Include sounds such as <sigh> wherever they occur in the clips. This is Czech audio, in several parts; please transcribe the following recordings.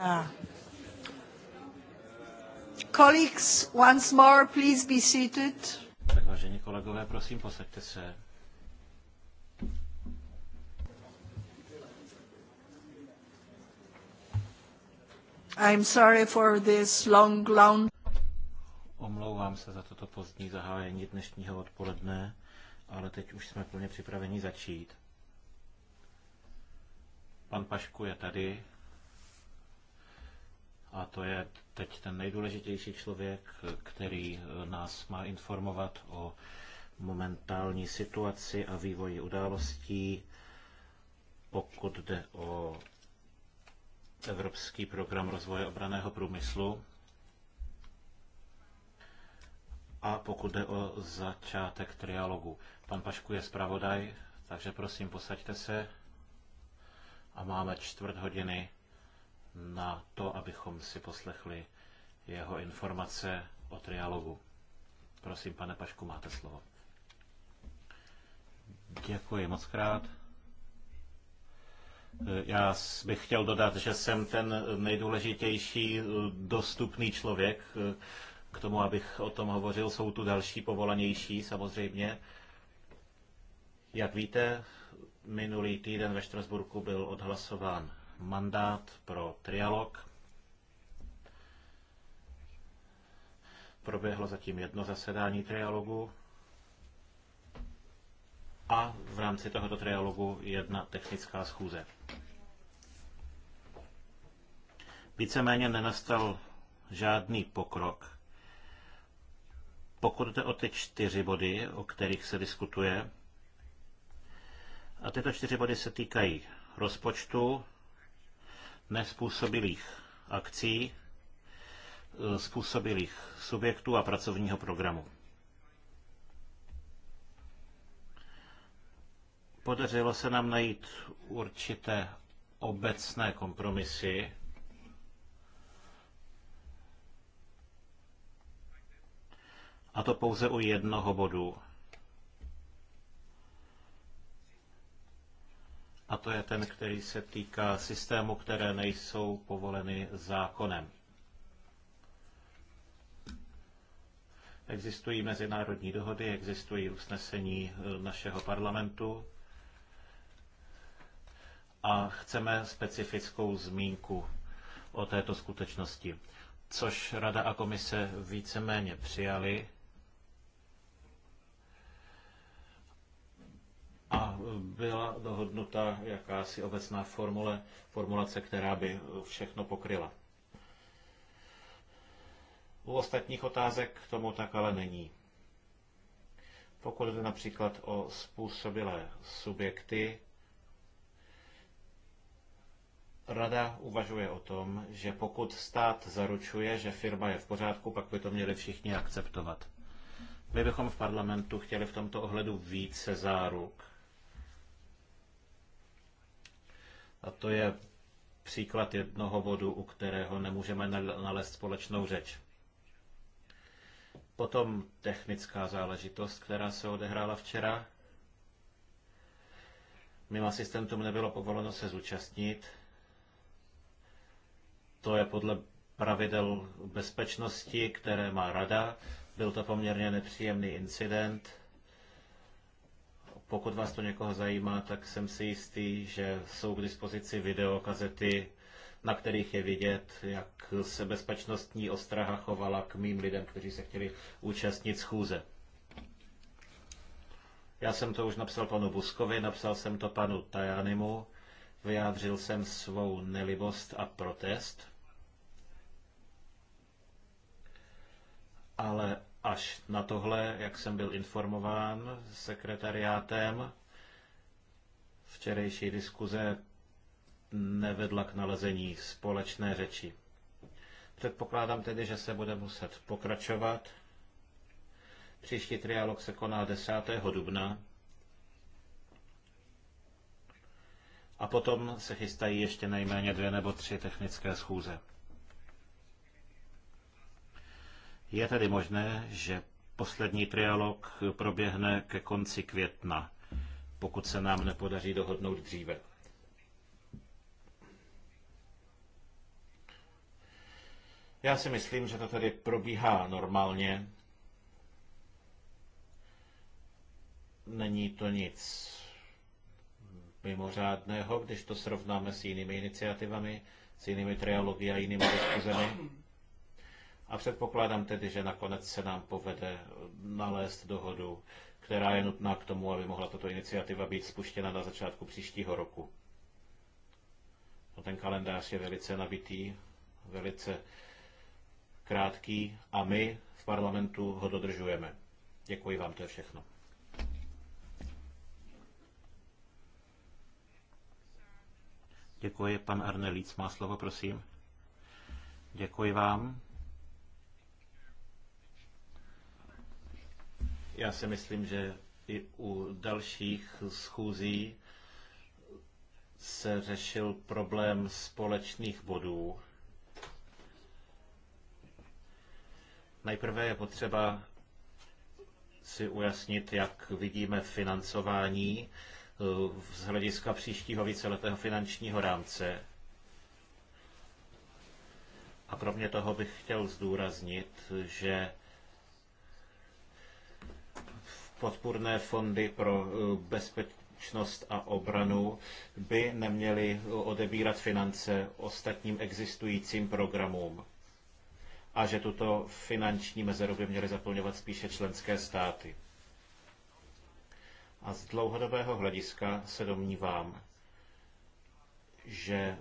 Ah. Colleagues, once more, please be seated. Tak vážení kolegové, prosím, posaďte se. I'm sorry for this long, long... Omlouvám se za toto pozdní zahájení dnešního odpoledne, ale teď už jsme plně připraveni začít. Pan Pašku je tady, a to je teď ten nejdůležitější člověk, který eh, nás má informovat o momentální situaci a vývoji událostí, pokud jde o Evropský program rozvoje obraného průmyslu a pokud jde o začátek trialogu. Pan Pašku je zpravodaj, takže prosím, posaďte se a máme čtvrt hodiny na to, abychom si poslechli jeho informace o trialogu. Prosím, pane Pašku, máte slovo. Děkuji moc krát. Já bych chtěl dodat, že jsem ten nejdůležitější eh, dostupný člověk. Eh, k tomu, abych o tom hovořil, jsou tu další povolanější samozřejmě. Jak víte, minulý týden ve Štrasburku byl odhlasován mandát pro trialog. Proběhlo zatím jedno zasedání trialogu a v rámci tohoto trialogu jedna technická schůze. Víceméně nenastal žádný pokrok. Pokud jde o ty čtyři body, o kterých se diskutuje, a tyto čtyři body se týkají rozpočtu, nespůsobilých akcí, e, způsobilých subjektů a pracovního programu. Podařilo se nám najít určité obecné kompromisy, a to pouze u jednoho bodu. a to je ten, který se týká systémů, které nejsou povoleny zákonem. Existují mezinárodní dohody, existují usnesení eh, našeho parlamentu a chceme specifickou zmínku o této skutečnosti, což Rada a komise víceméně přijali a byla dohodnuta jakási obecná formule, formulace, která by všechno pokryla. U ostatních otázek k tomu tak ale není. Pokud jde například o způsobilé subjekty, Rada uvažuje o tom, že pokud stát zaručuje, že firma je v pořádku, pak by to měli všichni akceptovat. My bychom v parlamentu chtěli v tomto ohledu více záruk, A to je příklad jednoho bodu, u kterého nemůžeme nalézt společnou řeč. Potom technická záležitost, která se odehrála včera. Mým asistentům nebylo povoleno se zúčastnit. To je podle pravidel bezpečnosti, které má rada. Byl to poměrně nepříjemný incident pokud vás to někoho zajímá, tak jsem si jistý, že jsou k dispozici videokazety, na kterých je vidět, jak se bezpečnostní ostraha chovala k mým lidem, kteří se chtěli účastnit schůze. Já jsem to už napsal panu Buskovi, napsal jsem to panu Tajanimu, vyjádřil jsem svou nelibost a protest, ale až na tohle, jak jsem byl informován sekretariátem, včerejší diskuze nevedla k nalezení společné řeči. Předpokládám tedy, že se bude muset pokračovat. Příští trialog se koná 10. dubna. A potom se chystají ještě nejméně dvě nebo tři technické schůze. Je tedy možné, že poslední trialog proběhne ke konci května, pokud se nám nepodaří dohodnout dříve. Já si myslím, že to tady probíhá normálně. Není to nic mimořádného, když to srovnáme s jinými iniciativami, s jinými trialogy a jinými diskuzemi. A předpokládám tedy, že nakonec se nám povede nalézt dohodu, která je nutná k tomu, aby mohla tato iniciativa být spuštěna na začátku příštího roku. No, ten kalendář je velice nabitý, velice krátký a my v parlamentu ho dodržujeme. Děkuji vám, to je všechno. Děkuji, pan Arne Líc má slovo, prosím. Děkuji vám. Já si myslím, že i u dalších schůzí se řešil problém společných bodů. Nejprve je potřeba si ujasnit, jak vidíme financování eh, z hlediska příštího víceletého finančního rámce. A kromě toho bych chtěl zdůraznit, že podpůrné fondy pro eh, bezpečnost a obranu by neměly eh, odebírat finance ostatním existujícím programům a že tuto finanční mezeru by měly zaplňovat spíše členské státy. A z dlouhodobého hlediska se domnívám, že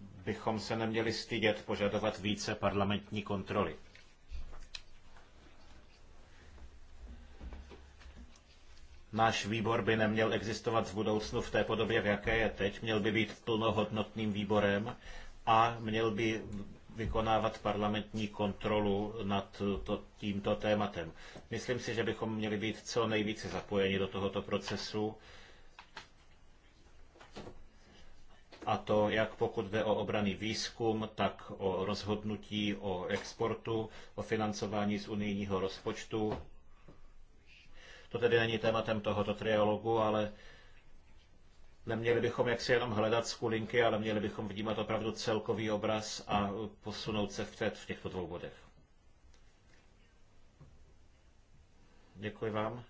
bychom se neměli stydět požadovat více parlamentní kontroly. Náš výbor by neměl existovat v budoucnu v té podobě, v jaké je teď. Měl by být plnohodnotným výborem a měl by vykonávat parlamentní kontrolu nad to, tímto tématem. Myslím si, že bychom měli být co nejvíce zapojeni do tohoto procesu. A to jak pokud jde o obraný výzkum, tak o rozhodnutí o exportu, o financování z unijního rozpočtu to tedy není tématem tohoto trialogu, ale neměli bychom jaksi jenom hledat skulinky, ale měli bychom vnímat opravdu celkový obraz a posunout se vpřed v těchto dvou bodech. Děkuji vám.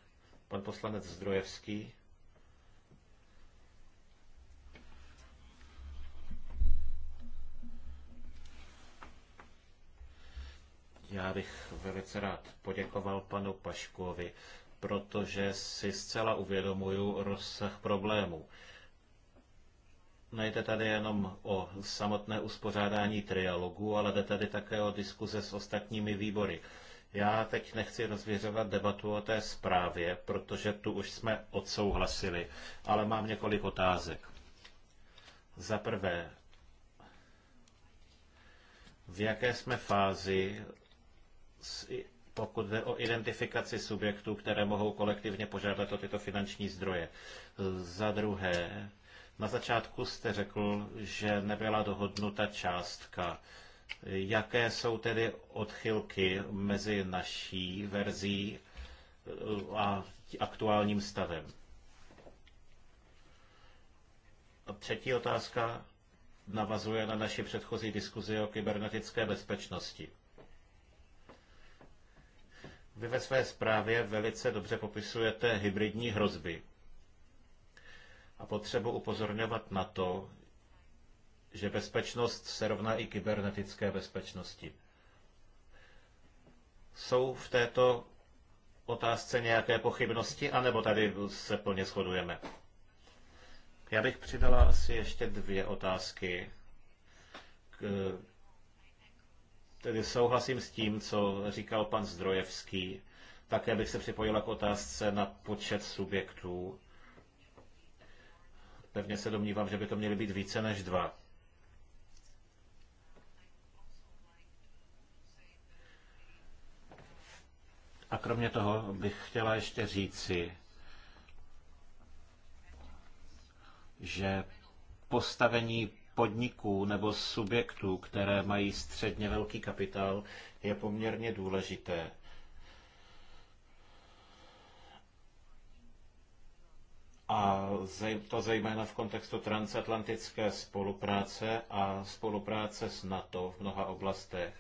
Pan poslanec Zdrojevský. Já bych velice rád poděkoval panu Paškovi protože si zcela uvědomuju rozsah problémů. Nejde tady jenom o samotné uspořádání trialogu, ale jde tady také o diskuze s ostatními výbory. Já teď nechci rozvěřovat debatu o té zprávě, protože tu už jsme odsouhlasili, ale mám několik otázek. Za prvé, v jaké jsme fázi s pokud jde o identifikaci subjektů, které mohou kolektivně požádat o tyto finanční zdroje. Za druhé, na začátku jste řekl, že nebyla dohodnuta částka. Jaké jsou tedy odchylky mezi naší verzí eh, a aktuálním stavem? A třetí otázka navazuje na naši předchozí diskuzi o kybernetické bezpečnosti. Vy ve své zprávě velice dobře popisujete hybridní hrozby a potřebu upozorňovat na to, že bezpečnost se rovná i kybernetické bezpečnosti. Jsou v této otázce nějaké pochybnosti, anebo tady se plně shodujeme? Já bych přidala asi ještě dvě otázky k Tedy souhlasím s tím, co říkal pan Zdrojevský. Také bych se připojila k otázce na počet subjektů. Pevně se domnívám, že by to měly být více než dva. A kromě toho bych chtěla ještě říci, že postavení podniků nebo subjektů, které mají středně velký kapitál, je poměrně důležité. A to zejména v kontextu transatlantické spolupráce a spolupráce s NATO v mnoha oblastech.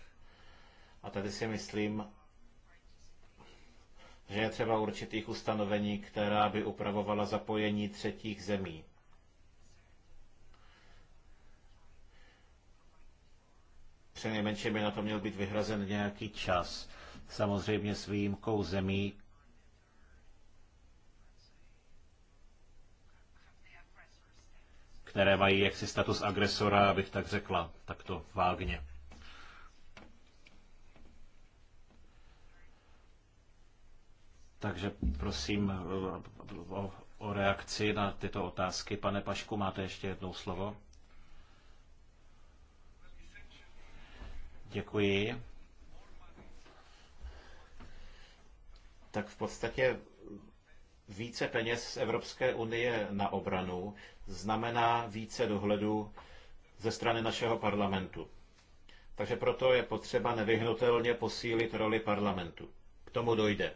A tady si myslím, že je třeba určitých ustanovení, která by upravovala zapojení třetích zemí. přinejmenším by na to měl být vyhrazen nějaký čas. Samozřejmě s výjimkou zemí, které mají jaksi status agresora, abych tak řekla, takto vágně. Takže prosím o, o reakci na tyto otázky. Pane Pašku, máte ještě jednou slovo? Děkuji. Tak v podstatě více peněz z Evropské unie na obranu znamená více dohledu ze strany našeho parlamentu. Takže proto je potřeba nevyhnutelně posílit roli parlamentu. K tomu dojde.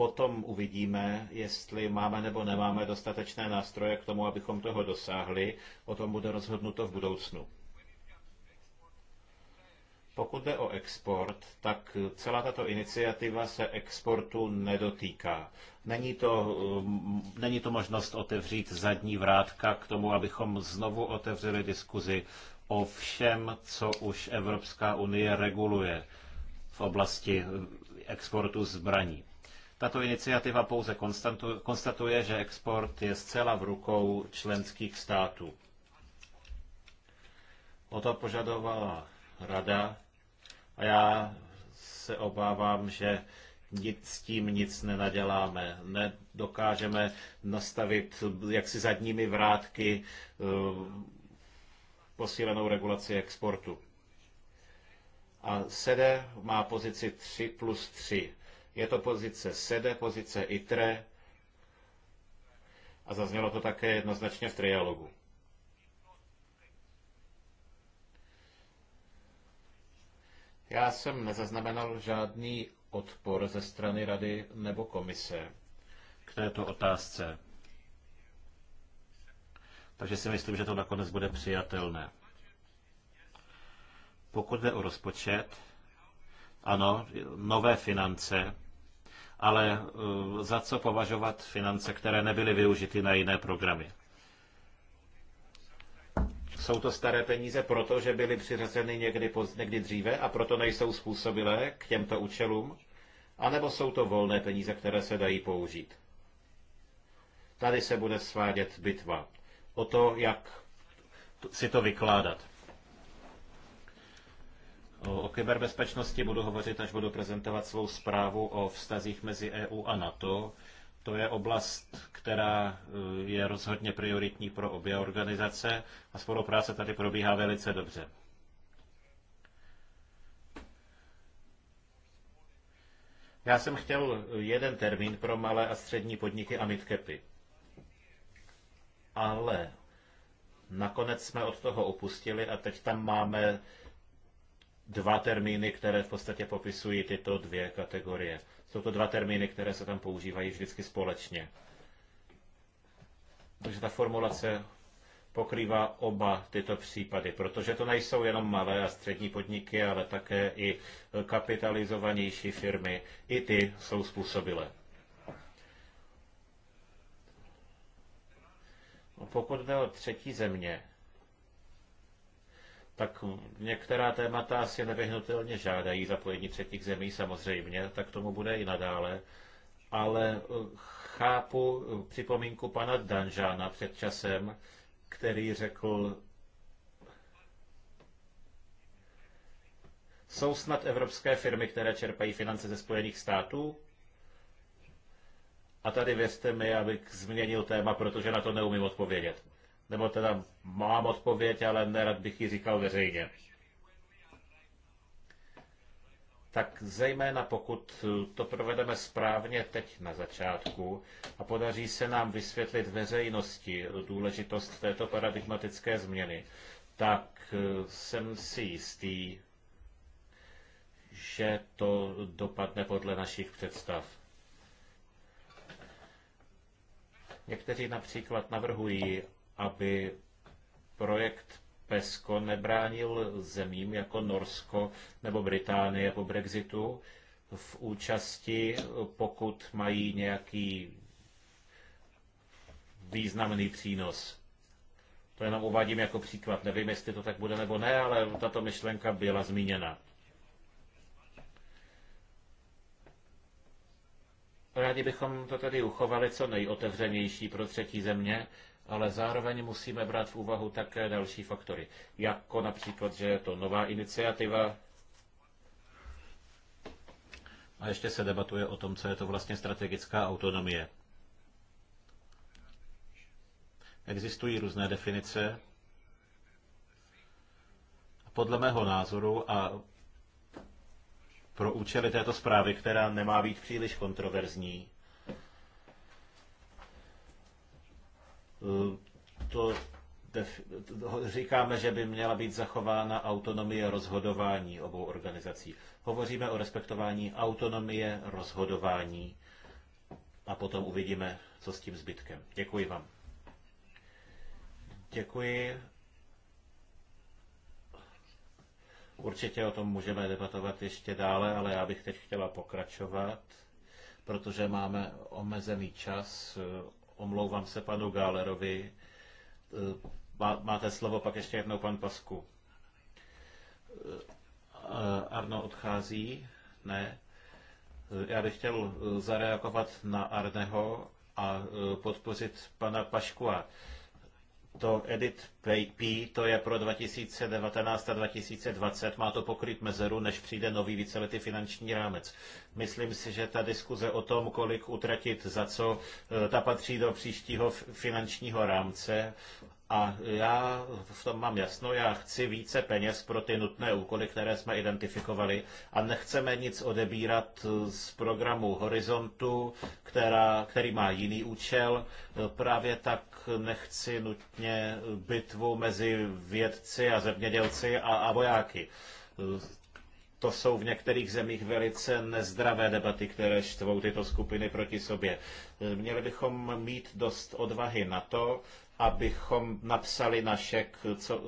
potom uvidíme, jestli máme nebo nemáme dostatečné nástroje k tomu, abychom toho dosáhli. O tom bude rozhodnuto v budoucnu. Pokud jde o export, tak celá tato iniciativa se exportu nedotýká. Není to, eh, není to možnost otevřít zadní vrátka k tomu, abychom znovu otevřeli diskuzi o všem, co už Evropská unie reguluje v oblasti eh, exportu zbraní. Tato iniciativa pouze konstatuje, že export je zcela v rukou členských států. O to požadovala rada a já se obávám, že nic s tím nic nenaděláme. Nedokážeme nastavit jaksi zadními vrátky eh, posílenou regulaci exportu. A SEDE má pozici 3 plus 3. Je to pozice SEDE, pozice ITRE a zaznělo to také jednoznačně v trialogu. Já jsem nezaznamenal žádný odpor ze strany Rady nebo komise k této otázce. Takže si myslím, že to nakonec bude přijatelné. Pokud jde o rozpočet, ano, nové finance, ale eh, za co považovat finance, které nebyly využity na jiné programy? Jsou to staré peníze protože byly přiřazeny někdy, poz, někdy dříve a proto nejsou způsobilé k těmto účelům? A nebo jsou to volné peníze, které se dají použít? Tady se bude svádět bitva o to, jak si to vykládat. O kyberbezpečnosti budu hovořit, až budu prezentovat svou zprávu o vztazích mezi EU a NATO. To je oblast, která e, je rozhodně prioritní pro obě organizace a spolupráce tady probíhá velice dobře. Já jsem chtěl jeden termín pro malé a střední podniky a midcapy. Ale nakonec jsme od toho upustili a teď tam máme dva termíny, které v podstatě popisují tyto dvě kategorie. Jsou to dva termíny, které se tam používají vždycky společně. Takže ta formulace pokrývá oba tyto případy, protože to nejsou jenom malé a střední podniky, ale také i kapitalizovanější firmy. I ty jsou způsobilé. No, pokud jde o třetí země, tak některá témata asi nevyhnutelně žádají zapojení třetích zemí samozřejmě, tak tomu bude i nadále. Ale eh, chápu eh, připomínku pana Danžána před časem, který řekl, jsou snad evropské firmy, které čerpají finance ze Spojených států? A tady věřte mi, abych změnil téma, protože na to neumím odpovědět nebo teda mám odpověď, ale nerad bych ji říkal veřejně. Tak zejména pokud to provedeme správně teď na začátku a podaří se nám vysvětlit veřejnosti důležitost této paradigmatické změny, tak eh, jsem si jistý, že to dopadne podle našich představ. Někteří například navrhují, aby projekt PESCO nebránil zemím jako Norsko nebo Británie po Brexitu v účasti, pokud mají nějaký významný přínos. To jenom uvádím jako příklad. Nevím, jestli to tak bude nebo ne, ale tato myšlenka byla zmíněna. Rádi bychom to tedy uchovali co nejotevřenější pro třetí země, ale zároveň musíme brát v úvahu také další faktory, jako například, že je to nová iniciativa, a ještě se debatuje o tom, co je to vlastně strategická autonomie. Existují různé definice. Podle mého názoru a pro účely této zprávy, která nemá být příliš kontroverzní, Hm, to říkáme, že by měla být zachována autonomie rozhodování obou organizací. Hovoříme o respektování autonomie rozhodování a potom uvidíme, co s tím zbytkem. Děkuji vám. Děkuji. Určitě o tom můžeme debatovat ještě dále, ale já bych teď chtěla pokračovat, protože máme omezený čas Omlouvám se panu Gálerovi. E, máte slovo pak ještě jednou pan Pasku. E, Arno odchází? Ne. E, já bych chtěl zareagovat na Arneho a podpořit pana Paškua. To edit PayP, to je pro 2019 a 2020, má to pokryt mezeru, než přijde nový víceletý finanční rámec. Myslím si, že ta diskuze o tom, kolik utratit za co, eh, ta patří do příštího finančního rámce. A já v tom mám jasno, já chci více peněz pro ty nutné úkoly, které jsme identifikovali a nechceme nic odebírat eh, z programu Horizontu, která, který má jiný účel. Eh, právě tak nechci nutně byt bitvu mezi vědci a zemědělci a, a vojáky. To jsou v některých zemích velice nezdravé debaty, které štvou tyto skupiny proti sobě. Měli bychom mít dost odvahy na to, abychom napsali naše co,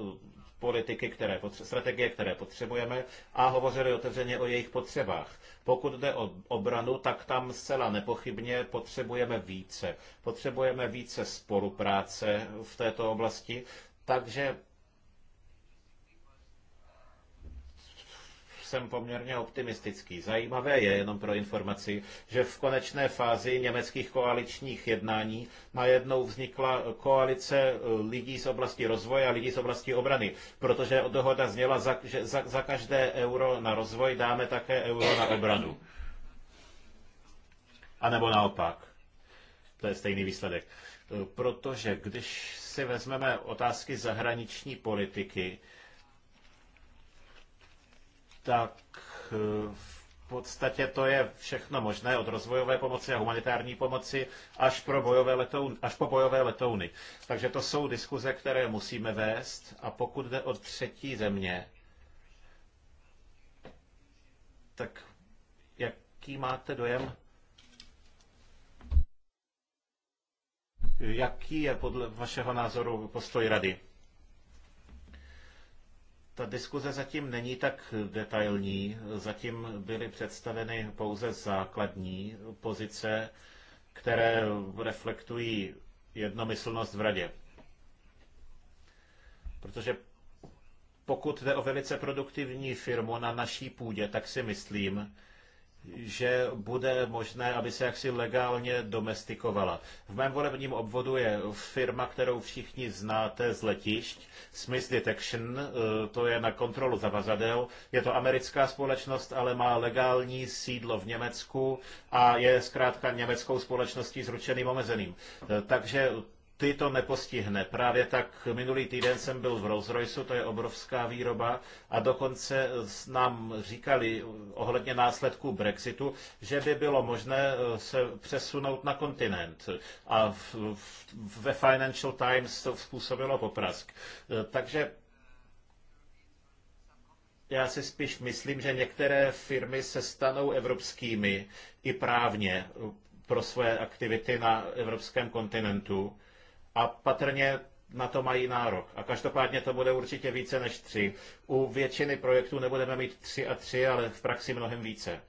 politiky, které potře- strategie, které potřebujeme a hovořili otevřeně o jejich potřebách. Pokud jde o obranu, tak tam zcela nepochybně potřebujeme více. Potřebujeme více spolupráce v této oblasti, takže jsem poměrně optimistický. Zajímavé je, jenom pro informaci, že v konečné fázi německých koaličních jednání najednou vznikla koalice eh, lidí z oblasti rozvoje a lidí z oblasti obrany, protože dohoda zněla, že za, za každé euro na rozvoj dáme také euro na obranu. A nebo naopak. To je stejný výsledek. Eh, protože když si vezmeme otázky zahraniční politiky, tak eh, v podstatě to je všechno možné od rozvojové pomoci a humanitární pomoci až, pro bojové letoun, až po bojové letouny. Takže to jsou diskuze, které musíme vést a pokud jde od třetí země, tak jaký máte dojem? Jaký je podle vašeho názoru postoj rady? Ta diskuze zatím není tak detailní, zatím byly představeny pouze základní pozice, které reflektují jednomyslnost v radě. Protože pokud jde o velice produktivní firmu na naší půdě, tak si myslím, že bude možné, aby se jaksi legálně domestikovala. V mém volebním obvodu je firma, kterou všichni znáte z letišť, Smith Detection, eh, to je na kontrolu zavazadel. Je to americká společnost, ale má legální sídlo v Německu a je zkrátka německou společností s ručeným omezeným. Eh, takže ty to nepostihne. Právě tak minulý týden jsem byl v Rolls Royce, to je obrovská výroba, a dokonce nám říkali ohledně následků Brexitu, že by bylo možné eh, se přesunout na kontinent. A v, v, ve Financial Times to způsobilo poprask. Eh, takže já si spíš myslím, že některé firmy se stanou evropskými i právně eh, pro své aktivity na evropském kontinentu a patrně na to mají nárok. A každopádně to bude určitě více než tři. U většiny projektů nebudeme mít tři a tři, ale v praxi mnohem více.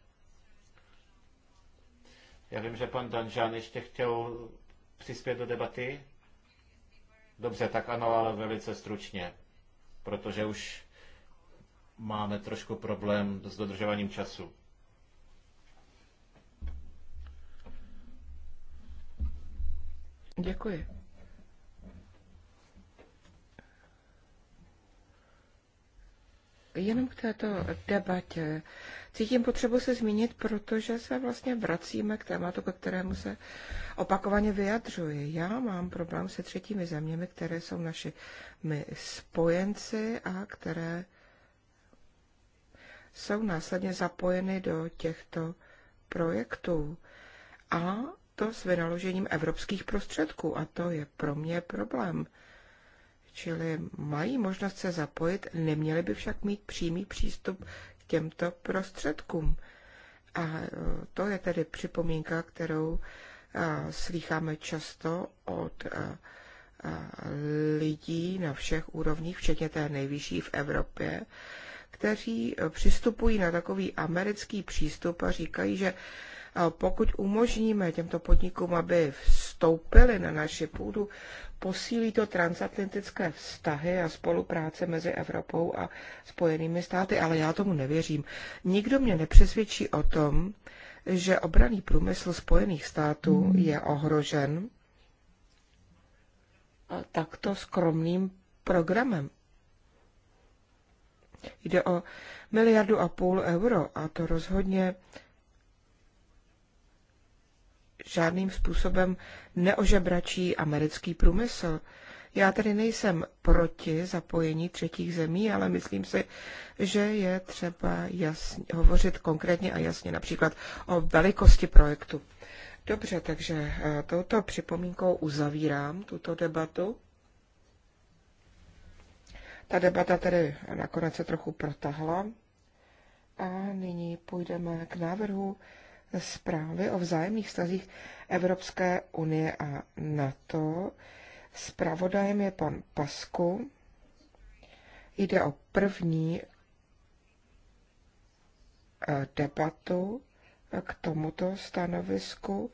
Já vím, že pan Danžan ještě chtěl přispět do debaty. Dobře, tak ano, ale velice stručně, protože už máme trošku problém s dodržováním času. Děkuji. Jenom k této debatě cítím potřebu se zmínit, protože se vlastně vracíme k tématu, ke kterému se opakovaně vyjadřuji. Já mám problém se třetími zeměmi, které jsou našimi spojenci a které jsou následně zapojeny do těchto projektů. A to s vynaložením evropských prostředků. A to je pro mě problém čili mají možnost se zapojit, neměli by však mít přímý přístup k těmto prostředkům. A e, to je tedy připomínka, kterou e, slýcháme často od e, lidí na všech úrovních, včetně té nejvyšší v Evropě, kteří přistupují na takový americký přístup a říkají, že pokud umožníme těmto podnikům, aby vstoupili na naši půdu, posílí to transatlantické vztahy a spolupráce mezi Evropou a Spojenými státy, ale já tomu nevěřím. Nikdo mě nepřesvědčí o tom, že obraný průmysl Spojených států hmm. je ohrožen takto skromným programem. Jde o miliardu a půl euro a to rozhodně žádným způsobem neožebračí americký průmysl. Já tedy nejsem proti zapojení třetích zemí, ale myslím si, že je třeba jasně, hovořit konkrétně a jasně například o velikosti projektu. Dobře, takže eh, touto připomínkou uzavírám tuto debatu. Ta debata tedy nakonec se trochu protahla. A nyní půjdeme k návrhu zprávy o vzájemných vztazích Evropské unie a NATO. Spravodajem je pan Pasku. Jde o první eh, debatu eh, k tomuto stanovisku,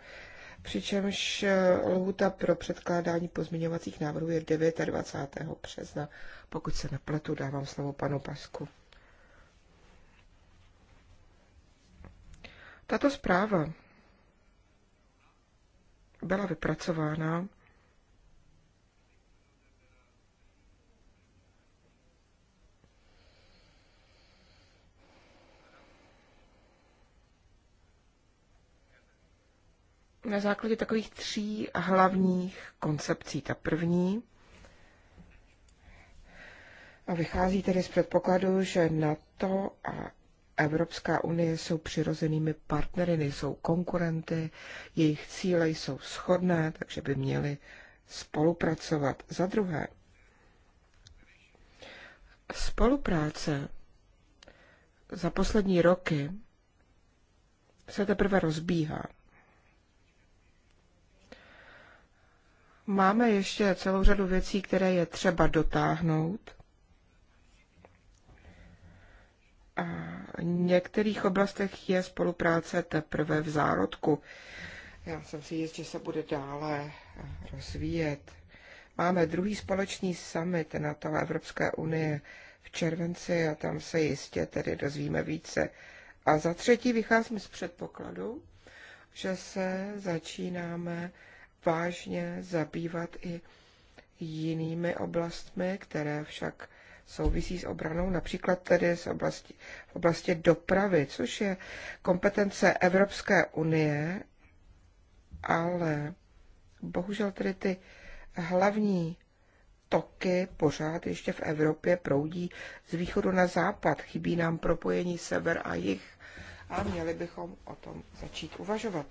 přičemž eh, lhůta pro předkládání pozměňovacích návrhů je 29. března. Pokud se nepletu, dávám slovo panu Pasku. Tato zpráva byla vypracována na základě takových tří hlavních koncepcí. Ta první a vychází tedy z předpokladu, že NATO a Evropská unie jsou přirozenými partnery, nejsou konkurenty, jejich cíle jsou shodné, takže by měli spolupracovat. Za druhé, spolupráce za poslední roky se teprve rozbíhá. Máme ještě celou řadu věcí, které je třeba dotáhnout. A některých oblastech je spolupráce teprve v zárodku. Já jsem si jist, že se bude dále rozvíjet. Máme druhý společný summit na to Evropské unie v červenci a tam se jistě tedy dozvíme více. A za třetí vycházím z předpokladu, že se začínáme vážně zabývat i jinými oblastmi, které však souvisí s obranou, například tedy s oblasti, v oblasti dopravy, což je kompetence Evropské unie, ale bohužel tedy ty hlavní toky pořád ještě v Evropě proudí z východu na západ. Chybí nám propojení sever a jich a měli bychom o tom začít uvažovat.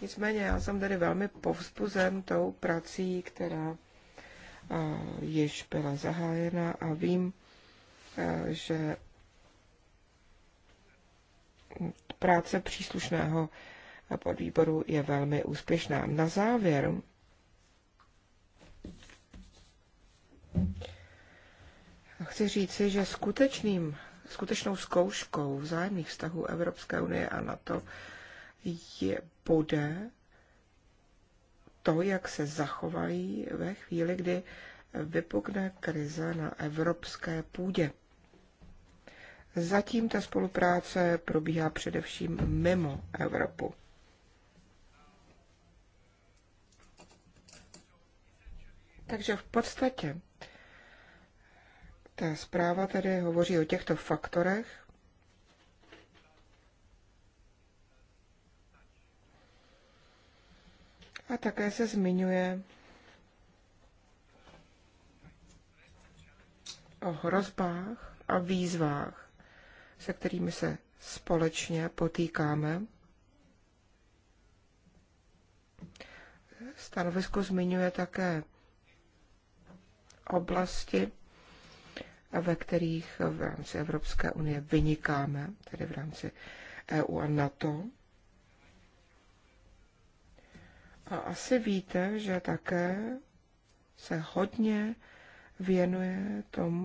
Nicméně já jsem tedy velmi povzbuzen tou prací, která již byla zahájena a vím, že práce příslušného podvýboru je velmi úspěšná. Na závěr chci říci, že skutečným, skutečnou zkouškou vzájemných vztahů Evropské unie a NATO je, bude to, jak se zachovají ve chvíli, kdy vypukne krize na evropské půdě. Zatím ta spolupráce probíhá především mimo Evropu. Takže v podstatě ta zpráva tedy hovoří o těchto faktorech, A také se zmiňuje o hrozbách a výzvách, se kterými se společně potýkáme. Stanovisko zmiňuje také oblasti, ve kterých v rámci Evropské unie vynikáme, tedy v rámci EU a NATO. A asi víte, že také se hodně věnuje tom,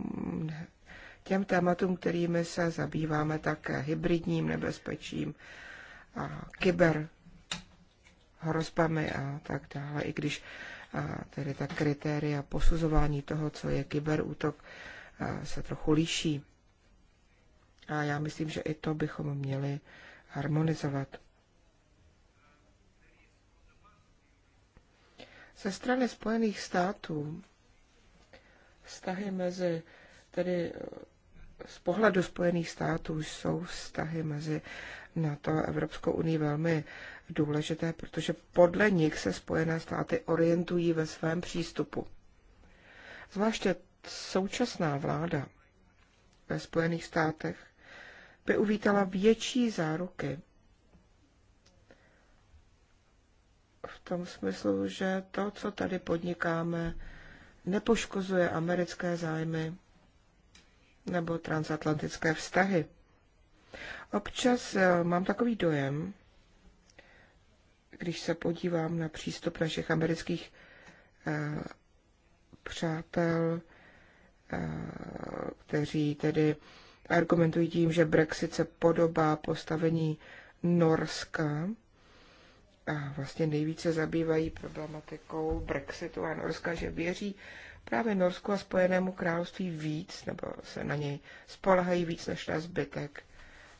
těm tématům, kterými se zabýváme také hybridním nebezpečím a kyber hrozbami a tak dále, i když a tedy ta kritéria posuzování toho, co je kyberútok, se trochu liší. A já myslím, že i to bychom měli harmonizovat. Ze strany Spojených států vztahy mezi, tedy z pohledu Spojených států jsou vztahy mezi NATO a Evropskou unii velmi důležité, protože podle nich se Spojené státy orientují ve svém přístupu. Zvláště současná vláda ve Spojených státech by uvítala větší záruky v tom smyslu, že to, co tady podnikáme, nepoškozuje americké zájmy nebo transatlantické vztahy. Občas eh, mám takový dojem, když se podívám na přístup našich amerických eh, přátel, eh, kteří tedy argumentují tím, že Brexit se podobá postavení Norska, vlastně nejvíce zabývají problematikou Brexitu a Norska, že věří právě Norsku a Spojenému království víc, nebo se na něj spolehají víc než na zbytek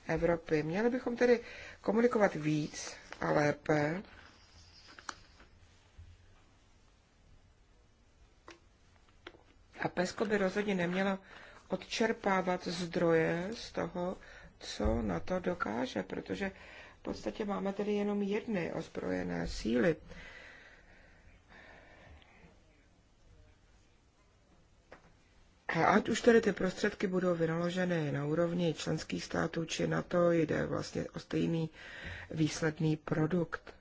Evropy. Měli bychom tedy komunikovat víc a lépe. A PESCO by rozhodně nemělo odčerpávat zdroje z toho, co na to dokáže, protože podstatě máme tedy jenom jedny ozbrojené síly. A ať už tedy ty prostředky budou vynaloženy na úrovni členských států či na to, jde vlastně o stejný výsledný produkt.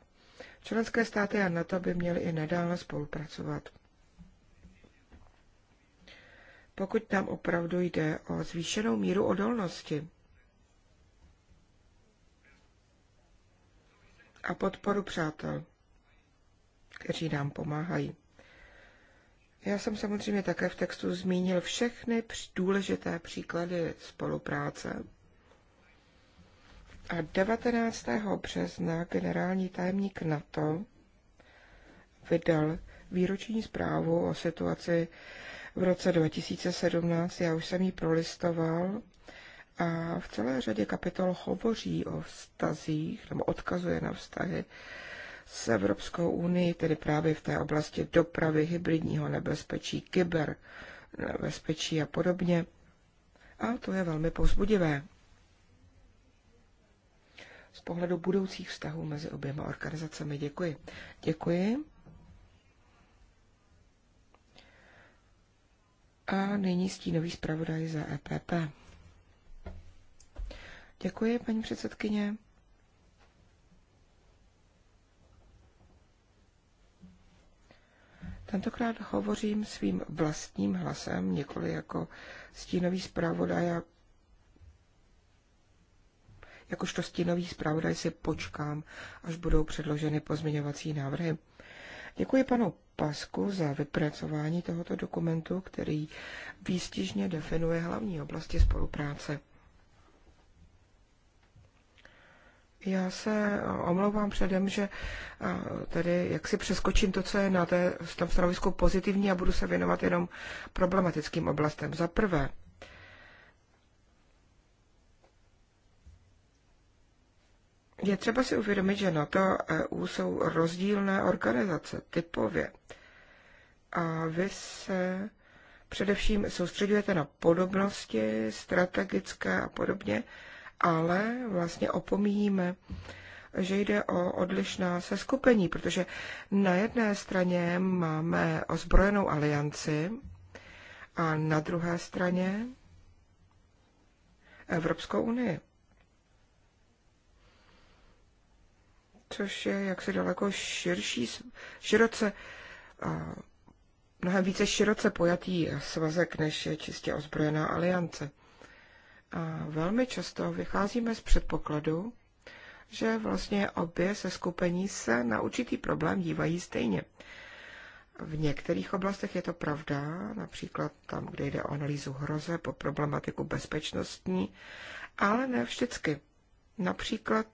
Členské státy a NATO by měly i nadále spolupracovat. Pokud tam opravdu jde o zvýšenou míru odolnosti, a podporu přátel, kteří nám pomáhají. Já jsem samozřejmě také v textu zmínil všechny důležité příklady spolupráce. A 19. března generální tajemník NATO vydal výroční zprávu o situaci v roce 2017. Já už jsem ji prolistoval a v celé řadě kapitol hovoří o vztazích nebo odkazuje na vztahy s Evropskou unii, tedy právě v té oblasti dopravy, hybridního nebezpečí, kyber nebezpečí a podobně. A to je velmi povzbudivé. Z pohledu budoucích vztahů mezi oběma organizacemi děkuji. Děkuji. A nyní stínový zpravodaj za EPP. Děkuji, paní předsedkyně. Tentokrát hovořím svým vlastním hlasem, nikoli jako stínový zpravodaj a jakožto stínový zpravodaj si počkám, až budou předloženy pozměňovací návrhy. Děkuji panu Pasku za vypracování tohoto dokumentu, který výstižně definuje hlavní oblasti spolupráce. Já se eh, omlouvám předem, že eh, tedy jak si přeskočím to, co je na té, v stanovisku pozitivní a budu se věnovat jenom problematickým oblastem. Za prvé, je třeba si uvědomit, že na to EU jsou rozdílné organizace typově. A vy se především soustředujete na podobnosti strategické a podobně, ale vlastně opomíjíme, že jde o odlišná seskupení, protože na jedné straně máme ozbrojenou alianci a na druhé straně Evropskou unii. Což je jaksi daleko širší, široce, mnohem více široce pojatý svazek, než je čistě ozbrojená aliance. A velmi často vycházíme z předpokladu, že vlastně obě se skupení se na určitý problém dívají stejně. V některých oblastech je to pravda, například tam, kde jde o analýzu hroze po problematiku bezpečnostní, ale ne vždycky. Například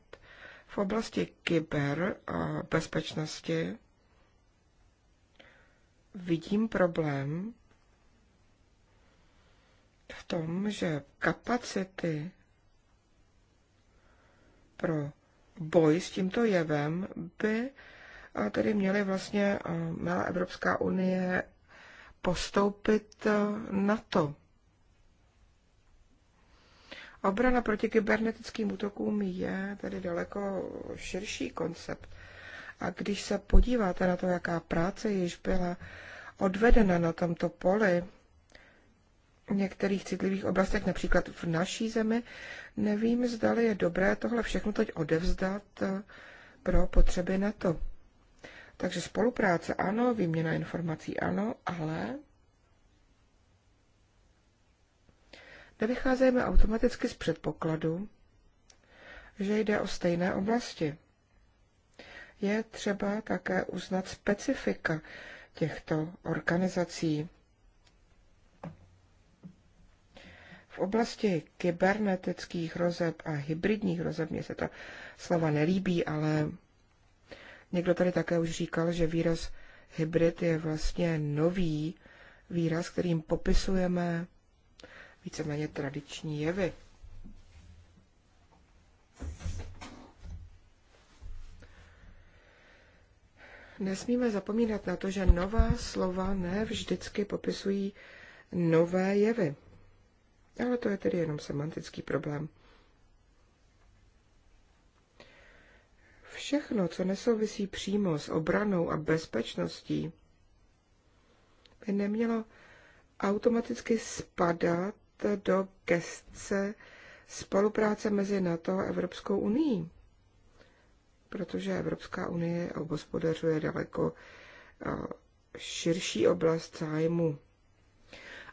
v oblasti kyber bezpečnosti vidím problém v tom, že kapacity pro boj s tímto jevem by eh, tedy měly vlastně eh, měla Evropská unie postoupit eh, na to. Obrana proti kybernetickým útokům je tedy daleko širší koncept. A když se podíváte na to, jaká práce již byla odvedena na tomto poli, některých citlivých oblastech, například v naší zemi. Nevím, zdali je dobré tohle všechno teď odevzdat eh, pro potřeby NATO. Takže spolupráce ano, výměna informací ano, ale nevycházejme automaticky z předpokladu, že jde o stejné oblasti. Je třeba také uznat specifika těchto organizací. oblasti kybernetických hrozeb a hybridních hrozeb, mně se ta slova nelíbí, ale někdo tady také už říkal, že výraz hybrid je vlastně nový výraz, kterým popisujeme víceméně tradiční jevy. Nesmíme zapomínat na to, že nová slova ne vždycky popisují nové jevy. Ale to je tedy jenom semantický problém. Všechno, co nesouvisí přímo s obranou a bezpečností, by nemělo automaticky spadat do gestce spolupráce mezi NATO a Evropskou unii. Protože Evropská unie obospodařuje daleko eh, širší oblast zájmu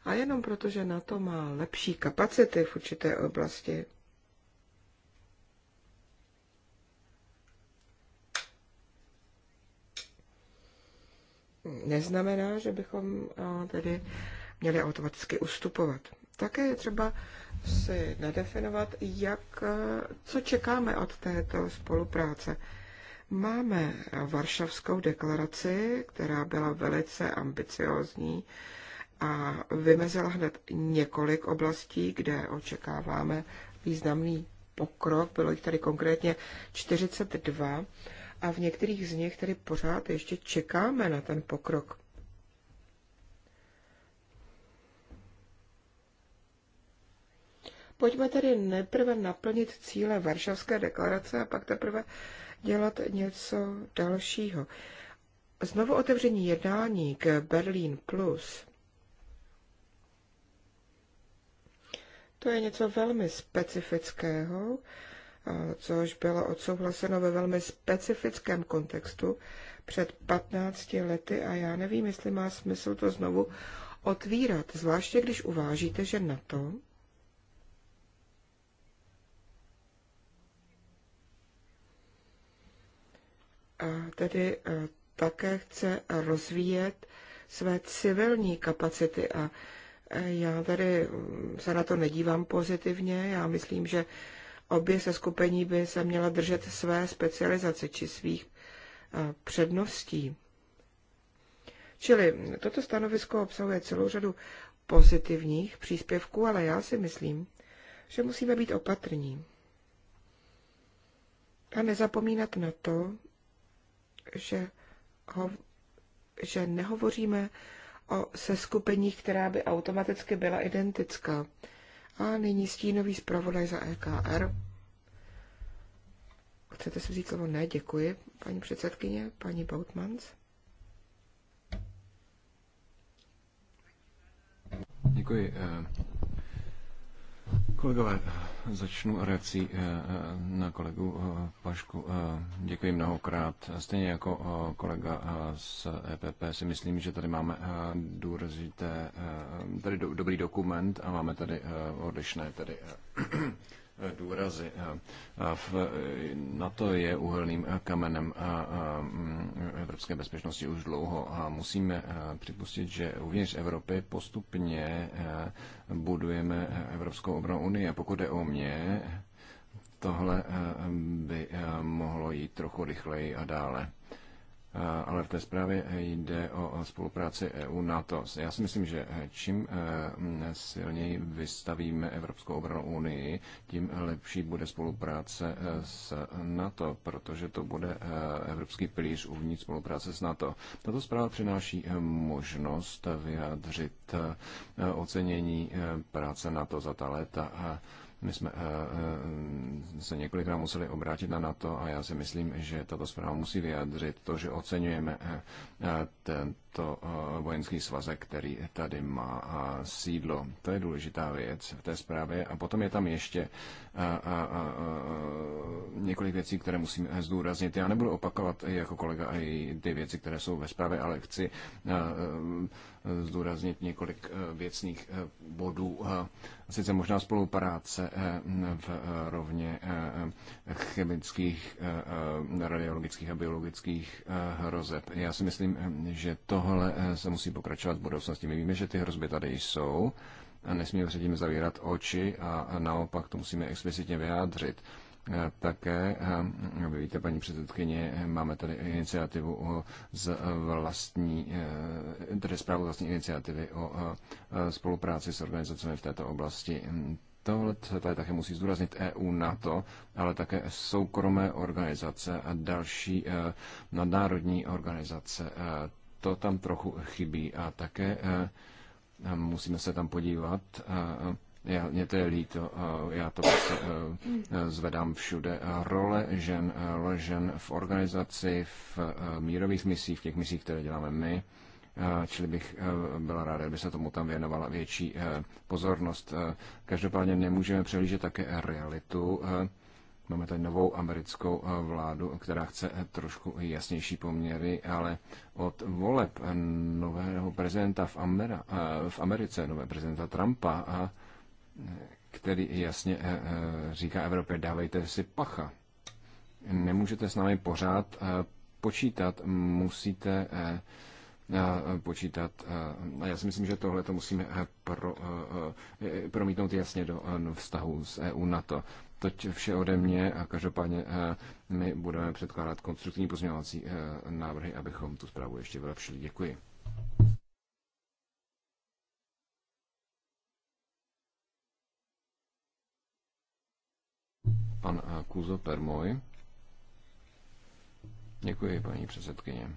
a jenom proto, že na to má lepší kapacity v určité oblasti, neznamená, že bychom eh, tedy měli automaticky ustupovat. Také je třeba si nadefinovat, jak, eh, co čekáme od této spolupráce. Máme Varšavskou deklaraci, která byla velice ambiciozní, a vymezila hned několik oblastí, kde očekáváme významný pokrok. Bylo jich tady konkrétně 42 a v některých z nich tedy pořád ještě čekáme na ten pokrok. Pojďme tedy neprve naplnit cíle Varšavské deklarace a pak teprve dělat něco dalšího. Znovu otevření jednání k Berlín Plus To je něco velmi specifického, což bylo odsouhlaseno ve velmi specifickém kontextu před 15 lety a já nevím, jestli má smysl to znovu otvírat, zvláště když uvážíte, že na to tedy e, také chce rozvíjet své civilní kapacity a já tady mm, se na to nedívám pozitivně. Já myslím, že obě se skupení by se měla držet své specializace či svých eh, předností. Čili toto stanovisko obsahuje celou řadu pozitivních příspěvků, ale já si myslím, že musíme být opatrní a nezapomínat na to, že, ho, že nehovoříme o seskupení, která by automaticky byla identická. A nyní stínový zpravodaj za EKR. Chcete si říct slovo? Ne, děkuji, paní předsedkyně, paní Boutmans. Děkuji. Eh, Kolegové, začnu reakcí eh, eh, na kolegu eh, Pašku. Děkuji mnohokrát. Stejně jako kolega z EPP si myslím, že tady máme důležité, tady dobrý dokument a máme tady odlišné tady důrazy. Na to je uhelným kamenem mm, evropské bezpečnosti už dlouho a musíme připustit, že uvnitř Evropy postupně budujeme Evropskou obranu unii. A pokud je o mě, tohle by mohlo jít trochu rychleji a dále. Eh, ale v té zprávě jde o spolupráci EU-NATO. Já si myslím, že eh, čím eh, mm, silněji vystavíme Evropskou obranu unii, tím lepší bude spolupráce s NATO, protože to bude evropský pilíř uvnitř spolupráce s NATO. Tato zpráva přináší možnost vyjádřit ocenění práce NATO za ta léta my jsme eh, eh, se několikrát museli obrátit na NATO a já si myslím, že tato zpráva musí vyjádřit to, že oceňujeme eh, ten to eh, vojenský svazek, který tady má eh, sídlo. To je důležitá věc v té zprávě. A potom je tam ještě a, a, a, několik věcí, které musím zdůraznit. Já nebudu opakovat jako kolega i ty věci, které jsou ve zprávě, ale chci eh, zdůraznit několik věcných bodů. Sice možná spolupráce v rovně chemických, radiologických a biologických hrozeb. Já si myslím, že to ale eh, se musí pokračovat v budoucnosti. My víme, že ty hrozby tady jsou a nesmíme před tím zavírat oči a naopak to musíme explicitně vyjádřit. Eh, také, eh, vy víte, paní předsedkyně, máme tady iniciativu o, z vlastní, tedy zprávu vlastní iniciativy o spolupráci s organizacemi v této oblasti. Tohle se tady také musí zdůraznit EU, NATO, ale také soukromé organizace a další nadnárodní organizace to tam trochu chybí. A také eh, musíme se tam podívat. Eh, já, mě to je líto, eh, já to prostě zvedám všude. Role žen, role žen v organizaci, v mírových misích, v těch misích, které děláme my, čili bych byla ráda, kdyby se tomu tam věnovala větší pozornost. Každopádně nemůžeme přelížet také realitu Máme tady novou americkou eh, vládu, která chce eh, trošku jasnější poměry, ale od voleb eh, nového prezidenta v, Amera, v Americe, nového prezidenta Trumpa, který jasně říká Evropě, dávejte si pacha. Nemůžete s námi pořád počítat, musíte počítat. A já si myslím, že tohle to musíme pro, promítnout jasně do vztahu s EU na to. Toť vše ode mě a každopádně eh, my budeme předkládat konstruktivní pozměňovací eh, návrhy, abychom tu zprávu ještě vylepšili. Děkuji. Pan eh, Kuzo Permoj. Děkuji, paní předsedkyně.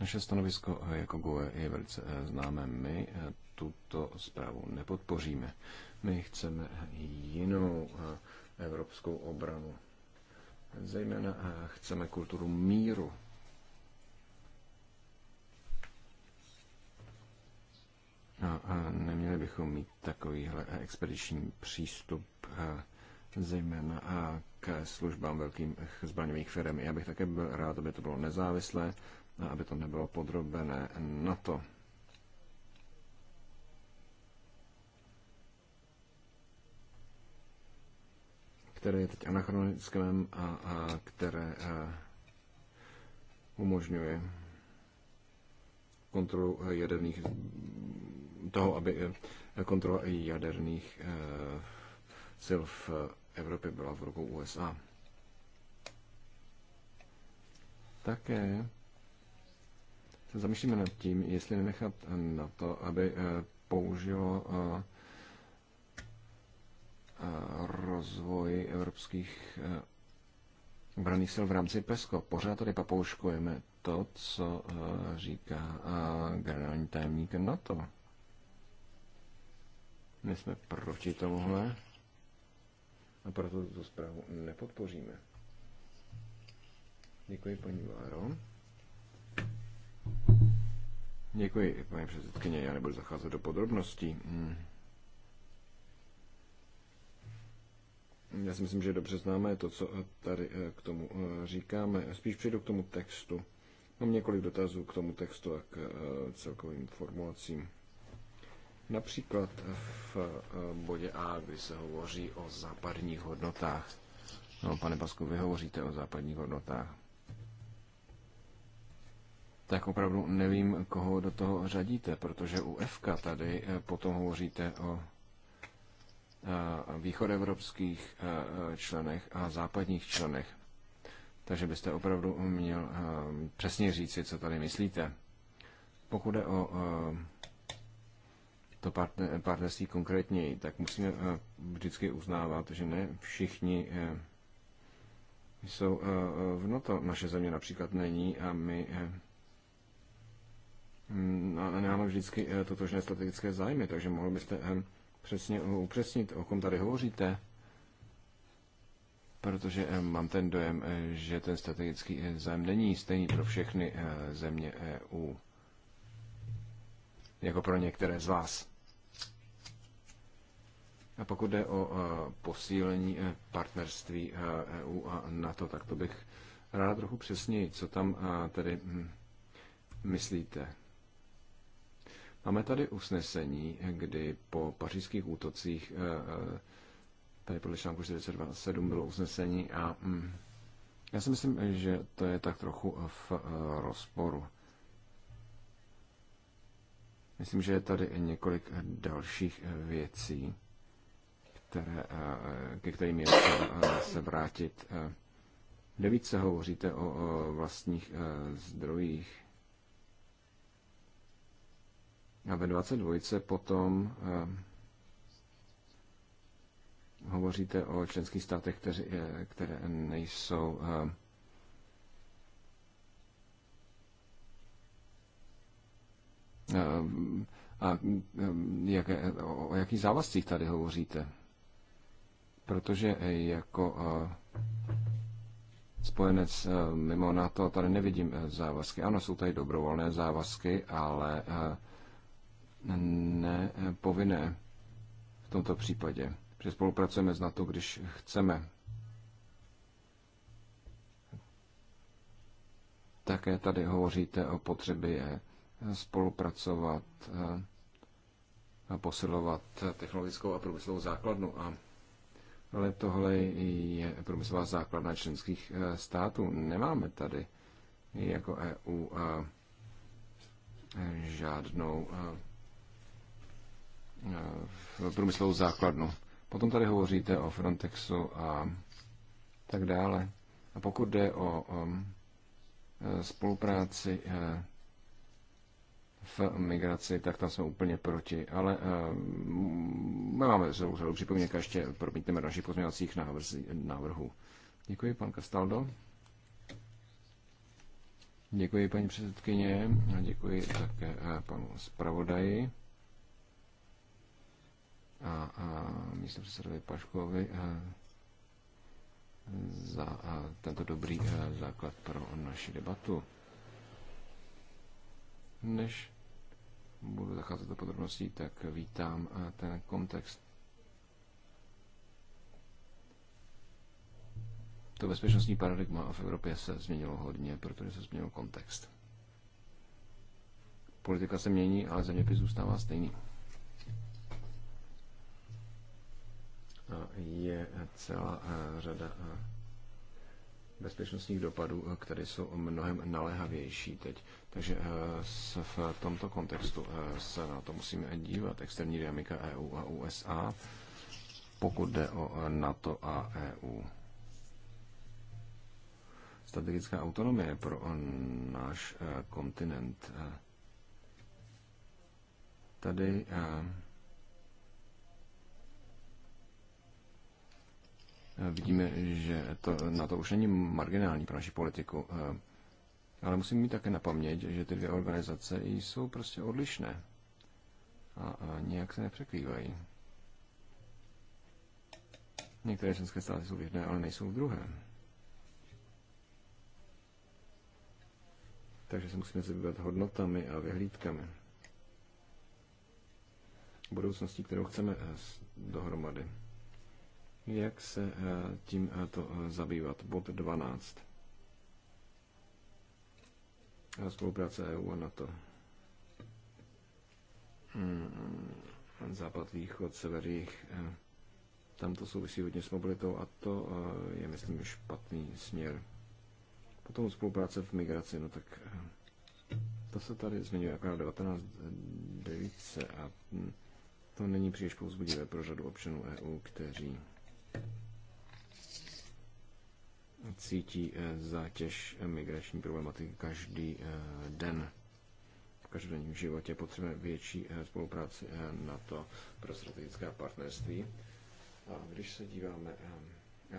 Naše stanovisko jako GUE je velice známé. My tuto zprávu nepodpoříme. My chceme jinou eh, evropskou obranu. Zejména eh, chceme kulturu míru. A no, eh, neměli bychom mít takovýhle expediční přístup zejména a k službám velkým zbraňových firm. Já bych také byl rád, aby to bylo nezávislé a aby to nebylo podrobené na to. které je teď anachronickém a, a které a, umožňuje kontrolu eh, jaderných toho, aby eh, kontrola jaderných eh, sil v Evropě byla v rukou USA. Také se zamýšlíme nad tím, jestli nenechat na to, aby použilo rozvoj evropských eh, obraných sil v rámci PESCO. Pořád tady papouškujeme to, co eh, říká eh, generální tajemník NATO. My jsme proti tomuhle a proto tuto zprávu nepodpoříme. Děkuji, paní Váro. Děkuji, paní předsedkyně. Já nebudu zacházet do podrobností. Hmm. já si myslím, že dobře známe to, co tady eh, k tomu eh, říkáme. Spíš přijdu k tomu textu. Mám několik dotazů k tomu textu a k eh, celkovým formulacím. Například v bodě A, kdy se hovoří o západních hodnotách. No, pane Pasku, vy hovoříte o západních hodnotách. Tak opravdu nevím, koho do toho řadíte, protože u FK tady potom hovoříte o Eh, východevropských eh, členech a západních členech. Takže byste opravdu měl eh, přesně říci, co tady myslíte. Pokud je o to partnerství konkrétněji, tak musíme vždycky uznávat, že ne všichni jsou v NATO. Naše země například není a my no, nemáme vždycky totožné strategické zájmy, takže mohl byste přesně upřesnit, o kom tady hovoříte? Protože eh, mám ten dojem, eh, že ten strategický eh, zájem není stejný pro všechny země EU, jako pro některé z vás. A pokud jde o posílení partnerství EU e a NATO, tak to bych rád trochu přesněji, co tam tedy hm, myslíte. Máme tady usnesení, kdy po pařížských útocích, eh, eh, tady podle článku 427 bylo usnesení a mm, já si myslím, že to je tak trochu v eh, rozporu. Myslím, že je tady několik dalších věcí, které, ke kterým je třeba se vrátit. Nevíc se hovoříte o vlastních zdrojích. A ve 22 potom eh, hovoříte o členských státech, kteři, eh, které nejsou eh, a jak, o jakých závazcích tady hovoříte? Protože jako spojenec mimo NATO tady nevidím závazky. Ano, jsou tady dobrovolné závazky, ale ne povinné v tomto případě. Protože spolupracujeme s NATO, když chceme. Také tady hovoříte o potřebě spolupracovat eh, a posilovat technologickou a průmyslovou základnu. A ale tohle je průmyslová základna členských eh, států. Nemáme tady jako EU eh, žádnou průmyslovou základnu. Potom tady hovoříte o Frontexu a tak dále. A pokud jde o um, eh, spolupráci eh, v migraci, tak tam jsme úplně proti. Ale eh, my máme celou řadu připomínek a ještě promítneme další pozměňovacích návrhů. Děkuji, pan Castaldo. Děkuji, paní předsedkyně, a děkuji také panu zpravodaji a, a místo předsedovi Paškovi za a tento dobrý základ pro naši debatu. Než budu zacházet do podrobností, tak vítám ten kontext. To bezpečnostní paradigma v Evropě se změnilo hodně, protože se změnil kontext. Politika se mění, ale zeměpis zůstává stejný. je celá řada bezpečnostních dopadů, které jsou mnohem naléhavější teď. Takže v tomto kontextu se na to musíme dívat. Externí dynamika EU a USA, pokud jde o NATO a EU. Strategická autonomie pro náš kontinent. Tady Vidíme, že to, na to už není marginální pro naši politiku. Eh, ale musím mít také na paměť, že ty dvě organizace jsou prostě odlišné a, a nějak se nepřekrývají. Některé členské státy jsou v jedné, ale nejsou v druhé. Takže se musíme zabývat hodnotami a vyhlídkami. Budoucností, kterou chceme eh, dohromady jak se eh, tím eh, to eh, zabývat. Bod 12. A spolupráce EU a NATO. Hmm, Západ, východ, sever, jich. Tam to souvisí hodně s mobilitou a to je, myslím, špatný směr. Potom spolupráce v migraci, no tak to se tady zmiňuje akorát 19.9 a hm, to není příliš povzbudivé pro řadu občanů EU, kteří cítí eh, zátěž eh, migrační problematiky každý eh, den. V každodenním životě potřebujeme větší spolupráci na to pro strategická partnerství. A když se díváme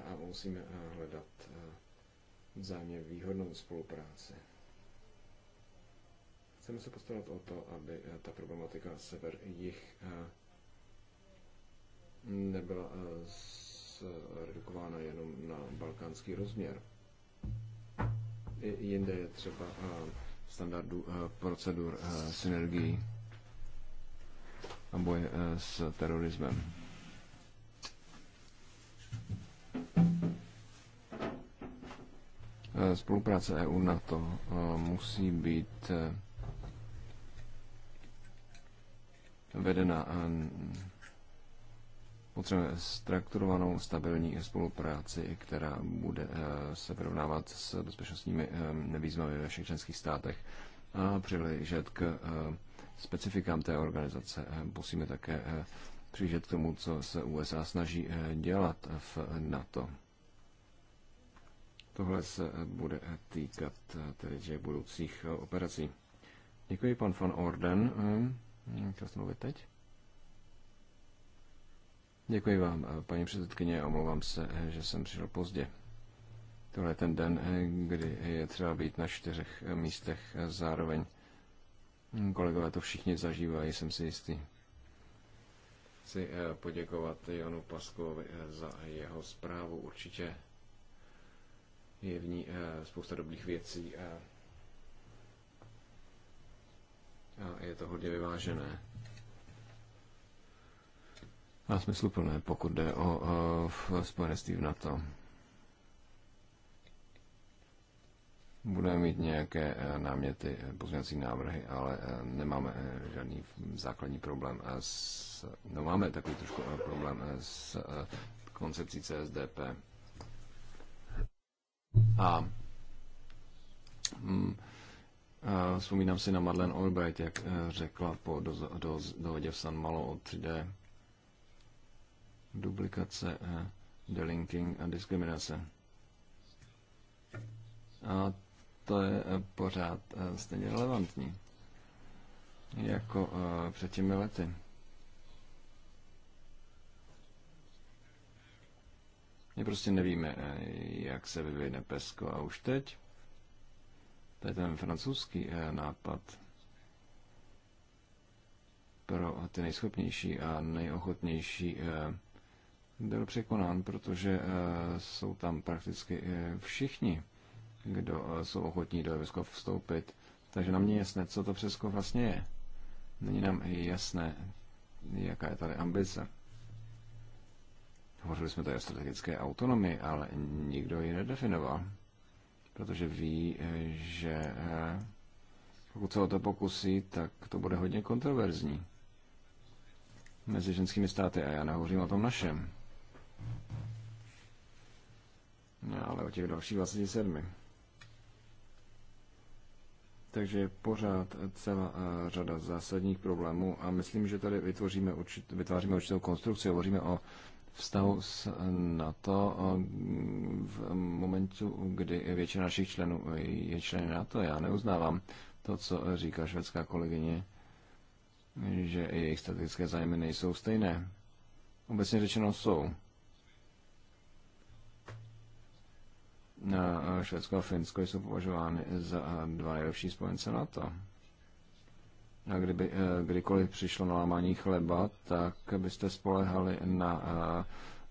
a musíme hledat vzájemně výhodnou spolupráci. Chceme se postarat o to, aby ta problematika sever jich nebyla Eh, redukována jenom na balkánský rozměr. jinde je třeba eh, standardu eh, procedur synergií a boje s terorismem. Spolupráce eu na to musí být vedena Potřebujeme strukturovanou stabilní spolupráci, která bude eh, se vyrovnávat s bezpečnostními nevýzvami eh, ve všech členských státech a přihlížet k eh, specifikám té organizace. Musíme také přihlížet k tomu, co se USA snaží dělat v NATO. Tohle se bude týkat tedy těch budoucích operací. Děkuji, pan van Orden. Chtěl jsem mluvit teď? Děkuji vám, eh, paní předsedkyně, omlouvám se, eh, že jsem přišel pozdě. Tohle je ten den, eh, kdy je třeba být na čtyřech místech zároveň. Hm, kolegové to všichni zažívají, jsem si jistý. Chci poděkovat Janu Paskovi za jeho zprávu. Určitě je v ní spousta dobrých věcí a je to hodně vyvážené a smysluplné, pokud jde o, o Spojené v NATO. Budeme mít nějaké eh, náměty, eh, pozměňovací návrhy, ale eh, nemáme žádný základní problém s, no máme takový trošku problém s koncepcí CSDP. A mm, Vzpomínám si na Madeleine Albright, jak řekla po dohodě do, do v San Malo o 3D duplikace, eh, delinking a diskriminace. A to je eh, pořád eh, stejně relevantní jako před těmi lety. My prostě nevíme, jak se vyvine pesko a už teď. To je ten francouzský nápad pro ty nejschopnější a nejochotnější byl překonán, protože eh, jsou tam prakticky eh, všichni, kdo eh, jsou ochotní do Eveskov vstoupit. Takže nám není jasné, co to přesko vlastně je. Není nám jasné, jaká je tady ambice. Hovořili jsme tady o strategické autonomii, ale nikdo ji nedefinoval. Protože ví, že pokud se o to pokusí, tak to bude hodně kontroverzní mezi ženskými státy a já nehovořím o tom našem. No, ale o těch dalších 27. Takže je pořád celá eh, řada zásadních problémů a myslím, že tady vytvoříme určit, vytváříme určitou konstrukci, hovoříme o vztahu s eh, NATO v momentu, kdy většina našich členů je členy NATO. Já neuznávám to, co říká švédská kolegyně, že jejich strategické zájmy nejsou stejné. Obecně řečeno jsou. Eh, Švédsko a Finsko jsou považovány za eh, dva nejlepší spojence NATO. A kdyby eh, kdykoliv přišlo na lámání chleba, tak byste spolehali na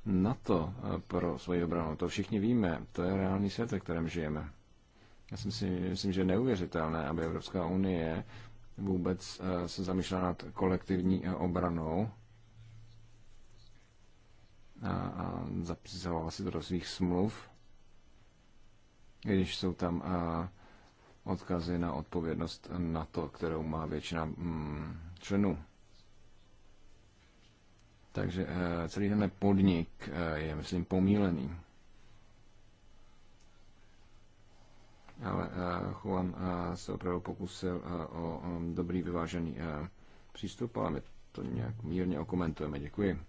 NATO pro svoji obranu. To všichni víme, to je reálný svět, ve kterém žijeme. Já si myslím, myslím že je neuvěřitelné, aby Evropská unie vůbec se zamýšlela nad kolektivní obranou a, a zapisovala si to do svých smluv když jsou tam odkazy na odpovědnost na to, kterou má většina mm, členů. Takže e, celý ten podnik e, je, myslím, pomílený. Ale e, Juan se opravdu pokusil o dobrý vyvážený přístup, ale my to nějak mírně okomentujeme. Děkuji.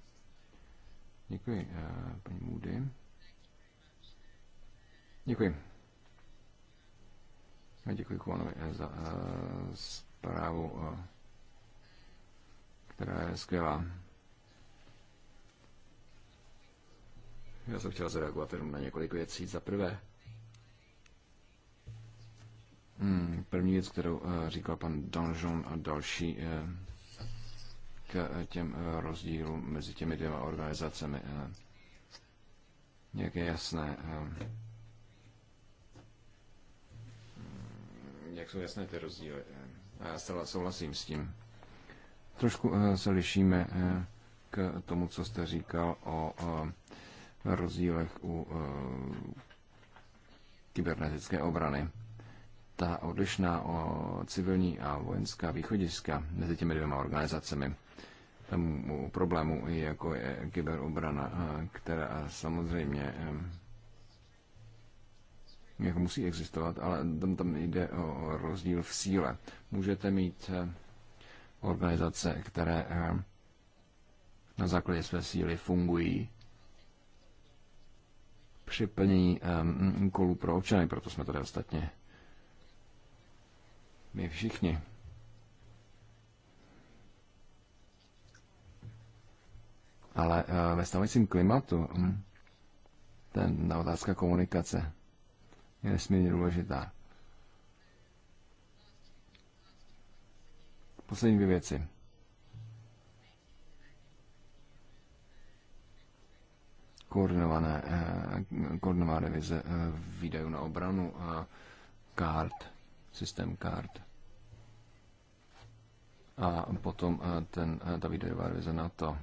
Děkuji, paní Moody. Děkuji. Děkuji Kuanovi eh, za eh, zprávu, eh, která je skvělá. Já jsem chtěl zareagovat jenom na několik věcí. Za prvé, hmm, první věc, kterou říkal pan Donjon a další, k těm rozdílům mezi těmi dvěma organizacemi. uh, nějaké jasné, jak jsou jasné ty rozdíly. Eh, a já se souhlasím s tím. Trošku eh, se lišíme eh, k tomu, co jste říkal o rozdílech u kybernetické obrany. Ta odlišná o civilní a vojenská východiska mezi těmi dvěma organizacemi u problému, jako je kyberobrana, která samozřejmě jako musí existovat, ale tam, tam jde o rozdíl v síle. Můžete mít eh, organizace, které eh, na základě své síly fungují při plnění eh, úkolů pro občany, proto jsme tady ostatně my všichni. Ale ve stávajícím klimatu hm, ten, na otázka komunikace je nesmírně důležitá. Poslední dvě věci. Koordinované, eh, koordinovaná revize eh, výdajů na obranu a kart, systém kart. A potom eh, ten, ta výdajová revize na to.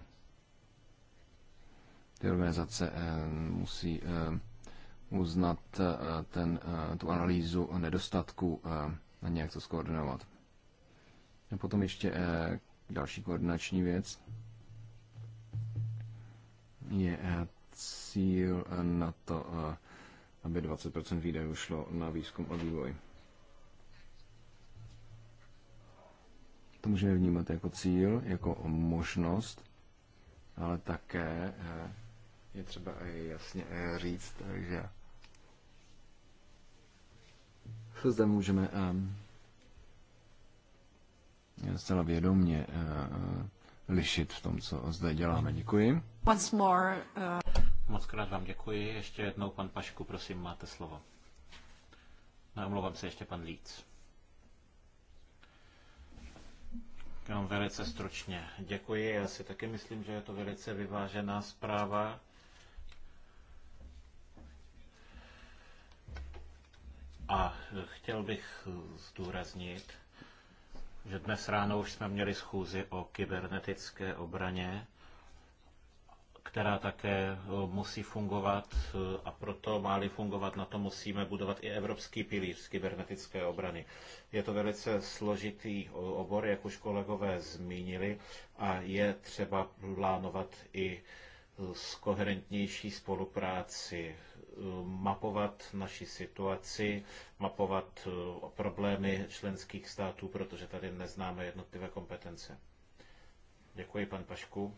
Ty organizace musí uznat eh, ten, eh, tu analýzu nedostatku eh, a nějak to skoordinovat. A potom ještě další koordinační věc je cíl na to, aby 20% výdajů šlo na výzkum a vývoj. To můžeme vnímat jako cíl, jako možnost, ale také je třeba jasně říct, že zde můžeme ehm, zcela vědomně eh, lišit v tom, co zde děláme. Děkuji. Once more, uh... Moc krát vám děkuji. Ještě jednou, pan Pašku, prosím, máte slovo. No, omlouvám se, ještě pan Líc. Jenom velice stručně. Děkuji. Já si taky myslím, že je to velice vyvážená zpráva. A chtěl bych zdůraznit, že dnes ráno už jsme měli schůzi o kybernetické obraně, která také eh, musí fungovat eh, a proto má fungovat, na to musíme budovat i evropský pilíř z kybernetické obrany. Je to velice složitý obor, jak už kolegové zmínili, a je třeba plánovat i eh, s koherentnější spolupráci Eh, mapovat naši situaci, mapovat eh, problémy členských států, protože tady neznáme jednotlivé kompetence. Děkuji, pan Pašku.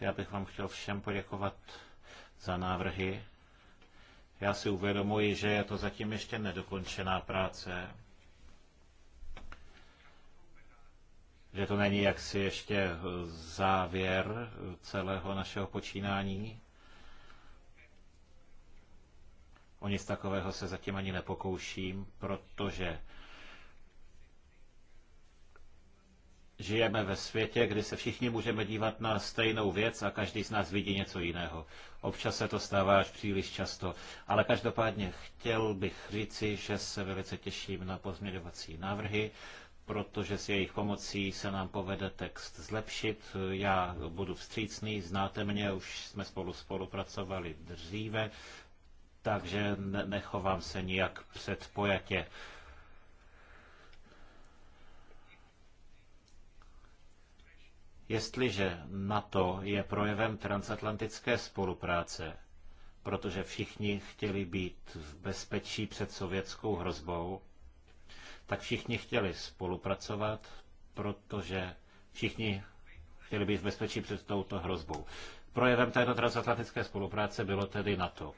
Já bych vám chtěl všem poděkovat za návrhy. Já si uvědomuji, že je to zatím ještě nedokončená práce, že to není jaksi ještě eh, závěr eh, celého našeho počínání. O nic takového se zatím ani nepokouším, protože žijeme ve světě, kdy se všichni můžeme dívat na stejnou věc a každý z nás vidí něco jiného. Občas se to stává až příliš často. Ale každopádně chtěl bych říci, že se velice těším na pozměňovací návrhy protože s jejich pomocí se nám povede text zlepšit. Já budu vstřícný, znáte mě, už jsme spolu spolupracovali dříve, takže nechovám se nijak před pojatě. Jestliže NATO je projevem transatlantické spolupráce, protože všichni chtěli být v bezpečí před sovětskou hrozbou, tak všichni chtěli spolupracovat, protože všichni chtěli být v bezpečí před touto hrozbou. Projevem této transatlantické spolupráce bylo tedy NATO.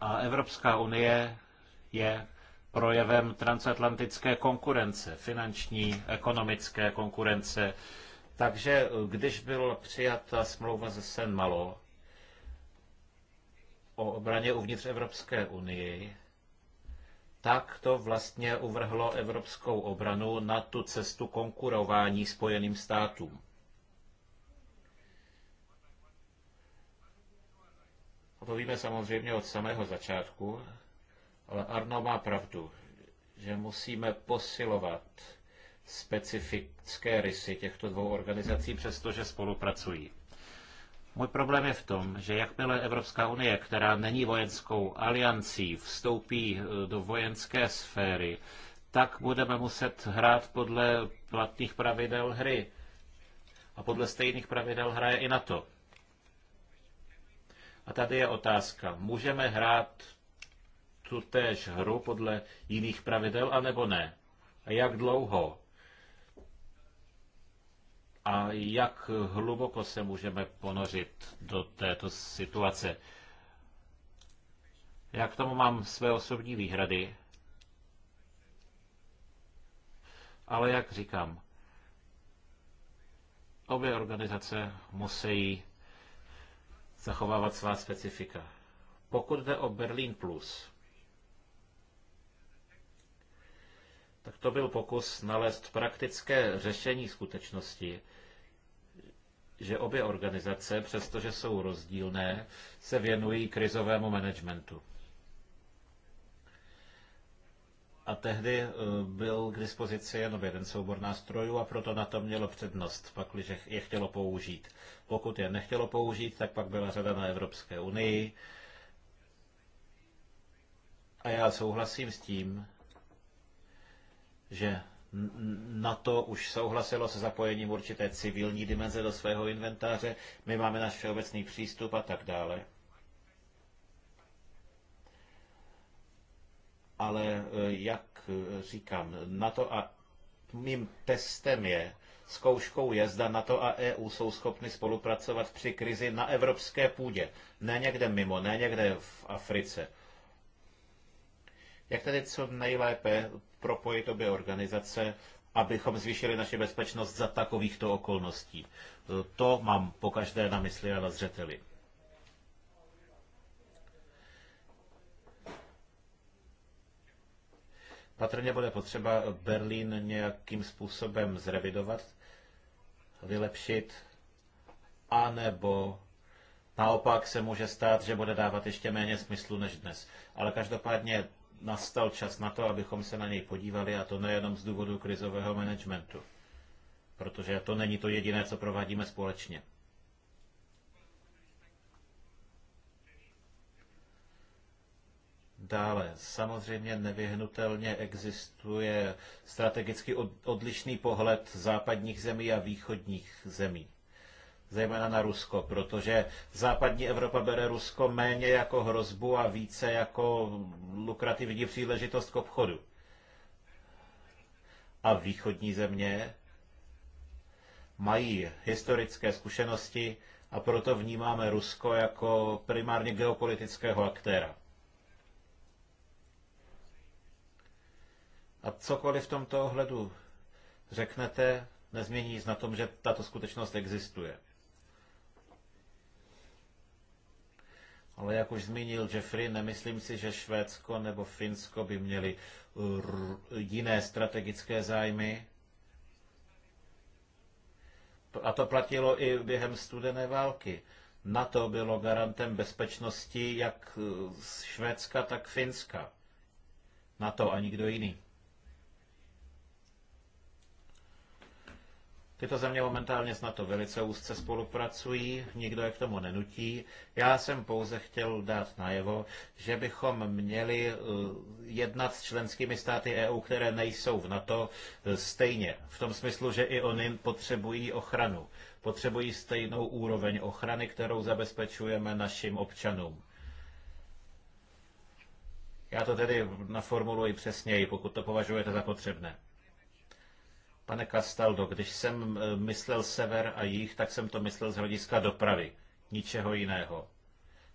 A Evropská unie je projevem transatlantické konkurence, finanční, ekonomické konkurence. Takže když byla přijata smlouva ze Sen Malo o obraně uvnitř Evropské unie tak to vlastně uvrhlo evropskou obranu na tu cestu konkurování Spojeným státům. To víme samozřejmě od samého začátku, ale Arno má pravdu, že musíme posilovat specifické rysy těchto dvou organizací, přestože spolupracují. Můj problém je v tom, že jakmile Evropská unie, která není vojenskou aliancí, vstoupí eh, do vojenské sféry, tak budeme muset hrát podle platných pravidel hry. A podle stejných pravidel hraje i NATO. A tady je otázka. Můžeme hrát tu též hru podle jiných pravidel, anebo ne? A jak dlouho? a jak hluboko se můžeme ponořit do této situace. Já k tomu mám své osobní výhrady, ale jak říkám, obě organizace musí zachovávat svá specifika. Pokud jde o Berlin Plus, tak to byl pokus nalézt praktické řešení skutečnosti, že obě organizace, přestože jsou rozdílné, se věnují krizovému managementu. A tehdy eh, byl k dispozici jenom jeden soubor nástrojů a proto na to mělo přednost, pakliže je chtělo použít. Pokud je nechtělo použít, tak pak byla řada na Evropské unii. A já souhlasím s tím, že na to už souhlasilo se zapojením určité civilní dimenze do svého inventáře. My máme náš všeobecný přístup a tak dále. Ale e, jak e, říkám, na to a mým testem je, zkouškou je, zda NATO a EU jsou schopny spolupracovat při krizi na evropské půdě. Ne někde mimo, ne někde v Africe. Jak tedy co nejlépe propojit obě organizace, abychom zvýšili naši bezpečnost za takovýchto okolností. To mám pokaždé na mysli a na zřeteli. Patrně bude potřeba Berlín nějakým způsobem zrevidovat, vylepšit, anebo naopak se může stát, že bude dávat ještě méně smyslu než dnes. Ale každopádně nastal čas na to, abychom se na něj podívali, a to nejenom z důvodu krizového managementu, protože to není to jediné, co provádíme společně. Dále, samozřejmě nevyhnutelně existuje strategicky odlišný pohled západních zemí a východních zemí zejména na Rusko, protože západní Evropa bere Rusko méně jako hrozbu a více jako lukrativní příležitost k obchodu. A východní země mají historické zkušenosti a proto vnímáme Rusko jako primárně geopolitického aktéra. A cokoliv v tomto ohledu řeknete, nezmění nic na tom, že tato skutečnost existuje. Ale jak už zmínil Jeffrey, nemyslím si, že Švédsko nebo Finsko by měli eh, jiné strategické zájmy. A to platilo i během studené války. NATO bylo garantem bezpečnosti jak eh, Švédska, tak Finska. NATO a nikdo jiný. Tyto země momentálně s NATO velice úzce spolupracují, nikdo je k tomu nenutí. Já jsem pouze chtěl dát najevo, že bychom měli eh, jednat s členskými státy EU, které nejsou v NATO, eh, stejně. V tom smyslu, že i oni potřebují ochranu. Potřebují stejnou úroveň ochrany, kterou zabezpečujeme našim občanům. Já to tedy naformuluji přesněji, pokud to považujete za potřebné. Pane Castaldo, když jsem eh, myslel sever a jih, tak jsem to myslel z hlediska dopravy, ničeho jiného.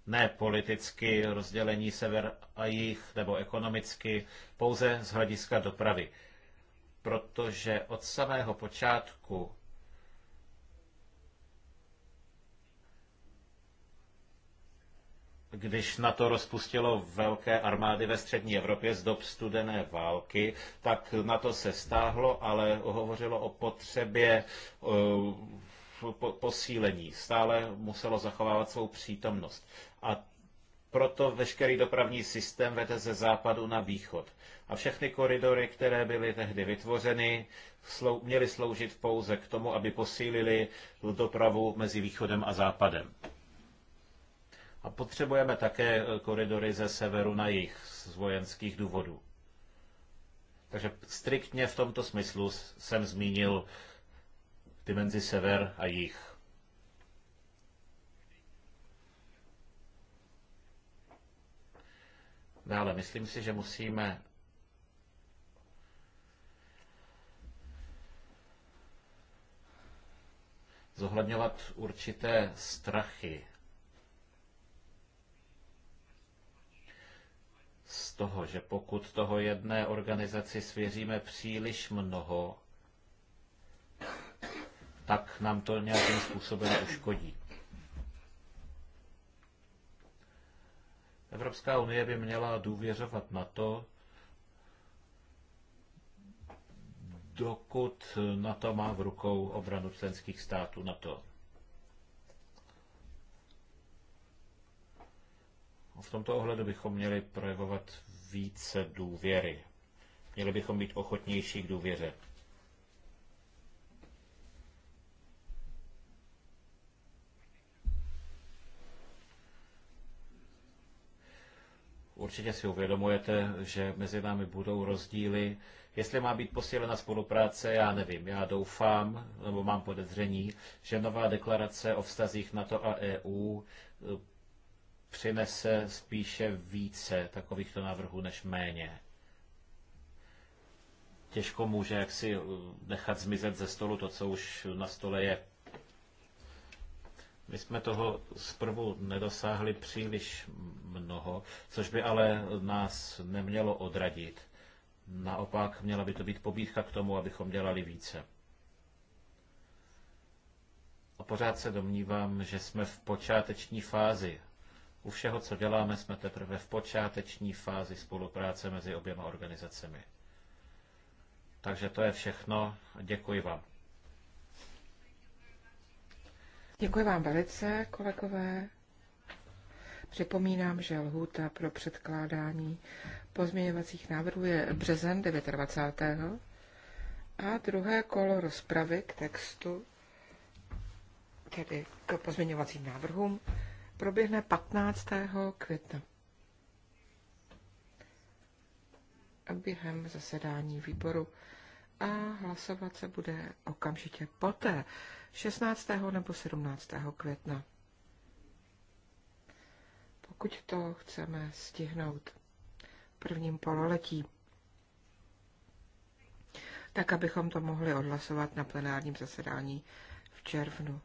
Ne politicky rozdělení sever a jih nebo ekonomicky, pouze z hlediska dopravy. Protože od samého počátku když na to rozpustilo velké armády ve střední Evropě z dob studené války, tak na to se stáhlo, ale hovořilo o potřebě eh, posílení. Stále muselo zachovávat svou přítomnost. A proto veškerý dopravní systém vede ze západu na východ. A všechny koridory, které byly tehdy vytvořeny, měly sloužit pouze k tomu, aby posílili dopravu mezi východem a západem. A potřebujeme také eh, koridory ze severu na jih z vojenských důvodů. Takže striktně v tomto smyslu jsem zmínil dimenzi sever a jih. Dále, no, myslím si, že musíme zohledňovat určité strachy toho, že pokud toho jedné organizaci svěříme příliš mnoho, tak nám to nějakým způsobem uškodí. Evropská unie by měla důvěřovat na to, dokud na to má v rukou obranu členských států Na to V tomto ohledu bychom měli projevovat více důvěry. Měli bychom být ochotnější k důvěře. Určitě si uvědomujete, že mezi námi budou rozdíly. Jestli má být posílena spolupráce, já nevím. Já doufám, nebo mám podezření, že nová deklarace o vztazích NATO a EU přinese spíše více takovýchto návrhů než méně. Těžko může jaksi uh, nechat zmizet ze stolu to, co už na stole je. My jsme toho zprvu nedosáhli příliš mnoho, což by ale nás nemělo odradit. Naopak měla by to být pobídka k tomu, abychom dělali více. A pořád se domnívám, že jsme v počáteční fázi u všeho, co děláme, jsme teprve v počáteční fázi spolupráce mezi oběma organizacemi. Takže to je všechno. Děkuji vám. Děkuji vám velice, kolegové. Připomínám, že lhůta pro předkládání pozměňovacích návrhů je březen 29. A druhé kolo rozpravy k textu, tedy k pozměňovacím návrhům, proběhne 15. května. Během zasedání výboru a hlasovat se bude okamžitě poté, 16. nebo 17. května. Pokud to chceme stihnout v prvním pololetí, tak abychom to mohli odhlasovat na plenárním zasedání v červnu.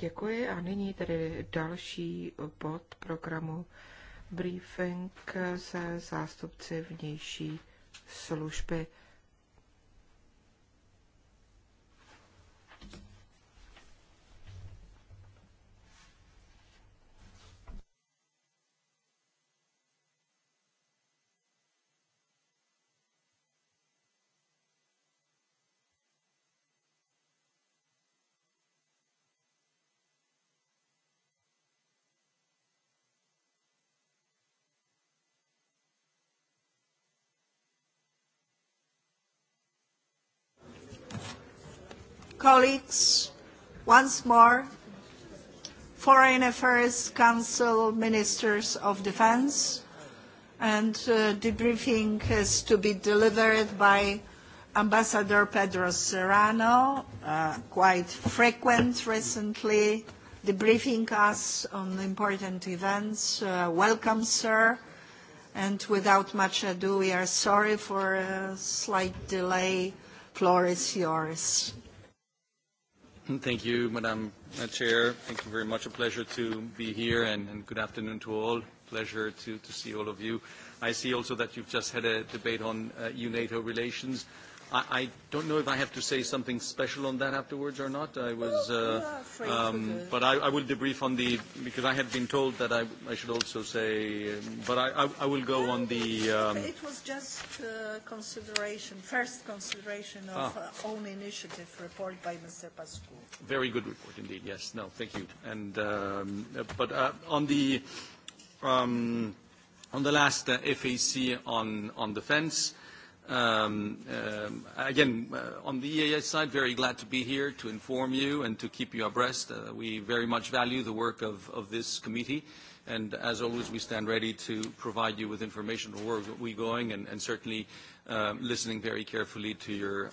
Děkuji a nyní tedy další bod programu Briefing se zástupci vnější služby. Colleagues, once more, Foreign Affairs Council Ministers of Defense, and uh, debriefing is to be delivered by Ambassador Pedro Serrano, uh, quite frequent recently, debriefing us on important events. Uh, welcome, sir. And without much ado, we are sorry for a slight delay. Floor is yours. Thank you, Madam Chair. Thank you very much. A pleasure to be here, and, and good afternoon to all. Pleasure to, to see all of you. I see also that you've just had a debate on uh, EU-NATO relations. I, I don't know if I have to say something special on that afterwards or not. I was, uh, um, but I, I will debrief on the because I had been told that I, I should also say, um, but I, I, I will go on the. Um, it was just uh, consideration, first consideration of ah. uh, own initiative report by Mr. Pascu. Very good report indeed. Yes. No. Thank you. And um, but uh, on the um, on the last uh, FAC on on defence. fence. Um, um, again, uh, on the EAS side, very glad to be here to inform you and to keep you abreast. Uh, we very much value the work of, this committee, and as always, we stand ready to provide you with information on where we're going and, certainly um, listening very carefully to your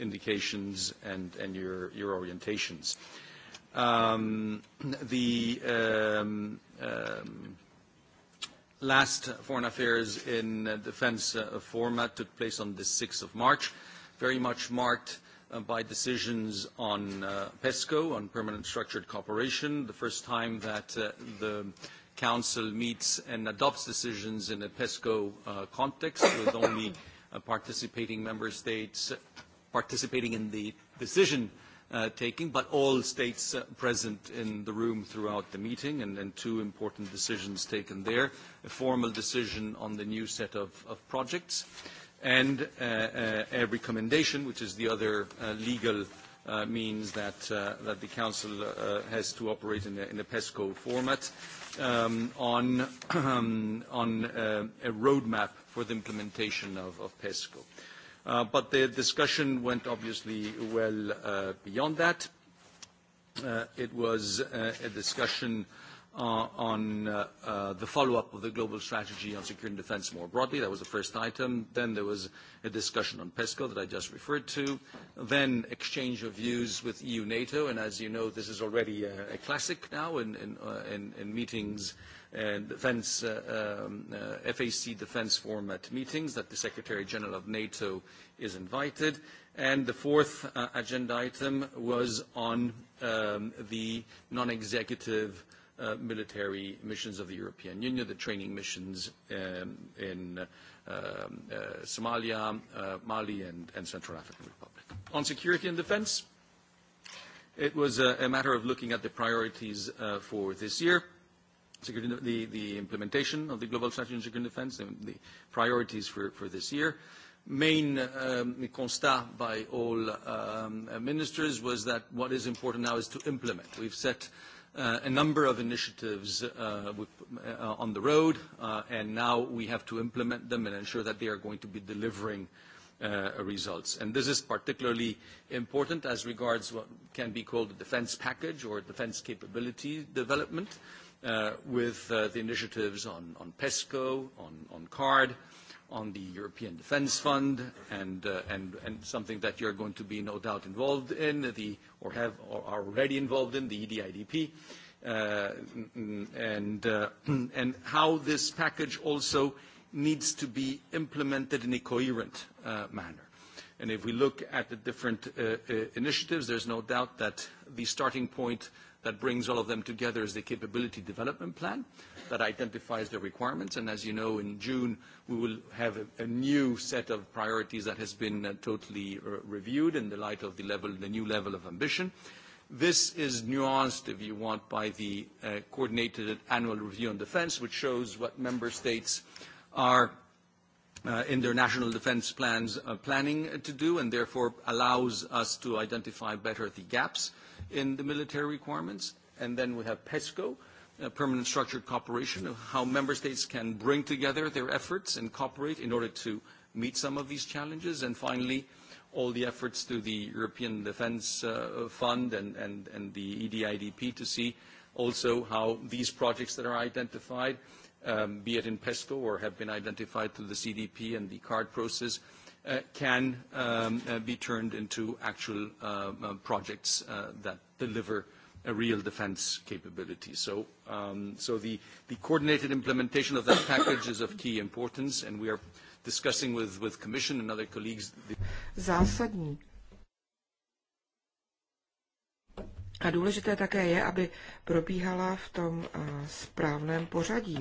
indications and, your, your orientations. The last Foreign Affairs in uh, Defence uh, format took place on the 6th of March, very much marked uh, by decisions on uh, PESCO, on Permanent Structured Cooperation, the first time that uh, the Council meets and adopts decisions in a PESCO uh, context with only participating member states participating in the decision uh, uh, taking, but all states uh, present in the room throughout the meeting, and, then two important decisions taken there, a formal decision on the new set of, of projects, and uh, uh, a recommendation, which is the other uh, legal uh, means that, uh, that the Council uh, has to operate in a, in a PESCO format um, on, <clears throat> um, on uh, a roadmap for the implementation of, of PESCO. Uh, but the discussion went obviously well uh, beyond that. Uh, it was a discussion on the follow-up of the global strategy on security and defense more broadly. That was the first item. Then there was a discussion on PESCO that I just referred to. Then exchange of views with EU-NATO, and as you know, this is already a, classic now in, in, in, in meetings defense, uh, um, uh, FAC defense format meetings that the Secretary General of NATO is invited. And the fourth uh, agenda item was on um, the non-executive Uh, military missions of the European Union, the training missions um, in uh, uh, Somalia, Mali, and, and Central African Republic. On security and defense, it was a, a matter of looking at the priorities for this year security, the, implementation of the global strategy on security and defense, and the priorities for, this year. Main um, constat by all um, ministers was that what is important now is to implement. We've set uh, a number of initiatives uh, uh, on the road, and now we have to implement them and ensure that they are going to be delivering results. And this is particularly important as regards what can be called the defense package or defense capability development. Uh, with uh, the initiatives on, on PESCO, on, on CARD, on the European Defence Fund, and, uh, and, and something that you're going to be no doubt involved in, the, or have or are already involved in, the EDIDP, uh, and, uh, <clears throat> and how this package also needs to be implemented in a coherent uh, manner. And if we look at the different uh, uh, initiatives, there's no doubt that the starting point that brings all of them together is the capability development plan that identifies the requirements. And as you know, in June, we will have a, a new set of priorities that has been uh, totally uh, reviewed in the light of the, level, the new level of ambition. This is nuanced, if you want, by the uh, coordinated annual review on defense, which shows what member states are Uh, in their national defense plans uh, planning to do, and therefore allows us to identify better the gaps in the military requirements. And then we have PESCO, Permanent Structured Cooperation, of how member states can bring together their efforts and cooperate in order to meet some of these challenges. And finally, all the efforts through the European Defence uh, Fund and, and, and the EDIDP to see also how these projects that are identified, um, be it in PESCO or have been identified through the CDP and the CARD process, uh, Uh, can um, uh, be turned into actual um, uh, projects that deliver a real defense capability. So, um, the, coordinated implementation of that package is of key importance, and we are discussing with, with Commission and other colleagues. The... Zásadní A důležité také je, aby probíhala v tom správném pořadí.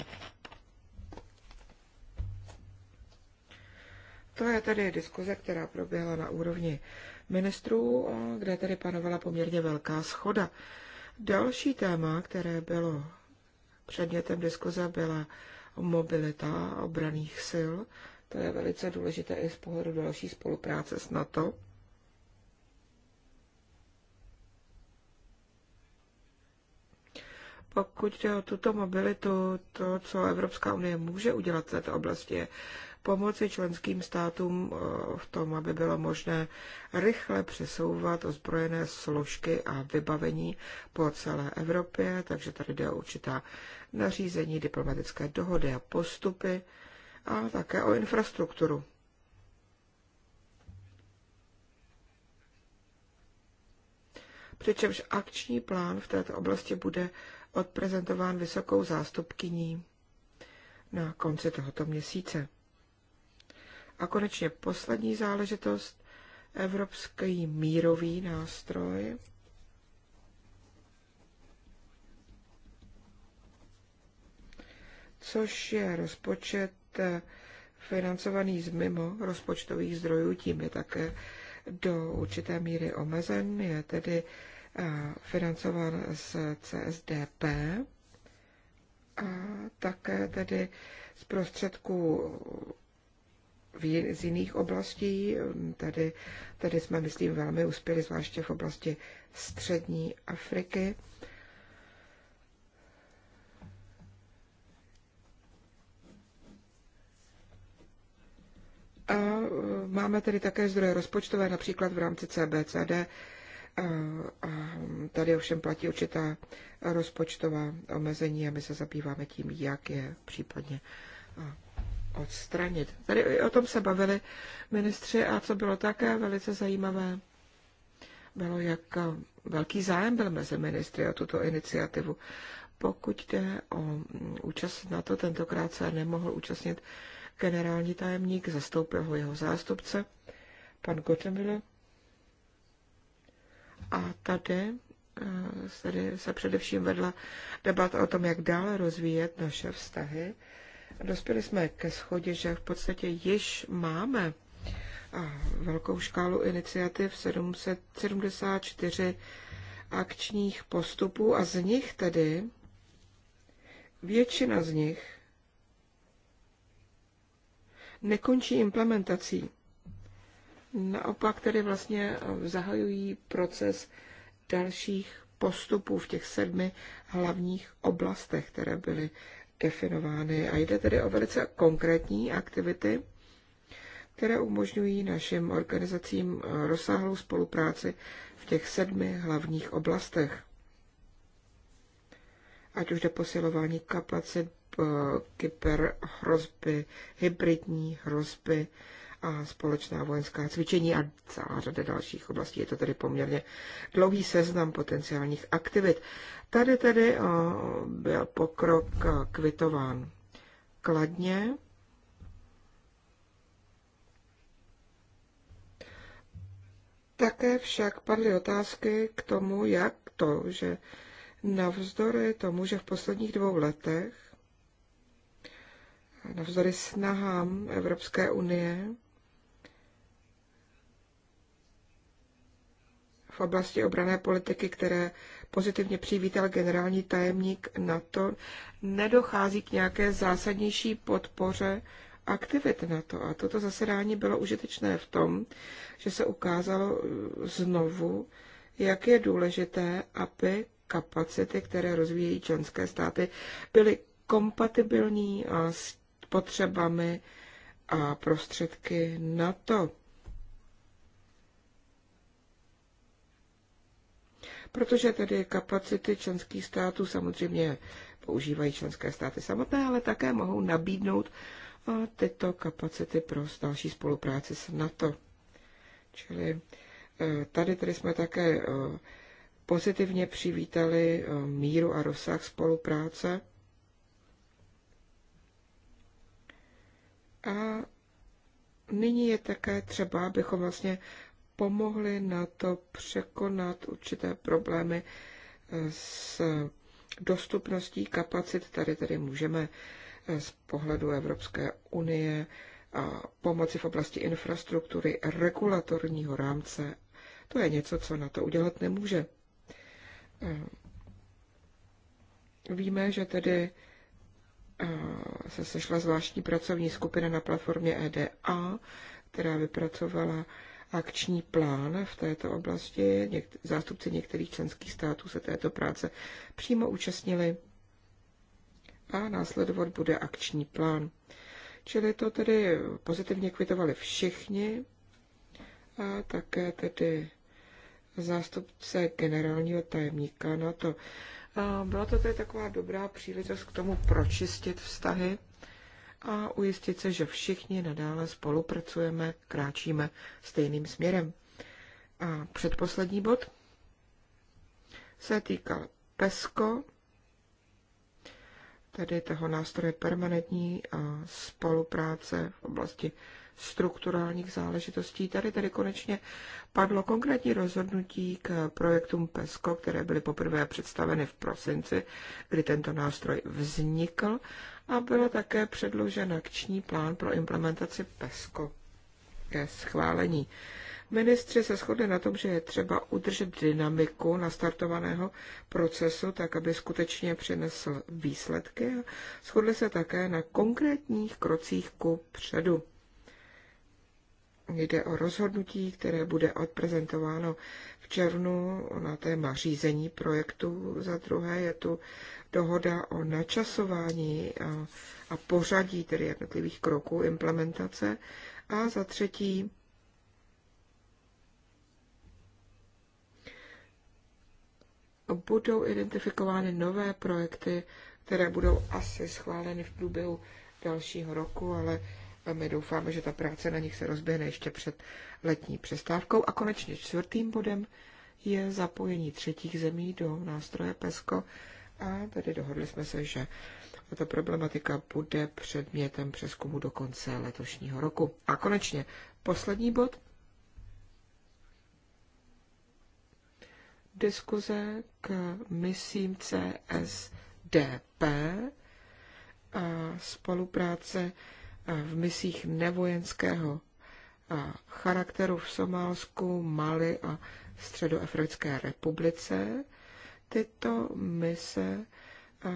To je tedy diskuze, která proběhla na úrovni ministrů, kde tedy panovala poměrně velká schoda. Další téma, které bylo předmětem diskuze, byla mobilita obraných sil. To je velice důležité i z pohledu další spolupráce s NATO. Pokud jde o tuto mobilitu, to, co Evropská unie může udělat v této oblasti, je pomoci členským státům eh, v tom, aby bylo možné rychle přesouvat ozbrojené složky a vybavení po celé Evropě, takže tady jde o určitá nařízení, diplomatické dohody a postupy a také o infrastrukturu. Přičemž akční plán v této oblasti bude odprezentován vysokou zástupkyní na konci tohoto měsíce. A konečně poslední záležitost, evropský mírový nástroj. což je rozpočet eh, financovaný z mimo rozpočtových zdrojů, tím je také do určité míry omezen, je tedy eh, financován z CSDP a také tedy z prostředků z jiných oblastí. Um, tady, tady jsme, myslím, velmi uspěli, zvláště v oblasti střední Afriky. A uh, máme tedy také zdroje rozpočtové, například v rámci CBCD. A tady ovšem platí určitá rozpočtová omezení a my se zabýváme tím, jak je případně odstranit. Tady i o tom se bavili ministři a co bylo také velice zajímavé, bylo, jak velký zájem byl mezi ministry o tuto iniciativu. Pokud jde o účast na to, tentokrát se nemohl účastnit generální tajemník, zastoupil ho jeho zástupce, pan Gottemille. A tady, eh, tady se především vedla debata o tom, jak dále rozvíjet naše vztahy dospěli jsme ke schodě, že v podstatě již máme velkou škálu iniciativ 774 akčních postupů a z nich tedy většina z nich nekončí implementací. Naopak tedy vlastně zahajují proces dalších postupů v těch sedmi hlavních oblastech, které byly definovány. A jde tedy o velice konkrétní aktivity, které umožňují našim organizacím rozsáhlou spolupráci v těch sedmi hlavních oblastech. Ať už jde posilování kapacit, eh, kyberhrozby, hybridní hrozby, a společná vojenská cvičení a celá řada dalších oblastí. Je to tedy poměrně dlouhý seznam potenciálních aktivit. Tady tedy byl pokrok kvitován kladně. Také však padly otázky k tomu, jak to, že navzdory tomu, že v posledních dvou letech navzdory snahám Evropské unie v oblasti obrané politiky, které pozitivně přivítal generální tajemník NATO, nedochází k nějaké zásadnější podpoře aktivit NATO. A toto zasedání bylo užitečné v tom, že se ukázalo uh, znovu, jak je důležité, aby kapacity, které rozvíjejí členské státy, byly kompatibilní s potřebami a prostředky NATO. protože tedy kapacity členských států samozřejmě používají členské státy samotné, ale také mohou nabídnout tyto kapacity pro další spolupráci s NATO. Čili e, tady, tady jsme také e, pozitivně přivítali e, míru a rozsah spolupráce. A nyní je také třeba, abychom vlastně pomohly na to překonat určité problémy eh, s dostupností kapacit. Tady tedy můžeme eh, z pohledu Evropské unie a pomoci v oblasti infrastruktury regulatorního rámce. To je něco, co na to udělat nemůže. Eh, víme, že tedy se sešla zvláštní pracovní skupina na platformě EDA, která vypracovala akční plán v této oblasti. zástupci některých členských států se této práce přímo účastnili a následovat bude akční plán. Čili to tedy pozitivně kvitovali všichni a také tedy zástupce generálního tajemníka na to. Byla to tedy taková dobrá příležitost k tomu pročistit vztahy a ujistit se, že všichni nadále spolupracujeme, kráčíme stejným směrem. A předposlední bod se týkal PESCO, tedy toho nástroje permanentní spolupráce v oblasti strukturálních záležitostí. Tady tedy konečně padlo konkrétní rozhodnutí k projektům PESCO, které byly poprvé představeny v prosinci, kdy tento nástroj vznikl a byl také předložen akční plán pro implementaci PESCO ke schválení. Ministři se shodli na tom, že je třeba udržet dynamiku nastartovaného procesu, tak aby skutečně přinesl výsledky a shodli se také na konkrétních krocích ku předu. Jde o rozhodnutí, které bude odprezentováno v červnu na téma řízení projektu. Za druhé je tu dohoda o načasování a, a pořadí tedy jednotlivých kroků implementace a za třetí budou identifikovány nové projekty, které budou asi schváleny v průběhu dalšího roku, ale my doufáme, že ta práce na nich se rozběhne ještě před letní přestávkou. A konečně čtvrtým bodem je zapojení třetích zemí do nástroje PESCO a tady dohodli jsme se, že tato problematika bude předmětem přeskumu do konce letošního roku. A konečně poslední bod. Diskuze k misím CSDP a spolupráce v misích nevojenského charakteru v Somálsku, Mali a Středoafrické republice. Tyto mise eh,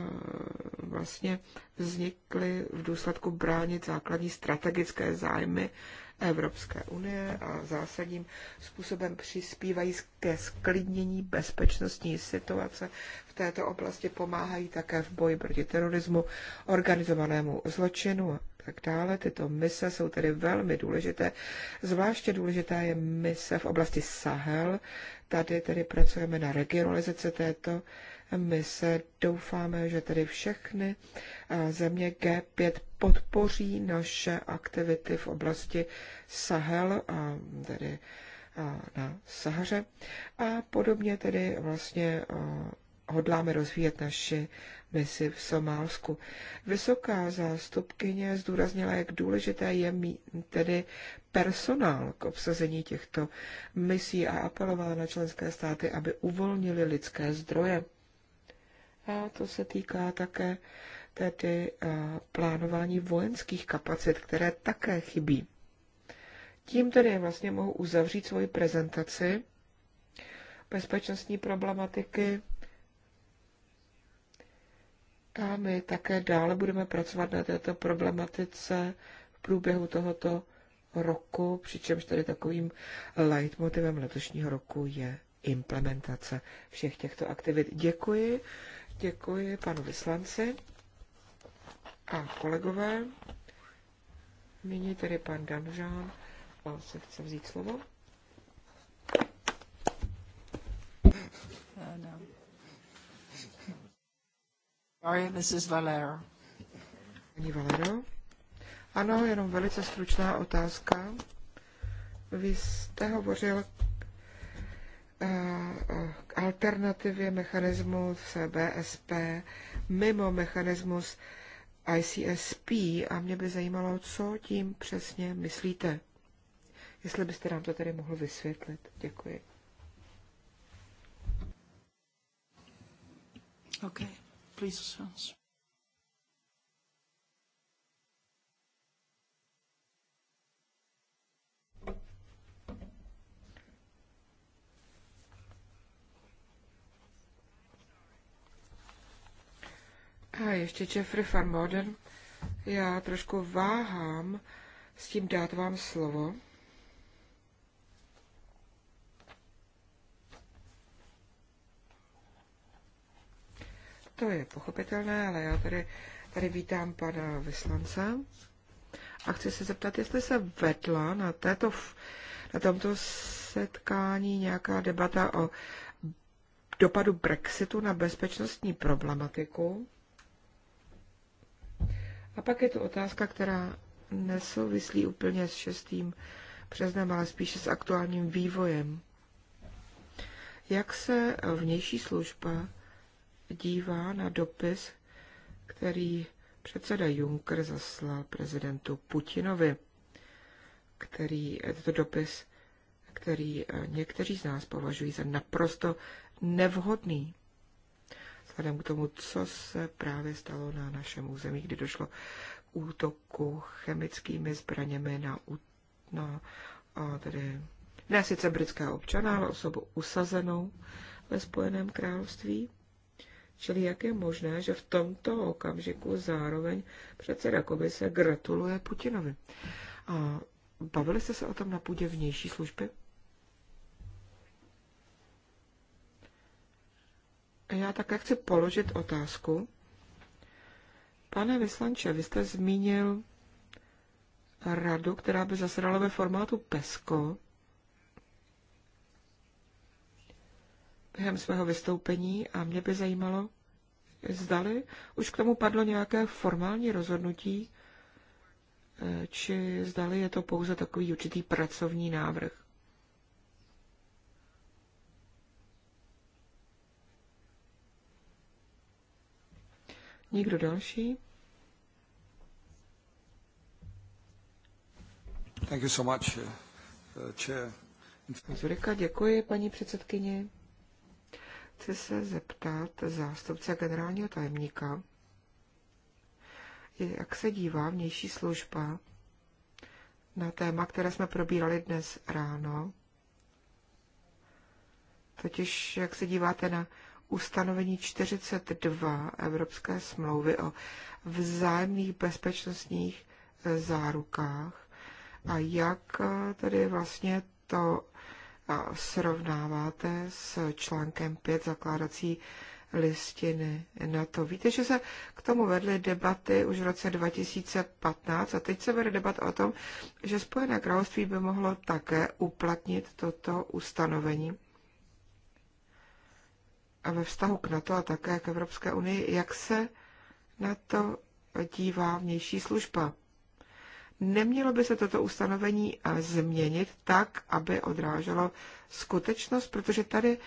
vlastně vznikly v důsledku bránit základní strategické zájmy Evropské unie a zásadním způsobem přispívají ke sklidnění bezpečnostní situace v této oblasti, pomáhají také v boji proti terorismu, organizovanému zločinu tak dále. Tyto mise jsou tedy velmi důležité. Zvláště důležitá je mise v oblasti Sahel. Tady tedy pracujeme na regionalizaci této mise. Doufáme, že tedy všechny eh, země G5 podpoří naše aktivity v oblasti Sahel, a tedy eh, na Sahaře. A podobně tedy vlastně eh, hodláme rozvíjet naši misi v Somálsku. Vysoká zástupkyně zdůraznila, jak důležité je mít tedy personál k obsazení těchto misí a apelovala na členské státy, aby uvolnili lidské zdroje. A to se týká také tedy plánování vojenských kapacit, které také chybí. Tím tedy vlastně mohu uzavřít svoji prezentaci bezpečnostní problematiky a my také dále budeme pracovat na této problematice v průběhu tohoto roku, přičemž tady takovým leitmotivem letošního roku je implementace všech těchto aktivit. Děkuji, děkuji panu vyslanci a kolegové. Nyní tedy pan Danžán se chce vzít slovo. Eh, no. Sorry, Mrs. Valero. Pani Valero. Ano, jenom velice stručná otázka. Vy jste hovořil eh, k alternativě mechanismu CBSP mimo mechanismus ICSP a mě by zajímalo, co tím přesně myslíte. Jestli byste nám to tedy mohl vysvětlit. Děkuji. Okay please yourselves. A ještě Jeffrey van Morden. Já trošku váhám s tím dát vám slovo. To je pochopitelné, ale já tady, tady vítám pana vyslance a chci se zeptat, jestli se vedla na, této, na tomto setkání nějaká debata o dopadu Brexitu na bezpečnostní problematiku. A pak je tu otázka, která nesouvislí úplně s 6. březnem, ale spíše s aktuálním vývojem. Jak se vnější služba dívá na dopis, který předseda Juncker zaslal prezidentu Putinovi, který, tento dopis, který eh, někteří z nás považují za naprosto nevhodný. Vzhledem k tomu, co se právě stalo na našem území, kdy došlo k útoku chemickými zbraněmi na, na a tedy ne sice britského občana, ale osobu usazenou ve Spojeném království. Čili jak je možné, že v tomto okamžiku zároveň předseda komise gratuluje Putinovi? A bavili jste se o tom na půdě vnější služby? Já také chci položit otázku. Pane vyslanče, vy jste zmínil radu, která by zasedala ve formátu PESCO. během svého vystoupení a mě by zajímalo, zdali už k tomu padlo nějaké formální rozhodnutí, eh, či zdali je to pouze takový určitý pracovní návrh. Nikdo další? Thank you so much, uh, Chair. Zurika, děkuji, paní předsedkyně. Chci se zeptat zástupce generálního tajemníka, jak se dívá vnější služba na téma, které jsme probírali dnes ráno, totiž jak se díváte na ustanovení 42 Evropské smlouvy o vzájemných bezpečnostních e, zárukách a jak e, tedy vlastně to srovnáváte s článkem 5 zakládací listiny na to. Víte, že se k tomu vedly debaty už v roce 2015 a teď se vede debat o tom, že Spojené království by mohlo také uplatnit toto ustanovení a ve vztahu k NATO a také k Evropské unii, jak se na to dívá vnější služba. Nemělo by se toto ustanovení eh, změnit tak, aby odráželo skutečnost, protože tady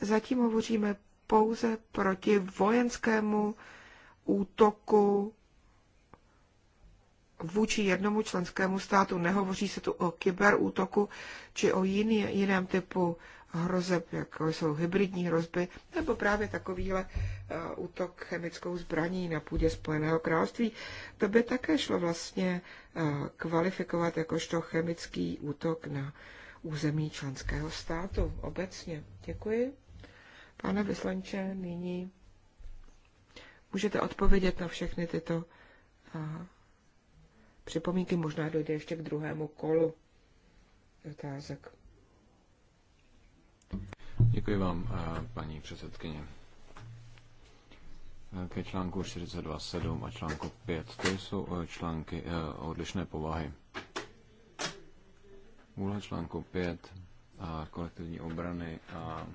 zatím hovoříme pouze proti vojenskému útoku vůči jednomu členskému státu. Nehovoří se tu o kyberútoku či o jiný, jiném typu hrozeb, jako jsou hybridní hrozby, nebo právě takovýhle eh, útok chemickou zbraní na půdě Spojeného království, to by také šlo vlastně eh, kvalifikovat jakožto chemický útok na území členského státu obecně. Děkuji. Pane vyslanče, nyní můžete odpovědět na všechny tyto eh, připomínky. Možná dojde ještě k druhému kolu otázek. Děkuji vám, eh, paní předsedkyně. Eh, ke článku 42.7 a článku 5, to jsou eh, články odlišné povahy. Úloha článku 5 a kolektivní obrany a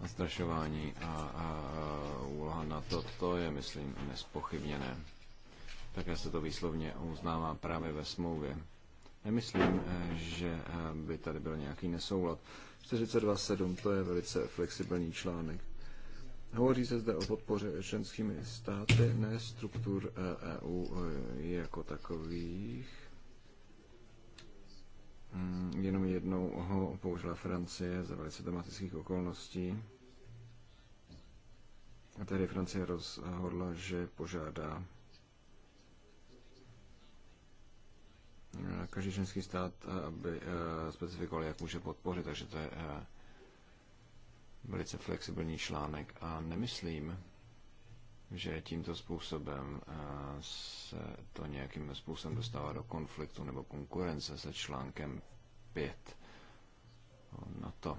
zastrašování a, a, a úloha na to, to je, myslím, nespochybněné. Také se to výslovně uznává právě ve smlouvě. Nemyslím, eh, že eh, by tady byl nějaký nesoulad. 42.7 to je velice flexibilní článek. Hovoří se zde o podpoře členskými státy, ne struktur EU eh, e jako takových. Mm, jenom jednou ho použila Francie za velice dramatických okolností. A tehdy Francie rozhodla, že požádá Eh, každý členský stát, eh, aby eh, specifikoval, jak může podpořit, takže to je velice flexibilní článek a nemyslím, že tímto způsobem se to nějakým způsobem dostává do konfliktu nebo konkurence se článkem 5 na to.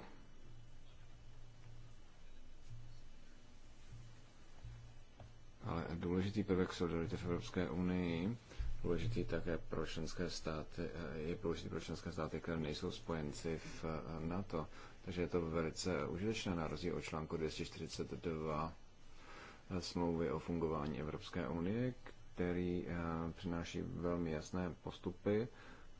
Ale důležitý prvek solidarity v Evropské unii důležitý také pro členské státy, eh, je důležitý pro členské státy, které nejsou spojenci v eh, NATO. Takže je to velice užitečné na rozdíl od článku 242 eh, smlouvy o fungování Evropské unie, který přináší velmi jasné postupy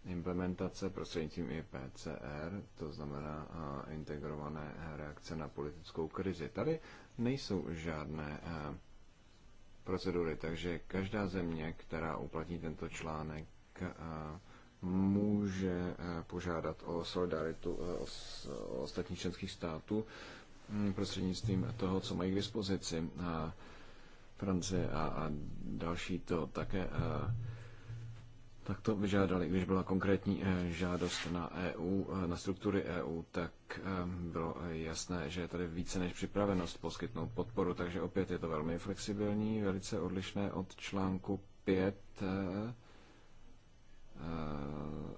implementace prostřednictvím IPCR, to znamená integrované reakce na politickou krizi. Tady nejsou žádné procedury. Takže každá země, která uplatní tento článek, eh, může eh, požádat o solidaritu eh, ostatních členských států hm, prostřednictvím toho, co mají k dispozici. Francie a, a další to také tak to vyžádali. Když byla konkrétní eh, žádost na EU, eh, na struktury EU, tak eh, bylo jasné, že je tady více než připravenost poskytnout podporu, takže opět je to velmi flexibilní, velice odlišné od článku 5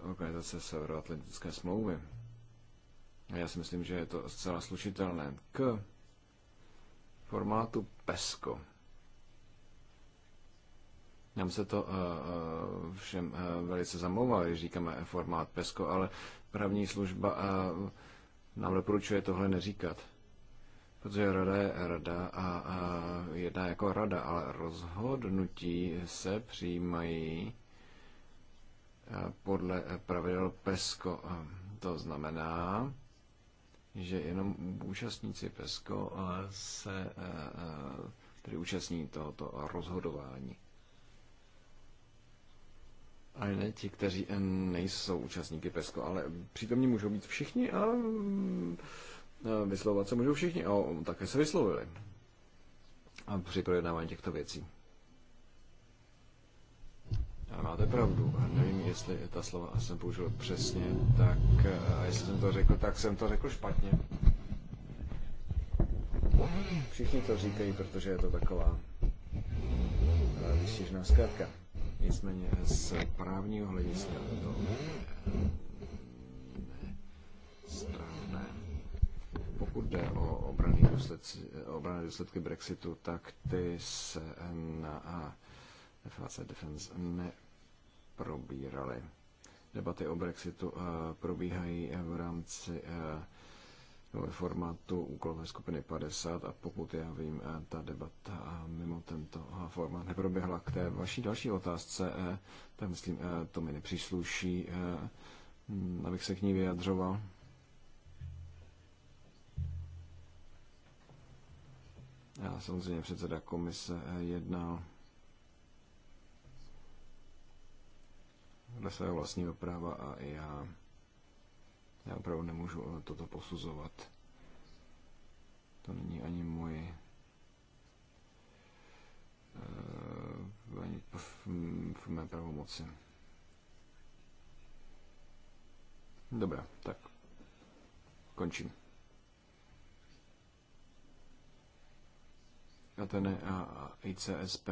organizace Severoatlantické smlouvy. A já si myslím, že je to zcela slušitelné k formátu PESCO. Nám se to eh, eh, všem eh, velice zamlouvá, když říkáme formát PESCO, ale právní služba nám doporučuje tohle neříkat. Protože rada je rada a, a jedná jako rada, ale rozhodnutí se přijímají podle pravidel PESCO. To znamená, že jenom účastníci PESCO se tedy účastní tohoto rozhodování. A ne ti, kteří eh, nejsou účastníky PESCO, ale přítomní můžou být všichni a mm, eh, vyslovovat se můžou všichni. A také se vyslovili a při projednávání těchto věcí. A máte pravdu. Nevím, jestli ta slova jsem použil přesně, tak a eh, jestli jsem to řekl, tak jsem to řekl špatně. Všichni to říkají, protože je to taková výstěžná zkrátka. Nicméně z právního hlediska to ne správné. Pokud jde o obrany důsledky, důsledky Brexitu, tak ty se na FAC Defense neprobíraly. Debaty o Brexitu eh, probíhají v rámci eh, ve formátu úkolové skupiny 50 a pokud já vím, eh, ta debata eh, mimo tento eh, formát neproběhla. K té vaší další otázce, tak myslím, to mi nepřísluší, abych se k ní vyjadřoval. Já samozřejmě předseda komise jednal dle svého vlastního práva a já já opravdu nemůžu eh, toto posuzovat. To není ani můj eh, ani v, v mé pravomoci. Dobrá, tak končím. A ten je ICSP.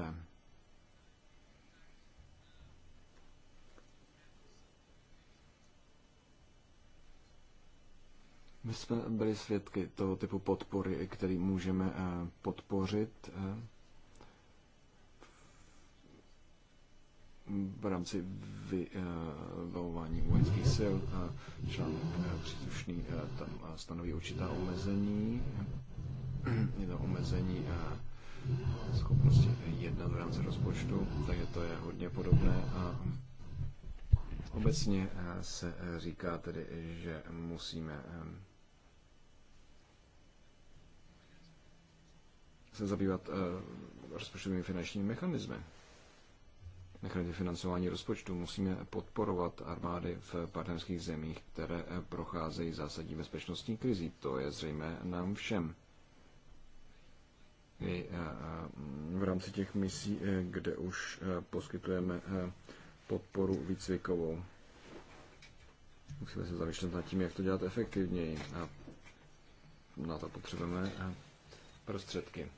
My jsme byli svědky toho typu podpory, který můžeme eh, podpořit eh, v rámci vyvolování eh, vojenských sil. Článek příslušný tam stanoví určitá omezení. Je to omezení schopnosti jednat v rámci rozpočtu, takže to je hodně podobné. A obecně se říká tedy, že musíme se zabývat eh, rozpočtovými finančními mechanismy. Mechanizmy financování rozpočtu musíme podporovat armády v partnerských zemích, které eh, procházejí zásadní bezpečnostní krizí. To je zřejmé nám všem. I eh, v rámci těch misí, kde už poskytujeme podporu výcvikovou. Musíme se zamýšlet nad tím, jak to dělat efektivněji a na to potřebujeme prostředky.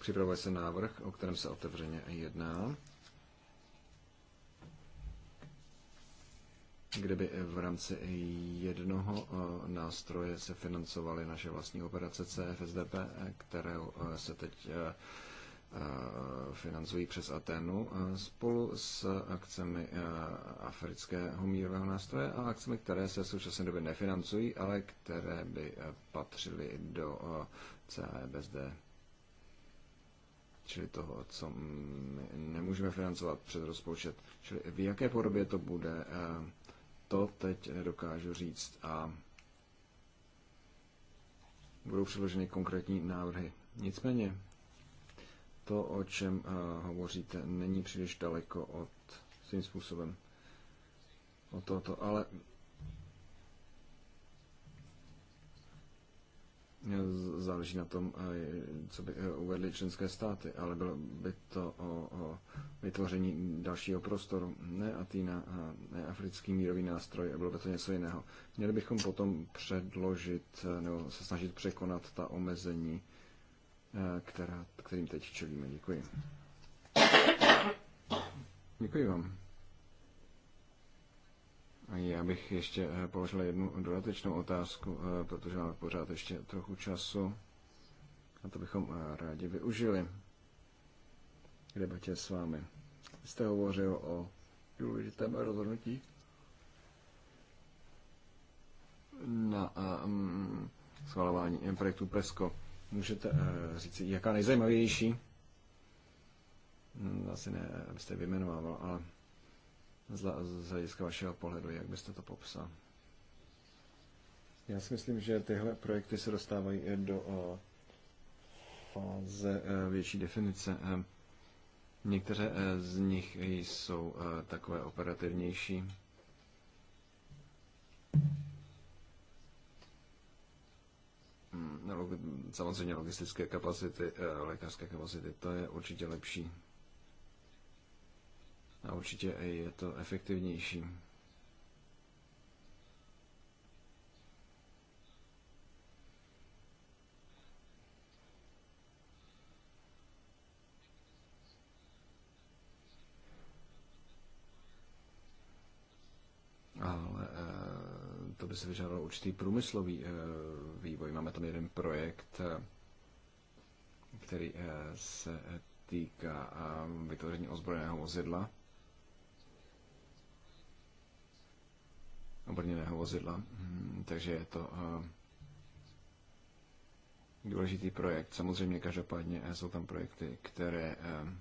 Připravuje se návrh, o kterém se otevřeně jedná, kde by v rámci jednoho eh, nástroje se financovaly naše vlastní operace CFSDP, eh, které eh, se teď financují přes Atenu spolu s akcemi afrického mírového nástroje a akcemi, které se v současné době nefinancují, ale které by patřily do CABSD čili toho, co my nemůžeme financovat přes rozpočet. Čili v jaké podobě to bude, eh, to teď nedokážu říct a budou předloženy konkrétní návrhy. Nicméně to, o čem eh, hovoříte, není příliš daleko od svým způsobem od tohoto, ale záleží na tom, eh, co by eh, uvedly členské státy, ale bylo by to o, o vytvoření dalšího prostoru, ne Atína, eh, ne africký mírový nástroj, bylo by to něco jiného. Měli bychom potom předložit nebo se snažit překonat ta omezení, která, kterým teď čelíme. Děkuji. Děkuji vám. Já bych ještě eh, položil jednu dodatečnou otázku, eh, protože máme pořád ještě trochu času a to bychom eh, rádi využili k debatě s vámi. Jste hovořil o důležitém rozhodnutí na um, schvalování projektu PESCO. Můžete uh, říct, jaká nejzajímavější? Hm, asi ne, abyste vyjmenovával, ale z hlediska vašeho pohledu? Jak byste to popsal? Já si myslím, že tyhle projekty se dostávají do eh, fáze eh, větší definice. Eh, některé z nich jsou takové operativnější. Hmm, no, samozřejmě logistické kapacity, lékařské kapacity, to je určitě lepší a určitě je to efektivnější. ale eh, to by se vyžádalo určitý průmyslový eh, vývoj. Máme tam jeden projekt, eh, který se týká vytvoření ozbrojeného vozidla. obrněného vozidla. Hmm, takže je to eh, důležitý projekt. Samozřejmě každopádně eh, jsou tam projekty, které eh,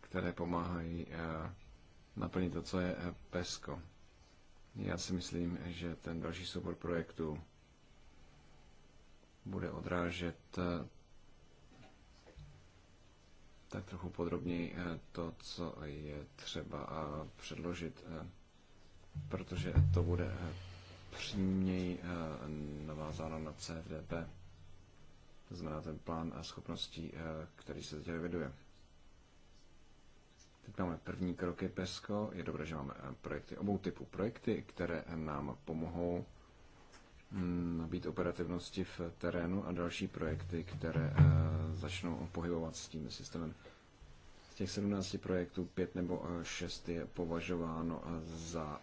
které pomáhají naplnit to, co je PESCO. Já si myslím, že ten další soubor projektů bude odrážet tak trochu podrobněji eh, to, co je třeba eh, předložit, eh, protože to bude přímněji navázáno na CFDP, to znamená ten plán a schopností, který se teď reviduje. Teď máme první kroky PESCO. Je dobré, že máme projekty obou typů. Projekty, které nám pomohou Mm, nabít operativnosti v terénu a další projekty, které eh, začnou pohybovat s tím systémem. Z těch 17 projektů 5 nebo 6 eh, je považováno eh, za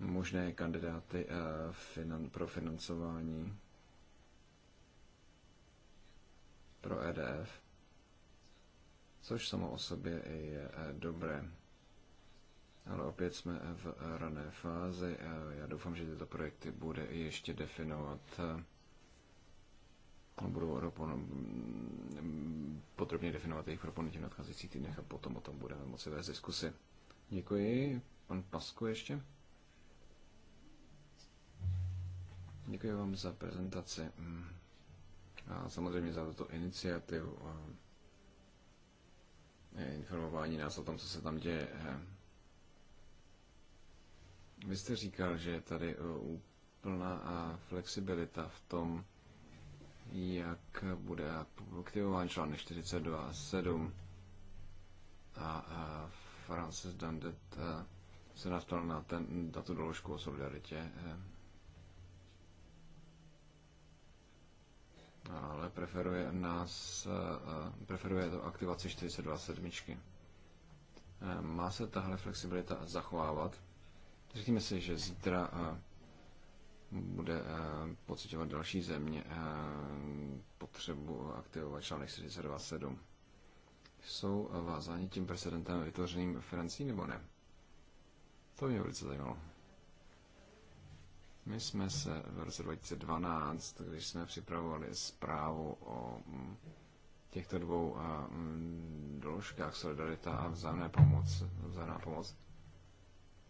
možné kandidáty pro financování pro EDF, což samo o sobě je dobré ale opět jsme v rané fázi. Já doufám, že tyto projekty bude ještě definovat budou podrobně definovat jejich proponenti v nadcházejících týdnech a potom o tom budeme moci vést diskusy. Děkuji. Pan Pasku ještě. Děkuji vám za prezentaci a samozřejmě za tuto iniciativu a informování nás o tom, co se tam děje. Vy jste říkal, že je tady eh, úplná a flexibilita v tom, jak bude aktivován článek 42.7 a, Francis Dandet eh, se nás ptal na, ten, na tu doložku o solidaritě. Eh. Ale preferuje nás, preferuje to aktivaci 42.7. Má se tahle flexibilita zachovávat? Řekněme si, že zítra eh, bude eh, pocitovat další země eh, potřebu aktivovat článek 427. Jsou vázáni tím precedentem vytvořeným Francii nebo ne? To mě velice zajímalo. My jsme se v roce 2012, když jsme připravovali zprávu o mm, těchto dvou mm, doložkách Solidarita a vzájemná pomoc, vzájemná pomoc,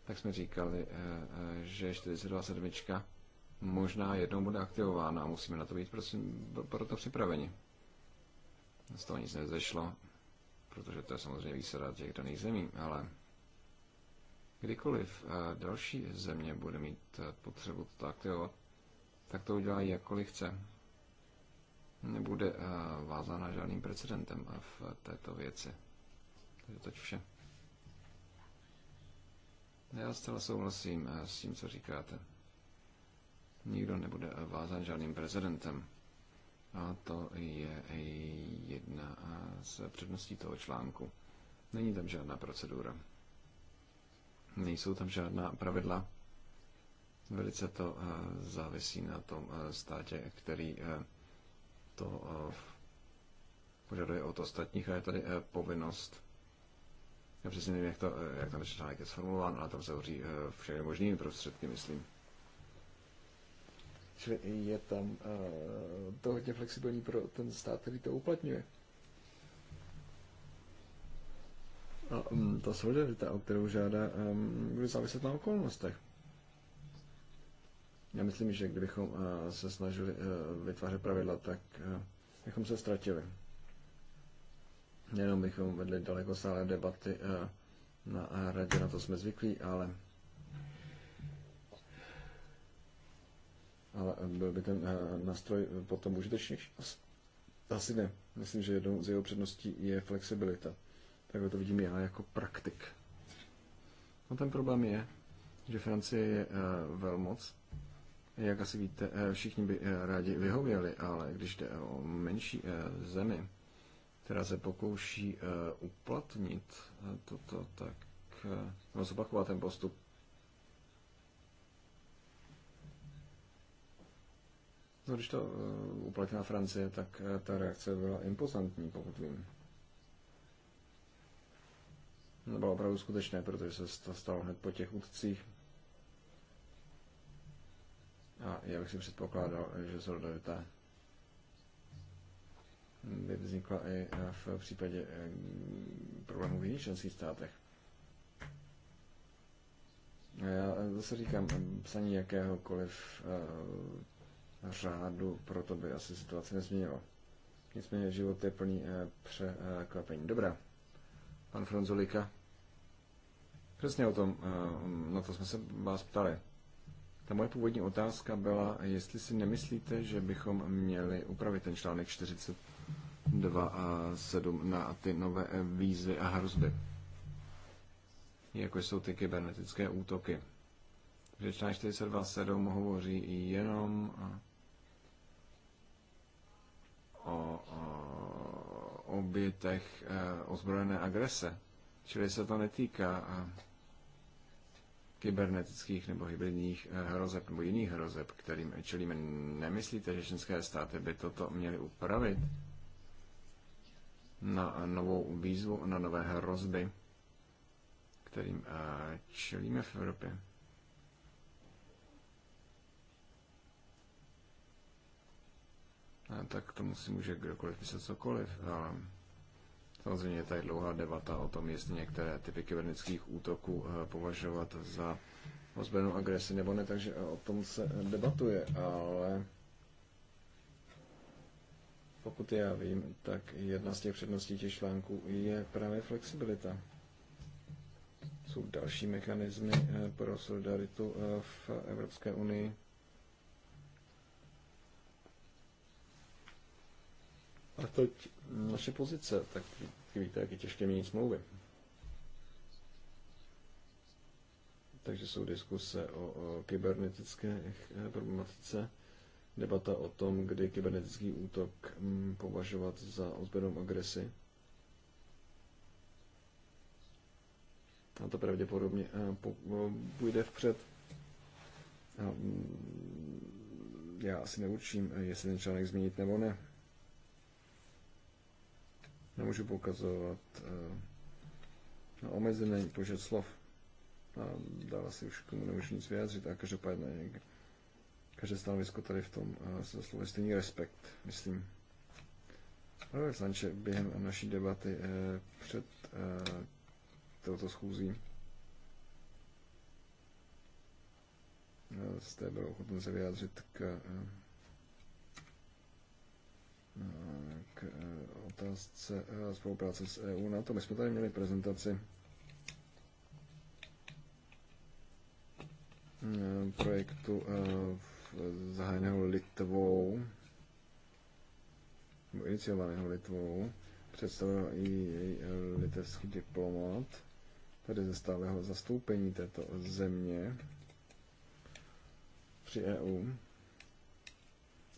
tak jsme říkali, eh, eh, že 427 možná jednou bude aktivována a musíme na to být prosím, proto připraveni. Z toho nic nezešlo, protože to je samozřejmě výsada těch daných zemí, ale kdykoliv eh, další země bude mít potřebu to aktivovat, tak to udělají jakkoliv chce. Nebude vázána žádným precedentem v této věci. Takže to vše. Já zcela souhlasím eh, s tím, co říkáte. Nikdo nebude eh, vázán žádným prezidentem. A to je eh, jedna z předností toho článku. Není tam žádná procedura. Nejsou tam žádná pravidla. Velice to závisí na tom státě, který to požaduje od ostatních a je tady povinnost já přesně nevím, jak, to, jak ten článek je sformulován, ale tam se hoří eh, všemi možnými prostředky, myslím. Čili je tam eh, to hodně flexibilní pro ten stát, který to uplatňuje. A um, ta solidarita, o kterou žádá, um, bude záviset na okolnostech. Já myslím, že kdybychom uh, se snažili uh, vytvářet pravidla, tak uh, bychom se ztratili. Jenom bychom vedli daleko stále debaty eh, na radě, na to jsme zvyklí, ale ale eh, byl by ten eh, nástroj potom užitečnější? Asi ne. Myslím, že jednou z jeho předností je flexibilita. Takhle to vidím já jako praktik. No ten problém je, že Francie je velmoc. Jak asi víte, všichni by rádi vyhověli, ale když jde o menší zemi, která se pokouší eh, uplatnit eh, toto, tak no, zopakovat ten postup. No, když to uplatnila Francie, tak ta reakce byla impozantní, pokud vím. bylo opravdu skutečné, protože se to stalo hned po těch útcích. A já bych si předpokládal, že solidarita by vznikla i eh, v případě eh, problémů v jiných členských státech. Já eh, zase říkám, psaní jakéhokoliv řádu pro to by asi situace nezměnilo. Nicméně život je plný překvapení. Dobrá. Pan Franzolika. Přesně o tom, na to jsme se vás ptali. Ta moje původní otázka byla, jestli si nemyslíte, že bychom měli upravit ten článek 42 a 7 na ty nové výzvy a hrozby, jako jsou ty kybernetické útoky. Že článek 42 7 hovoří jenom o, o obětech eh, ozbrojené agrese, čili se to netýká eh, kybernetických nebo hybridních eh, hrozeb nebo jiných hrozeb, kterým čelíme. Nemyslíte, že členské státy by toto měly upravit na novou výzvu, na nové hrozby, kterým eh, čelíme v Evropě? A tak tomu si může kdokoliv myslet cokoliv, ale Samozřejmě je tady dlouhá debata o tom, jestli některé typy kybernetických útoků eh, považovat za ozbrojenou agresi nebo ne, takže eh, o tom se debatuje, ale pokud já vím, tak jedna z těch předností těch článků je právě flexibilita. Jsou další mechanismy eh, pro solidaritu v Evropské unii. A teď naše pozice, tak víte, jak je těžké měnit smlouvy. Takže jsou diskuse o, o kybernetické problematice, debata o tom, kdy kybernetický útok m, mm, považovat za ozbrojenou agresi. A to pravděpodobně a, po, a, půjde vpřed. A, mm, já asi neurčím, jestli ten článek změnit nebo ne nemůžu poukazovat eh, na omezený počet slov. A dál asi už k tomu nemůžu nic vyjádřit. A každopádně každé stanovisko tady v tom eh, se zaslovuje stejný respekt, myslím. Pavel Sanče během naší debaty eh, před touto schůzí jste byl ochoten se vyjádřit k k eh, otázce eh, spolupráce s EU na to. My jsme tady měli prezentaci eh, projektu zahájeného Litvou, nebo iniciovaného Litvou, představil i její litevský diplomat, tedy ze stáleho zastoupení této země při EU.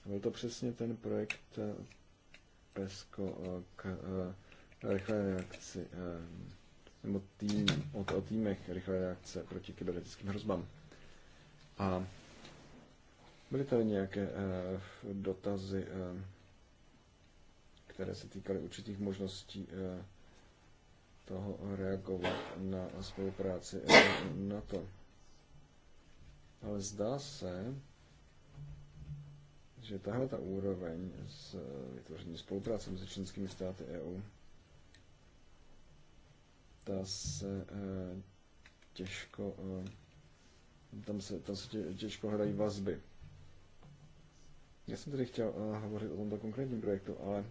Byl to přesně ten projekt eh, PESCO eh, k eh, rychlé reakci, nebo tým, o, o týmech rychlé reakce proti kybernetickým hrozbám. A byly tady nějaké dotazy, které se týkaly určitých možností toho reagovat na spolupráci na to. Ale zdá se, že tahle ta úroveň s eh, vytvořením spolupráce mezi členskými státy EU, ta se eh, těžko, eh, tam se, tam se těžko hrají vazby. Já jsem tedy chtěl hovořit o tomto konkrétním projektu, ale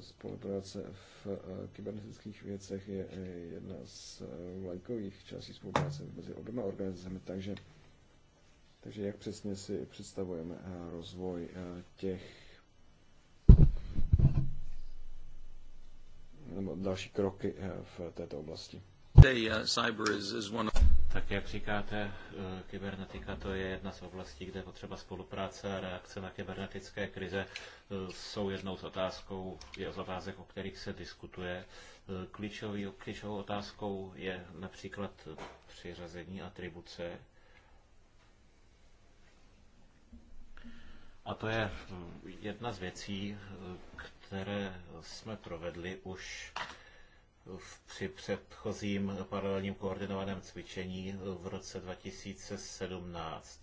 spolupráce v kybernetických věcech je jedna z vlajkových částí spolupráce mezi oběma organizacemi, takže takže jak přesně si představujeme eh, rozvoj eh, těch nebo další kroky eh, v této oblasti? Tak jak říkáte, kybernetika to je jedna z oblastí, kde potřeba spolupráce a reakce na kybernetické krize jsou jednou z otázkou, je z otázek, o kterých se diskutuje. Klíčový, klíčovou otázkou je například přiřazení atribuce A to je mm, jedna z věcí, které jsme provedli už v, při předchozím paralelním koordinovaném cvičení v roce 2017.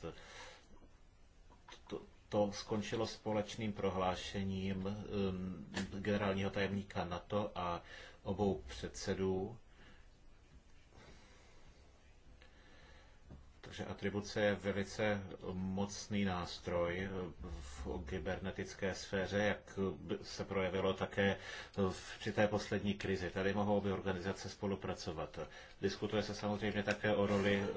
To, to skončilo společným prohlášením mm, generálního tajemníka NATO a obou předsedů Takže atribuce je velice mocný nástroj v kybernetické sféře, jak se projevilo také při té poslední krizi. Tady mohou obě organizace spolupracovat. Diskutuje se samozřejmě také o roli eh,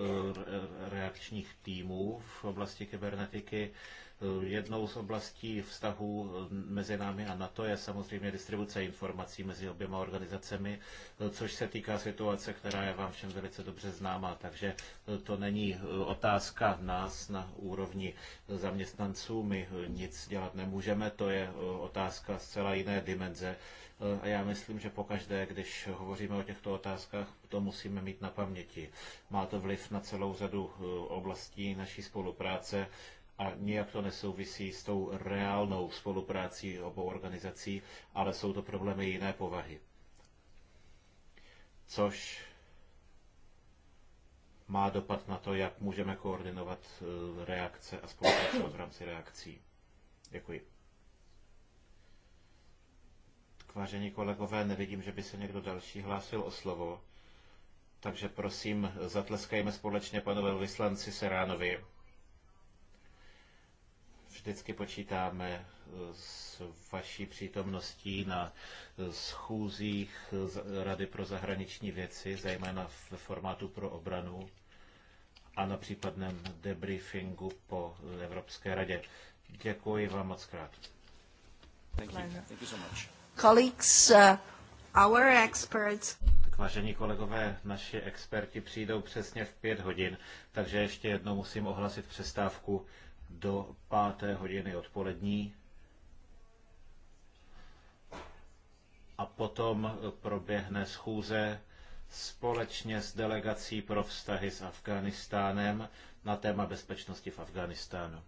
reakčních týmů v oblasti kybernetiky. Eh, jednou z oblastí vztahů eh, mezi námi a NATO je samozřejmě distribuce informací mezi oběma organizacemi, eh, což se týká situace, která je vám všem velice dobře známá, takže to není otázka nás na úrovni zaměstnanců. My nic dělat nemůžeme, to je otázka zcela jiné dimenze. A já myslím, že pokaždé, když hovoříme o těchto otázkách, to musíme mít na paměti. Má to vliv na celou řadu oblastí naší spolupráce a nijak to nesouvisí s tou reálnou spoluprácí obou organizací, ale jsou to problémy jiné povahy. Což má dopad na to, jak můžeme koordinovat eh, reakce a spolupracovat v rámci reakcí. Děkuji. Vážení kolegové, nevidím, že by se někdo další hlásil o slovo, takže prosím, zatleskejme společně panu velvyslanci Seránovi vždycky počítáme eh, s vaší přítomností na eh, schůzích eh, Rady pro zahraniční věci, zejména v formátu pro obranu a na případném debriefingu po Evropské radě. Děkuji vám moc krát. Colleagues, uh, our experts. Tak vážení kolegové, naši experti přijdou přesně v pět hodin, takže ještě jednou musím ohlasit přestávku do páté hodiny odpolední. A potom proběhne schůze společně s delegací pro vztahy s Afganistánem na téma bezpečnosti v Afghánistánu.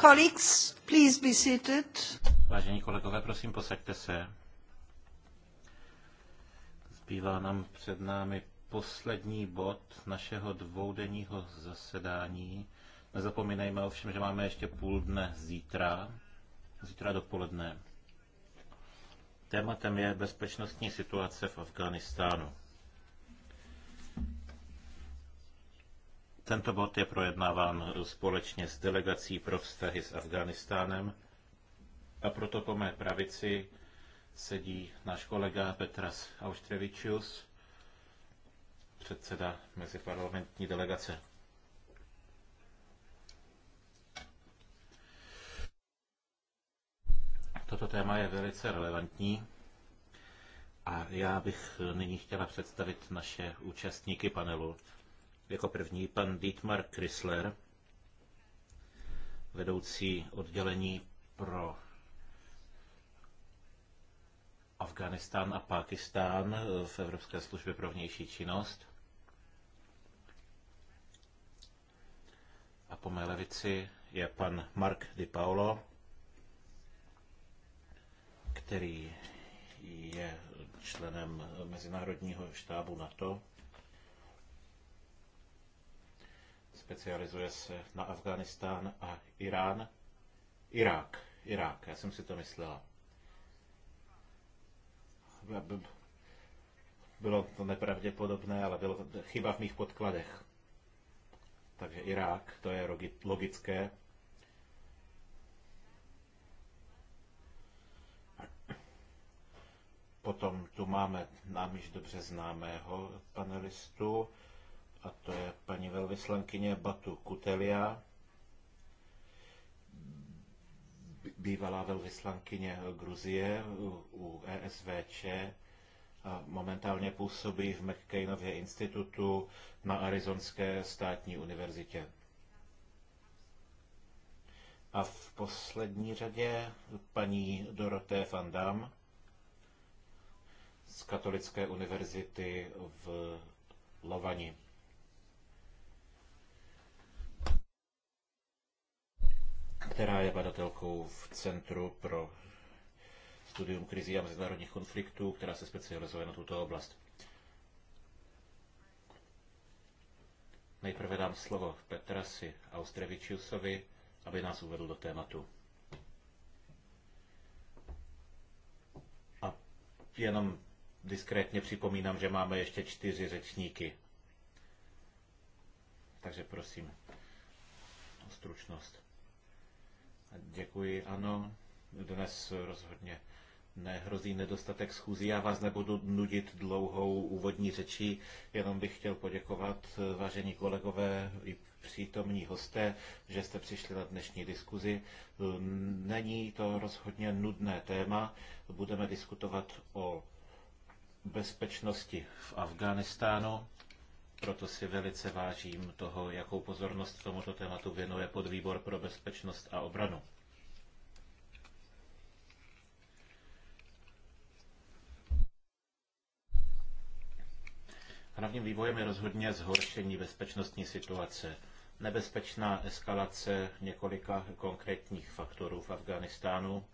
Colleagues, please be seated. Vážení kolegové, prosím, posaďte se. Zbývá nám před námi poslední bod našeho dvoudenního zasedání. Nezapomínejme ovšem, že máme ještě půl dne zítra, zítra dopoledne. Tématem je bezpečnostní situace v Afghánistánu. Tento bod je projednáván společně s delegací pro vztahy s Afghánistánem a proto po mé pravici sedí náš kolega Petras Austrevičius, předseda meziparlamentní delegace. Toto téma je velice relevantní a já bych nyní chtěla představit naše účastníky panelu. Jako první pan Dietmar Chrysler, vedoucí oddělení pro Afganistán a Pákistán v Evropské službě pro vnější činnost. A po mé levici je pan Mark Di Paolo, který je členem Mezinárodního štábu NATO specializuje se na Afganistán a Irán. Irák, Irák, já jsem si to myslela. Bylo to nepravděpodobné, ale bylo to chyba v mých podkladech. Takže Irák, to je logické. Potom tu máme nám již dobře známého panelistu, a to je paní velvyslankyně Batu Kutelia, bývalá velvyslankyně Gruzie u ESVČ, a momentálně působí v McCainově institutu na Arizonské státní univerzitě. A v poslední řadě paní Doroté van Dam z Katolické univerzity v Lovani. která je badatelkou v Centru pro studium krizí a mezinárodních konfliktů, která se specializuje na tuto oblast. Nejprve dám slovo Petrasi Austrevičiusovi, aby nás uvedl do tématu. A jenom diskrétně připomínám, že máme ještě čtyři řečníky. Takže prosím o stručnost. Děkuji, ano. Dnes rozhodně nehrozí nedostatek schůzí. Já vás nebudu nudit dlouhou úvodní řečí, jenom bych chtěl poděkovat, vážení kolegové i přítomní hosté, že jste přišli na dnešní diskuzi. Není to rozhodně nudné téma. Budeme diskutovat o bezpečnosti v Afghánistánu proto si velice vážím toho, jakou pozornost tomuto tématu věnuje podvýbor pro bezpečnost a obranu. Hlavním vývojem je rozhodně zhoršení bezpečnostní situace. Nebezpečná eskalace několika konkrétních faktorů v Afghánistánu,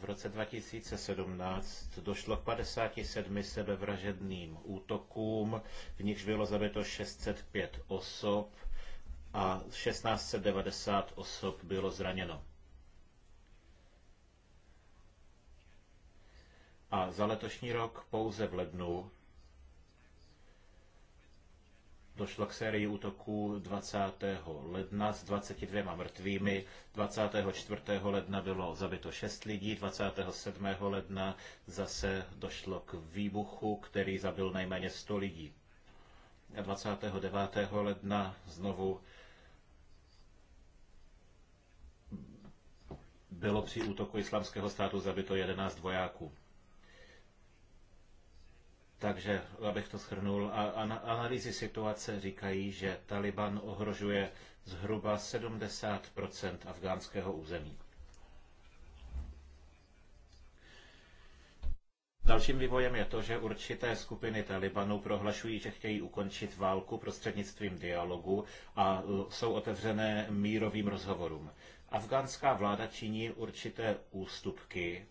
v roce 2017 došlo k 57 sebevražedným útokům, v nichž bylo zabito 605 osob a 1690 osob bylo zraněno. A za letošní rok pouze v lednu Došlo k sérii útoků 20. ledna s 22 mrtvými. 24. ledna bylo zabito 6 lidí, 27. ledna zase došlo k výbuchu, který zabil nejméně 100 lidí. 29. ledna znovu bylo při útoku islamského státu zabito 11 vojáků. Takže, abych to shrnul, analýzy situace říkají, že Taliban ohrožuje zhruba 70 afgánského území. Dalším vývojem je to, že určité skupiny Talibanu prohlašují, že chtějí ukončit válku prostřednictvím dialogu a e, jsou otevřené mírovým rozhovorům. Afgánská vláda činí určité ústupky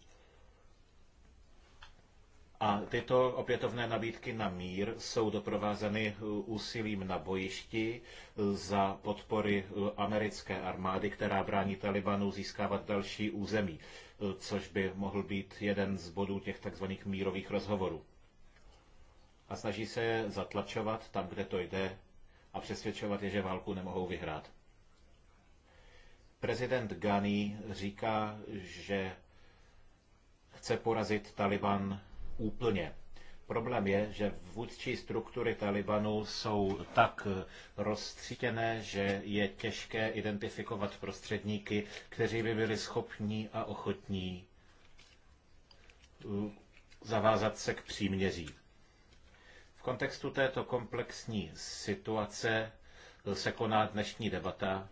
a tyto opětovné nabídky na mír jsou doprovázeny uh, úsilím na bojišti uh, za podpory uh, americké armády, která brání Talibanu získávat další území, což by mohl být jeden z bodů těch tzv. mírových rozhovorů. A snaží se je zatlačovat tam, kde to jde, a přesvědčovat je, že válku nemohou vyhrát. Prezident Ghani říká, že chce porazit Taliban úplně. Problém je, že vůdčí struktury Talibanu jsou tak eh, rozstřítěné, že je těžké identifikovat prostředníky, kteří by byli schopní a ochotní eh, zavázat se k příměří. V kontextu této komplexní situace eh, se koná dnešní debata.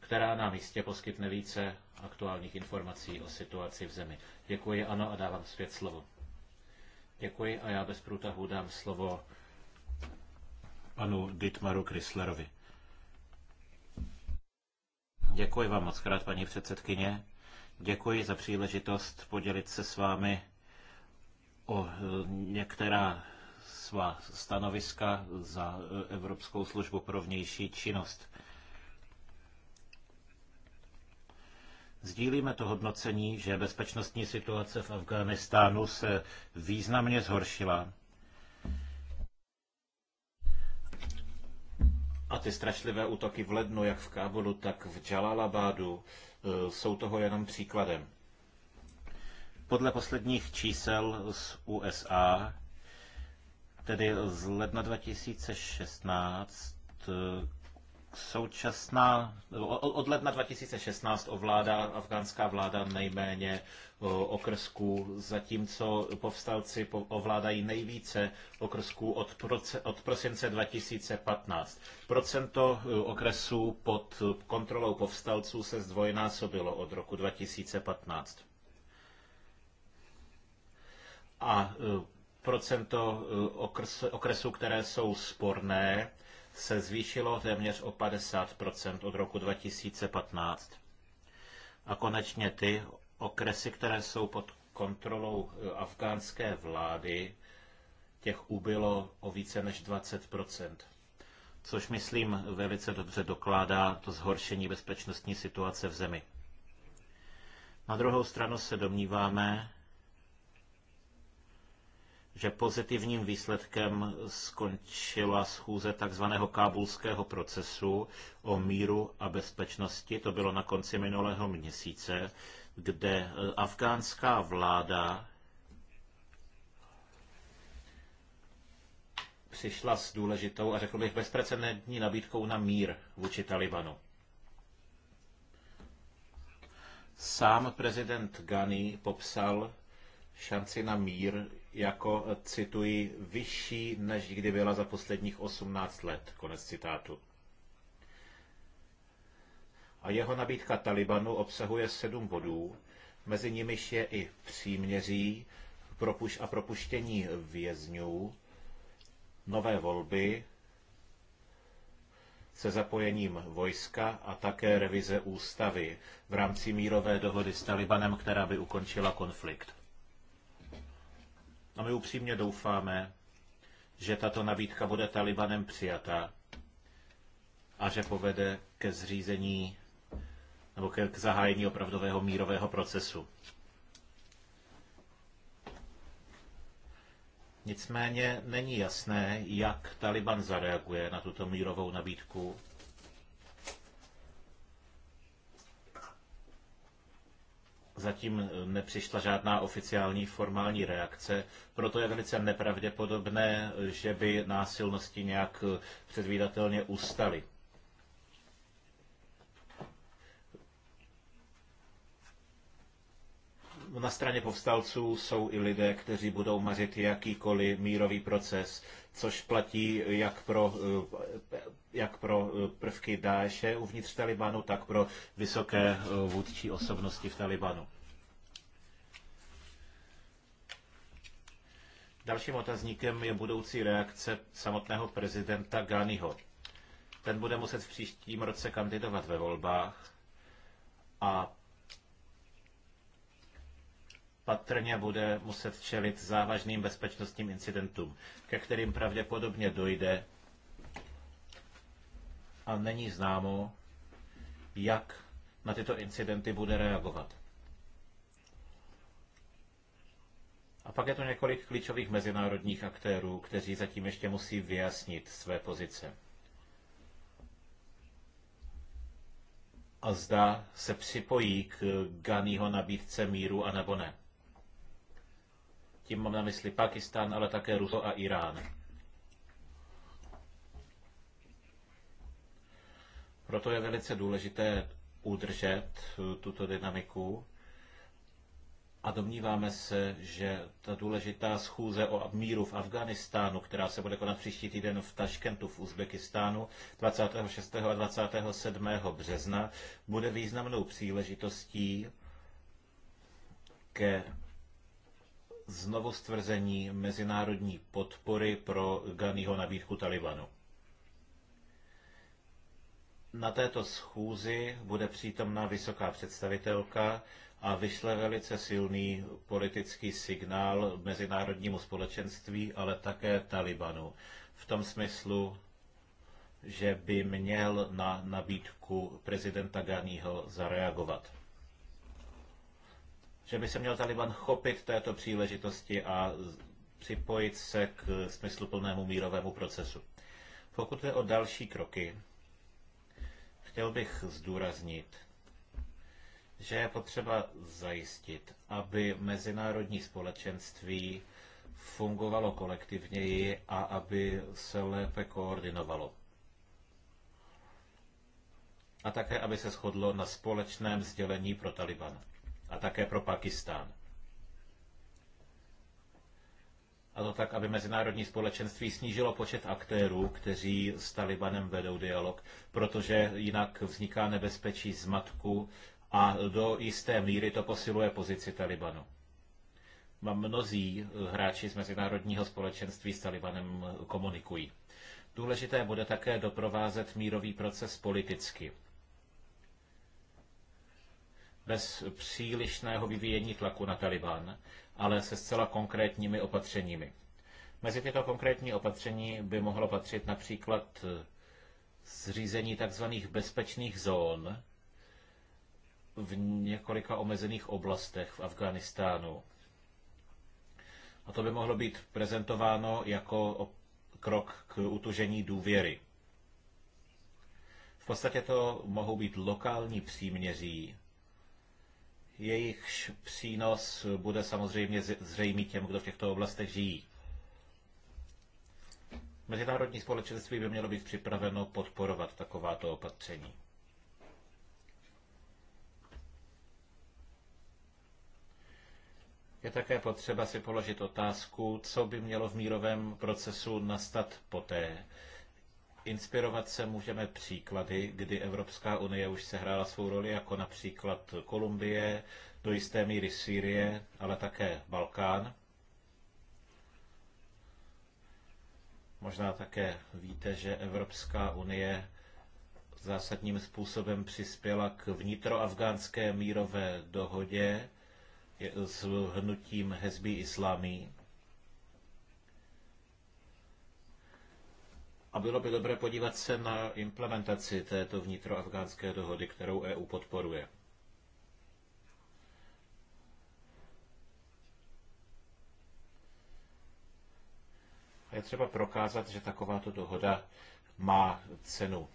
která nám jistě poskytne více aktuálních informací o situaci v zemi. Děkuji, ano, a dávám zpět slovo. Děkuji a já bez průtahu dám slovo panu Dietmaru Chryslerovi. Děkuji vám moc krát, paní předsedkyně. Děkuji za příležitost podělit se s vámi o e, některá svá stanoviska za e, Evropskou službu pro vnější činnost. Sdílíme to hodnocení, že bezpečnostní situace v Afghánistánu se významně zhoršila. A ty strašlivé útoky v lednu, jak v Kábulu, tak v Jalalabadu, eh, jsou toho jenom příkladem. Podle posledních čísel z USA, tedy z ledna 2016, Současná, od ledna 2016 ovládá afgánská vláda nejméně okrsků, zatímco povstalci ovládají nejvíce okrsků od, proce, od prosince 2015. Procento e, okresů pod kontrolou povstalců se zdvojnásobilo od roku 2015. A e, procento e, okres, okresů, které jsou sporné, se zvýšilo téměř o 50 od roku 2015. A konečně ty okresy, které jsou pod kontrolou eh, afgánské vlády, těch ubylo o více než 20 což myslím velice dobře dokládá to zhoršení bezpečnostní situace v zemi. Na druhou stranu se domníváme, že pozitivním výsledkem skončila schůze takzvaného kábulského procesu o míru a bezpečnosti. To bylo na konci minulého měsíce, kde eh, afgánská vláda přišla s důležitou a řekl bych bezprecedentní nabídkou na mír vůči Talibanu. Sám prezident Ghani popsal šanci na mír jako, eh, cituji, vyšší, než kdy byla za posledních 18 let. Konec citátu. A jeho nabídka Talibanu obsahuje sedm bodů, mezi nimiž je i příměří propuš a propuštění vězňů, nové volby se zapojením vojska a také revize ústavy v rámci mírové dohody s Talibanem, která by ukončila konflikt. A my upřímně doufáme, že tato nabídka bude Talibanem přijata a že povede ke zřízení nebo ke, zahájení opravdového mírového procesu. Nicméně není jasné, jak Taliban zareaguje na tuto mírovou nabídku zatím eh, nepřišla žádná oficiální formální reakce, proto je velice nepravděpodobné, eh, že by násilnosti nějak eh, předvídatelně ustaly. na straně povstalců jsou i lidé, kteří budou mařit jakýkoliv mírový proces, což platí jak pro, eh, jak pro eh, prvky Dáše uvnitř Talibanu, tak pro vysoké eh, vůdčí osobnosti v Talibanu. Dalším otazníkem je budoucí reakce samotného prezidenta Ganiho. Ten bude muset v příštím roce kandidovat ve volbách a patrně bude muset čelit závažným bezpečnostním incidentům, ke kterým pravděpodobně dojde a není známo, jak na tyto incidenty bude reagovat. A pak je to několik klíčových mezinárodních aktérů, kteří zatím ještě musí vyjasnit své pozice. A zda se připojí k Ganýho nabídce míru a nebo ne. Tím mám na mysli Pakistán, ale také Rusko a Irán. Proto je velice důležité udržet eh, tuto dynamiku a domníváme se, že ta důležitá schůze o míru v Afganistánu, která se bude konat příští týden v Taškentu v Uzbekistánu 26. a 27. března, bude významnou příležitostí ke znovu mezinárodní podpory pro Ganiho nabídku Talibanu. Na této schůzi bude přítomna vysoká představitelka a vyšle velice silný politický signál mezinárodnímu společenství, ale také Talibanu. V tom smyslu, že by měl na nabídku prezidenta Ganího zareagovat že by se měl Taliban chopit této příležitosti a připojit se k smysluplnému mírovému procesu. Pokud jde o další kroky, chtěl bych zdůraznit, že je potřeba zajistit, aby mezinárodní společenství fungovalo kolektivněji a aby se lépe koordinovalo. A také, aby se shodlo na společném sdělení pro Taliban a také pro Pakistán. A to tak, aby mezinárodní společenství snížilo počet aktérů, kteří s Talibanem vedou dialog, protože jinak vzniká nebezpečí zmatku a do jisté míry to posiluje pozici Talibanu. Mnozí hráči z mezinárodního společenství s Talibanem komunikují. Důležité bude také doprovázet mírový proces politicky bez přílišného vyvíjení tlaku na Taliban, ale se zcela konkrétními opatřeními. Mezi tyto konkrétní opatření by mohlo patřit například eh, zřízení tzv. bezpečných zón v několika omezených oblastech v Afghánistánu. A to by mohlo být prezentováno jako krok k utužení důvěry. V podstatě to mohou být lokální příměří, jejichž přínos bude samozřejmě zřejmý těm, kdo v těchto oblastech žijí. Mezinárodní společenství by mělo být připraveno podporovat takováto opatření. Je také potřeba si položit otázku, co by mělo v mírovém procesu nastat poté, Inspirovat se můžeme příklady, kdy Evropská unie už sehrála svou roli, jako například Kolumbie, do jisté míry Sýrie, ale také Balkán. Možná také víte, že Evropská unie zásadním způsobem přispěla k vnitroafgánské mírové dohodě s hnutím Hezbí Islámí. A bylo by dobré podívat se na implementaci této vnitroafgánské dohody, kterou EU podporuje. je třeba prokázat, že takováto dohoda má cenu.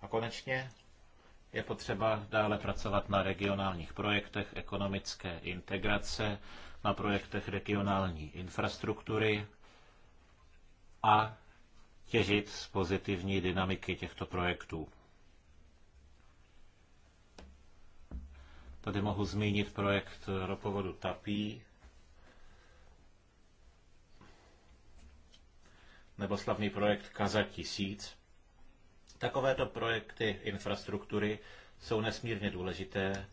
A konečně je potřeba dále pracovat na regionálních projektech ekonomické integrace, na projektech regionální infrastruktury, a těžit z pozitivní dynamiky těchto projektů. Tady mohu zmínit projekt ropovodu Tapi, nebo slavný projekt Kaza 1000. Takovéto projekty infrastruktury jsou nesmírně důležité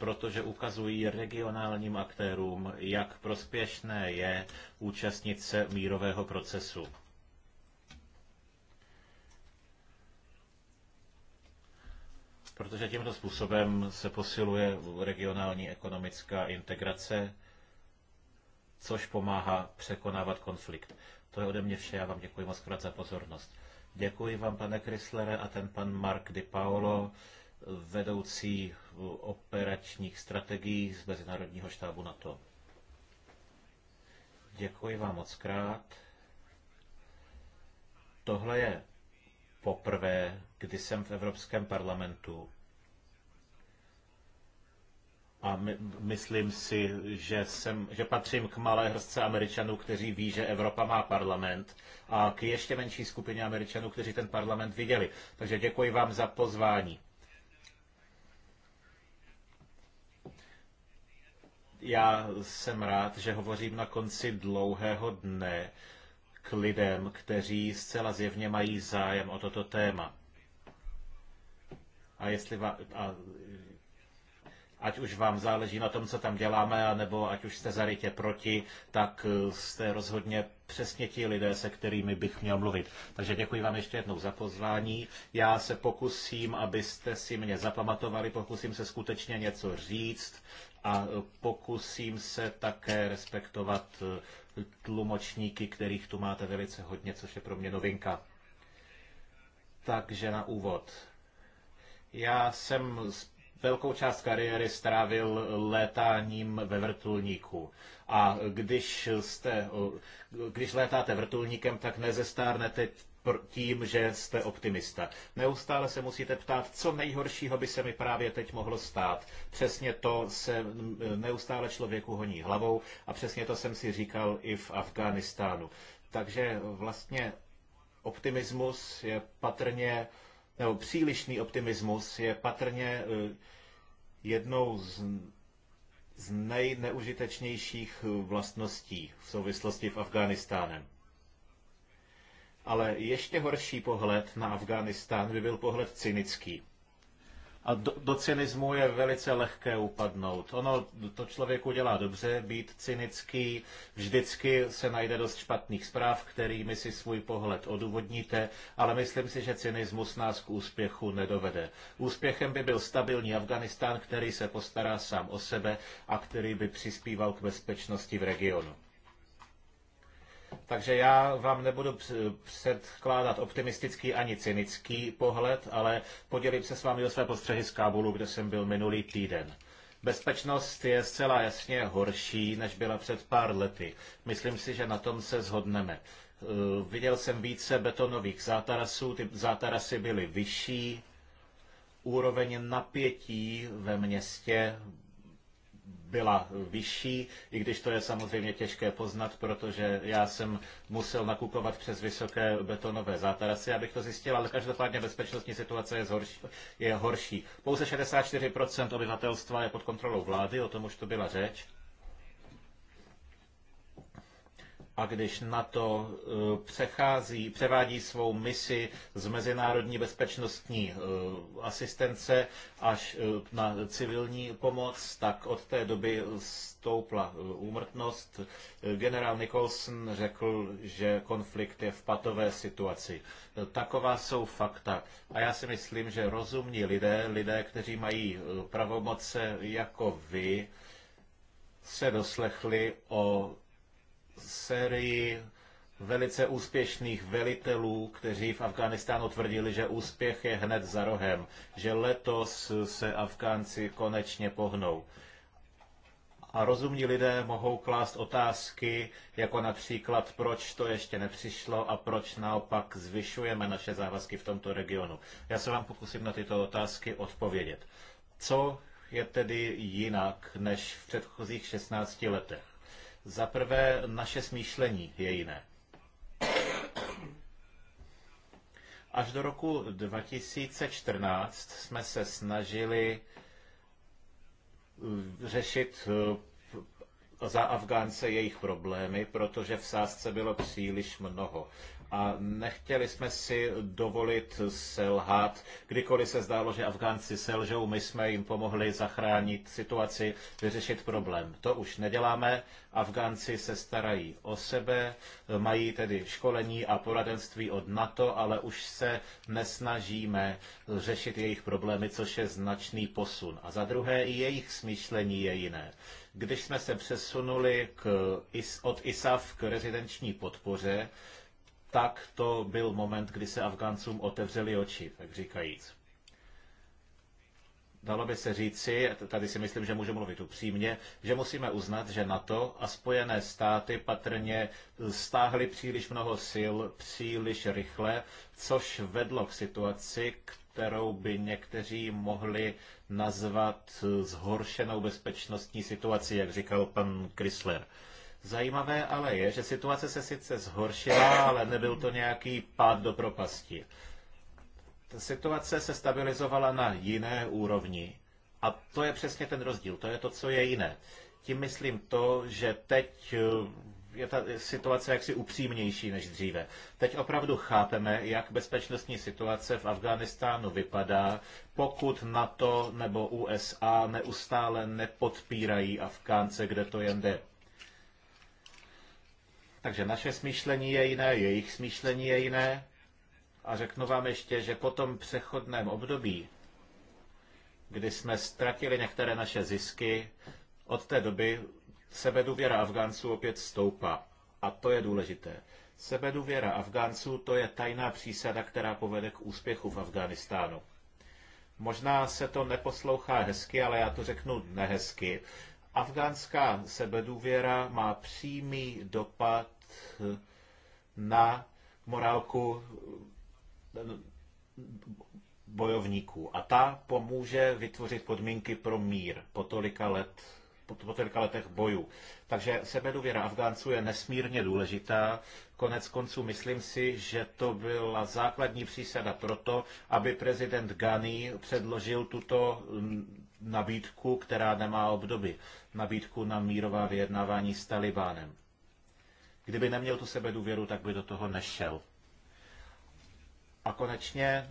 protože ukazují regionálním aktérům, jak prospěšné je účastnit se mírového procesu. Protože tímto způsobem se posiluje regionální ekonomická integrace, což pomáhá překonávat konflikt. To je ode mě vše, já vám děkuji moc krát za pozornost. Děkuji vám, pane Kryslere, a ten pan Mark Di Paolo, vedoucí operačních strategií z Mezinárodního štábu NATO. Děkuji vám moc krát. Tohle je poprvé, kdy jsem v Evropském parlamentu. A my, myslím si, že, jsem, že patřím k malé hrstce Američanů, kteří ví, že Evropa má parlament, a k ještě menší skupině Američanů, kteří ten parlament viděli. Takže děkuji vám za pozvání. Já jsem rád, že hovořím na konci dlouhého dne k lidem, kteří zcela zjevně mají zájem o toto téma. A jestli va, a, ať už vám záleží na tom, co tam děláme, nebo ať už jste zarytě proti, tak eh, jste rozhodně přesně ti lidé, se kterými bych měl mluvit. Takže děkuji vám ještě jednou za pozvání. Já se pokusím, abyste si mě zapamatovali, pokusím se skutečně něco říct, a pokusím se také respektovat eh, tlumočníky, kterých tu máte velice hodně, což je pro mě novinka. Takže na úvod. Já jsem velkou část kariéry strávil létáním ve vrtulníku. A když, jste, když létáte vrtulníkem, tak nezestárnete tím, že jste optimista. Neustále se musíte ptát, co nejhoršího by se mi právě teď mohlo stát. Přesně to se mm, neustále člověku honí hlavou a přesně to jsem si říkal i v Afghánistánu. Takže vlastně optimismus je patrně, nebo přílišný optimismus je patrně eh, jednou z z nejneužitečnějších eh, vlastností v souvislosti v Afghánistánem. Ale ještě horší pohled na Afghánistán by byl pohled cynický. A do, do cynismu je velice lehké upadnout. Ono to člověku dělá dobře, být cynický, vždycky se najde dost špatných zpráv, kterými si svůj pohled odůvodníte, ale myslím si, že cynismus nás k úspěchu nedovede. Úspěchem by byl stabilní Afganistán, který se postará sám o sebe a který by přispíval k bezpečnosti v regionu. Takže já vám nebudu předkládat optimistický ani cynický pohled, ale podělím se s vámi o své postřehy z Kábulu, kde jsem byl minulý týden. Bezpečnost je zcela jasně horší, než byla před pár lety. Myslím si, že na tom se shodneme. E, viděl jsem více betonových zátarasů, ty zátarasy byly vyšší, úroveň napětí ve městě byla vyšší, i když to je samozřejmě těžké poznat, protože já jsem musel nakupovat přes vysoké betonové zátarasy, abych to zjistil, ale každopádně bezpečnostní situace je, zhorší, je horší. Pouze 64% obyvatelstva je pod kontrolou vlády, o tom už to byla řeč. a když NATO eh, přechází, převádí svou misi z mezinárodní bezpečnostní eh, asistence až eh, na civilní pomoc, tak od té doby stoupla úmrtnost. Generál Nicholson řekl, že konflikt je v patové situaci. Taková jsou fakta. A já si myslím, že rozumní lidé, lidé, kteří mají pravomoce jako vy, se doslechli o sérii velice úspěšných velitelů, kteří v Afghánistánu tvrdili, že úspěch je hned za rohem, že letos se Afgánci konečně pohnou. A rozumní lidé mohou klást otázky, jako například, proč to ještě nepřišlo a proč naopak zvyšujeme naše závazky v tomto regionu. Já se vám pokusím na tyto otázky odpovědět. Co je tedy jinak než v předchozích 16 letech? Za prvé, naše smýšlení je jiné. Až do roku 2014 jsme se snažili eh, řešit eh, za Afgánce jejich problémy, protože v sázce bylo příliš mnoho a nechtěli jsme si dovolit selhat. Kdykoliv se zdálo, že Afgánci selžou, my jsme jim pomohli zachránit situaci, vyřešit problém. To už neděláme. Afgánci se starají o sebe, mají tedy školení a poradenství od NATO, ale už se nesnažíme řešit jejich problémy, což je značný posun. A za druhé, i jejich smýšlení je jiné když jsme se přesunuli k, od ISAF k rezidenční podpoře, tak to byl moment, kdy se Afgáncům otevřeli oči, tak říkajíc. Dalo by se říci, tady si myslím, že můžu mluvit upřímně, že musíme uznat, že NATO a Spojené státy patrně stáhly příliš mnoho sil příliš rychle, což vedlo k situaci, kterou by někteří mohli nazvat zhoršenou bezpečnostní situaci, jak říkal pan Chrysler. Zajímavé ale je, že situace se sice zhoršila, ale nebyl to nějaký pád do propasti. Ta situace se stabilizovala na jiné úrovni. A to je přesně ten rozdíl, to je to, co je jiné. Tím myslím to, že teď eh, je ta situace jaksi upřímnější než dříve. Teď opravdu chápeme, jak bezpečnostní situace v Afghánistánu vypadá, pokud NATO nebo USA neustále nepodpírají Afgánce, kde to jen jde. Takže naše smýšlení je jiné, jejich smýšlení je jiné. A řeknu vám ještě, že po tom přechodném období, kdy jsme ztratili některé naše zisky, od té doby sebedůvěra Afgánců opět stoupá. A to je důležité. Sebedůvěra Afgánců to je tajná přísada, která povede k úspěchu v Afghánistánu. Možná se to neposlouchá hezky, ale já to řeknu nehezky. Afgánská sebedůvěra má přímý dopad na morálku eh, bojovníků. A ta pomůže vytvořit podmínky pro mír po tolika, let, po, po tolika letech bojů. Takže sebeduvěra Afgánců je nesmírně důležitá. Konec konců myslím si, že to byla základní přísada pro to, aby prezident Ghani předložil tuto mm, nabídku, která nemá obdoby, nabídku na mírová vyjednávání s Talibánem. Kdyby neměl tu sebe důvěru, tak by do toho nešel. A konečně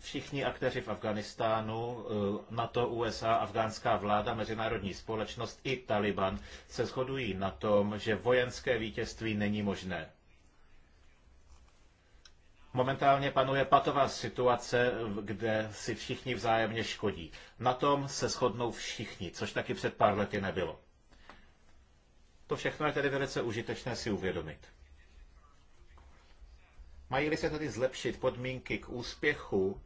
všichni aktéři v Afganistánu, eh, NATO, USA, afgánská vláda, mezinárodní společnost i Taliban se shodují na tom, že vojenské vítězství není možné. Momentálně panuje patová situace, kde si všichni vzájemně škodí. Na tom se shodnou všichni, což taky před pár lety nebylo. To všechno je tedy velice užitečné si uvědomit. Mají-li se tedy zlepšit podmínky k úspěchu,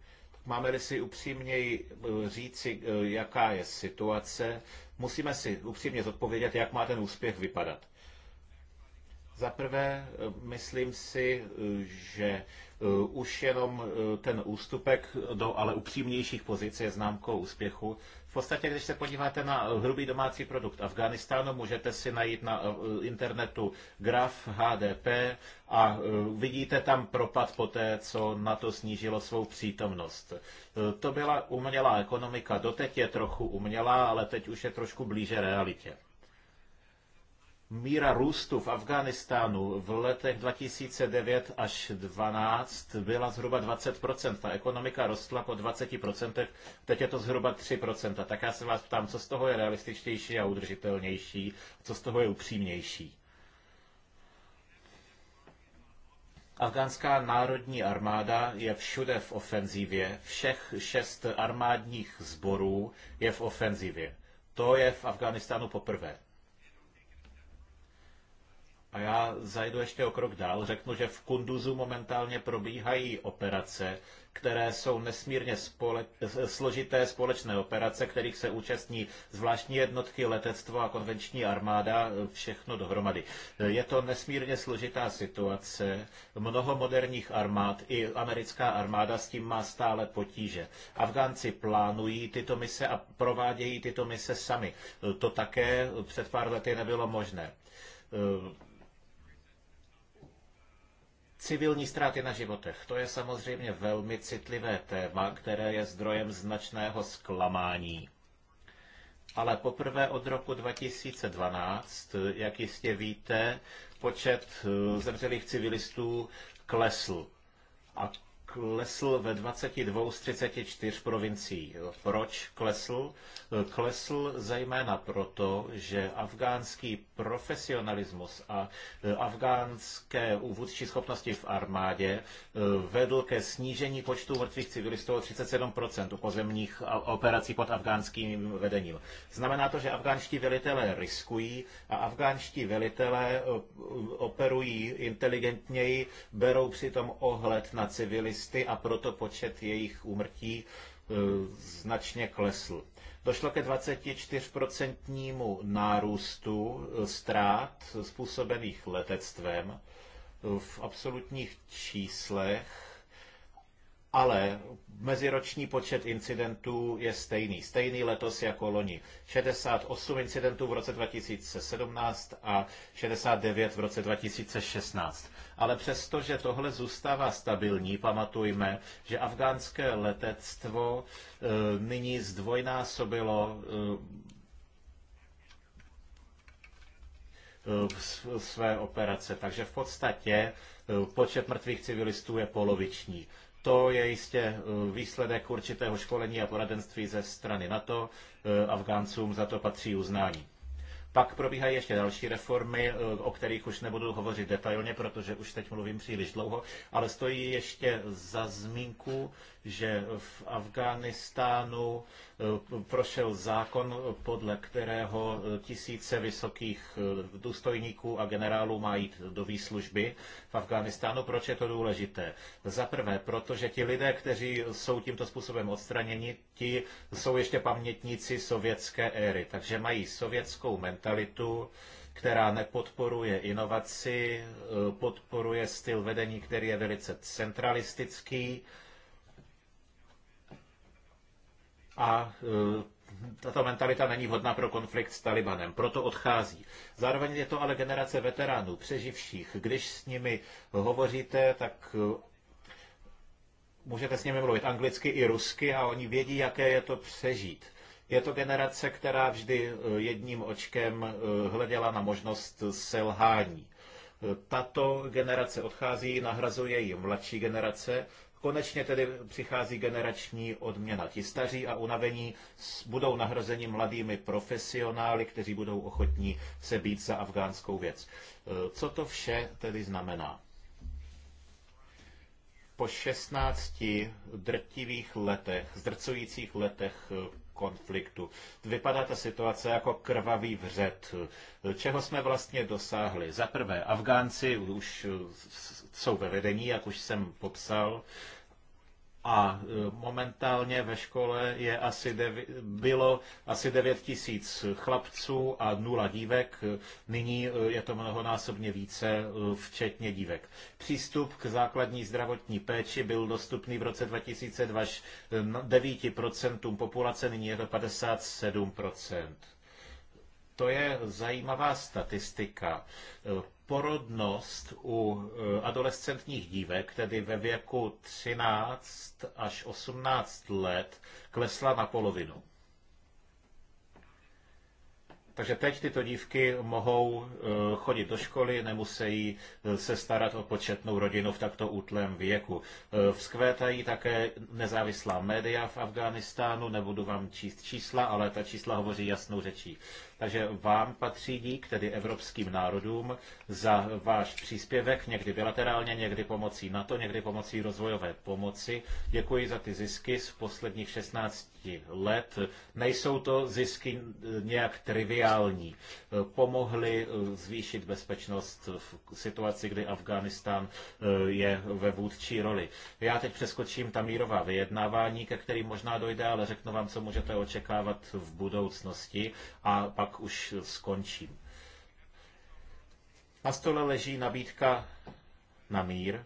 máme-li si upřímněji eh, říci, eh, jaká je situace, musíme si upřímně zodpovědět, jak má ten úspěch vypadat. Za prvé, eh, myslím si, eh, že eh, už jenom ten ústupek do ale upřímnějších pozic je známkou úspěchu. V podstatě, když se podíváte na hrubý domácí produkt Afghánistánu, můžete si najít na internetu graf HDP a vidíte tam propad po té, co na to snížilo svou přítomnost. To byla umělá ekonomika, doteď je trochu umělá, ale teď už je trošku blíže realitě. Míra růstu v Afghánistánu v letech 2009 až 2012 byla zhruba 20%. Ta ekonomika rostla po 20%, teď je to zhruba 3%. Tak já se vás ptám, co z toho je realističtější a udržitelnější, co z toho je upřímnější. Afgánská národní armáda je všude v ofenzivě, všech šest armádních sborů je v ofenzivě. To je v Afghánistánu poprvé. A já zajdu ještě o krok dál. Řeknu, že v Kunduzu momentálně probíhají operace, které jsou nesmírně spole- složité společné operace, kterých se účastní zvláštní jednotky letectvo a konvenční armáda, všechno dohromady. Je to nesmírně složitá situace. Mnoho moderních armád, i americká armáda s tím má stále potíže. Afgánci plánují tyto mise a provádějí tyto mise sami. To také před pár lety nebylo možné Civilní ztráty na životech, to je samozřejmě velmi citlivé téma, které je zdrojem značného zklamání. Ale poprvé od roku 2012, jak jistě víte, počet eh, zemřelých civilistů klesl. A klesl ve 22 z 34 provincií. Proč klesl? Klesl zejména proto, že afgánský profesionalismus a eh, afgánské úvodčí schopnosti v armádě eh, vedl ke snížení počtu mrtvých civilistů o 37% u pozemních operací pod afgánským vedením. Znamená to, že afgánští velitelé riskují a afgánští velitelé eh, operují inteligentněji, berou přitom ohled na civilisty teroristy a proto počet jejich úmrtí e, značně klesl. Došlo ke 24% nárůstu e, ztrát způsobených letectvem. E, v absolutních číslech ale meziroční počet incidentů je stejný. Stejný letos jako loni. 68 incidentů v roce 2017 a 69 v roce 2016. Ale přesto, že tohle zůstává stabilní, pamatujme, že afgánské letectvo eh, nyní zdvojnásobilo eh, eh, své operace. Takže v podstatě počet mrtvých civilistů je poloviční. To je jistě eh, výsledek určitého školení a poradenství ze strany NATO. Eh, Afgáncům za to patří uznání. Pak probíhají ještě další reformy, eh, o kterých už nebudu hovořit detailně, protože už teď mluvím příliš dlouho, ale stojí ještě za zmínku že v Afghánistánu eh, prošel zákon, podle kterého eh, tisíce vysokých eh, důstojníků a generálů má jít do výslužby v Afghánistánu. Proč je to důležité? Za prvé, protože ti lidé, kteří jsou tímto způsobem odstraněni, ti jsou ještě pamětníci sovětské éry, takže mají sovětskou mentalitu, která nepodporuje inovaci, podporuje styl vedení, který je velice centralistický a eh, tato mentalita není vhodná pro konflikt s Talibanem, proto odchází. Zároveň je to ale generace veteránů, přeživších. Když s nimi hovoříte, tak eh, můžete s nimi mluvit anglicky i rusky a oni vědí, jaké je to přežít. Je to generace, která vždy eh, jedním očkem hleděla na možnost selhání. Tato generace odchází, nahrazuje ji mladší generace Konečně tedy přichází generační odměna. Ti staří a unavení budou nahrazeni mladými profesionály, kteří budou ochotní se být za afgánskou věc. E, co to vše tedy znamená? Po 16 drtivých letech, zdrcujících letech e, konfliktu. Vypadá ta situace jako krvavý vřet. Čeho jsme vlastně dosáhli? Za prvé, Afgánci už jsou ve vedení, jak už jsem popsal a e, momentálně ve škole je asi devi, bylo asi 9 tisíc chlapců a nula dívek. Nyní e, je to mnohonásobně více, e, včetně dívek. Přístup k základní zdravotní péči byl dostupný v roce 2002 až 9% populace, nyní je to 57%. To je zajímavá statistika porodnost u eh, adolescentních dívek, tedy ve věku 13 až 18 let, klesla na polovinu. Takže teď tyto dívky mohou eh, chodit do školy, nemusí eh, se starat o početnou rodinu v takto útlém věku. Vzkvétají také nezávislá média v Afghánistánu, nebudu vám číst čísla, ale ta čísla hovoří jasnou řečí. Takže vám patří dík, tedy evropským národům, za váš příspěvek, někdy bilaterálně, někdy pomocí NATO, někdy pomocí rozvojové pomoci. Děkuji za ty zisky z posledních 16 let. Nejsou to zisky nějak triviální. Pomohly eh, zvýšit bezpečnost v situaci, kdy Afghánistán eh, je ve vůdčí roli. Já teď přeskočím ta mírová vyjednávání, ke kterým možná dojde, ale řeknu vám, co můžete očekávat v budoucnosti a pak pak už skončím. Na stole leží nabídka na mír,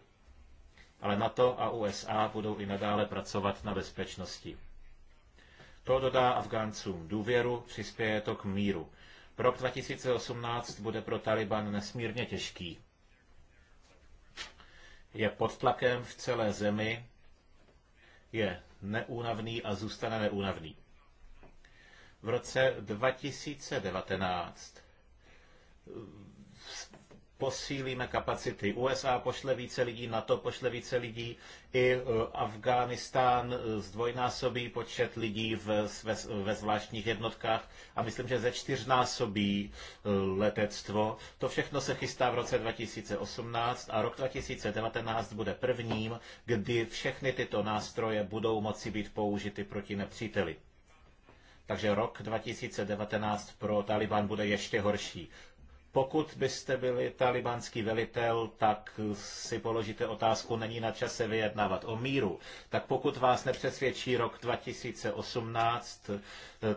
ale NATO a USA budou i nadále pracovat na bezpečnosti. To dodá Afgáncům důvěru, přispěje to k míru. Rok 2018 bude pro Taliban nesmírně těžký. Je pod tlakem v celé zemi, je neúnavný a zůstane neúnavný. V roce 2019 eh, posílíme kapacity. USA pošle více lidí, NATO pošle více lidí, i eh, Afghánistán eh, zdvojnásobí počet lidí ve, ve, zvláštních jednotkách a myslím, že ze čtyřnásobí letectvo. To všechno se chystá v roce 2018 a rok 2019 bude prvním, kdy všechny tyto nástroje budou moci být použity proti nepříteli. Takže rok 2019 pro Taliban bude ještě horší. Pokud byste byli talibánský velitel, tak si položíte otázku, není na čase vyjednávat o míru. Tak pokud vás nepřesvědčí rok 2018,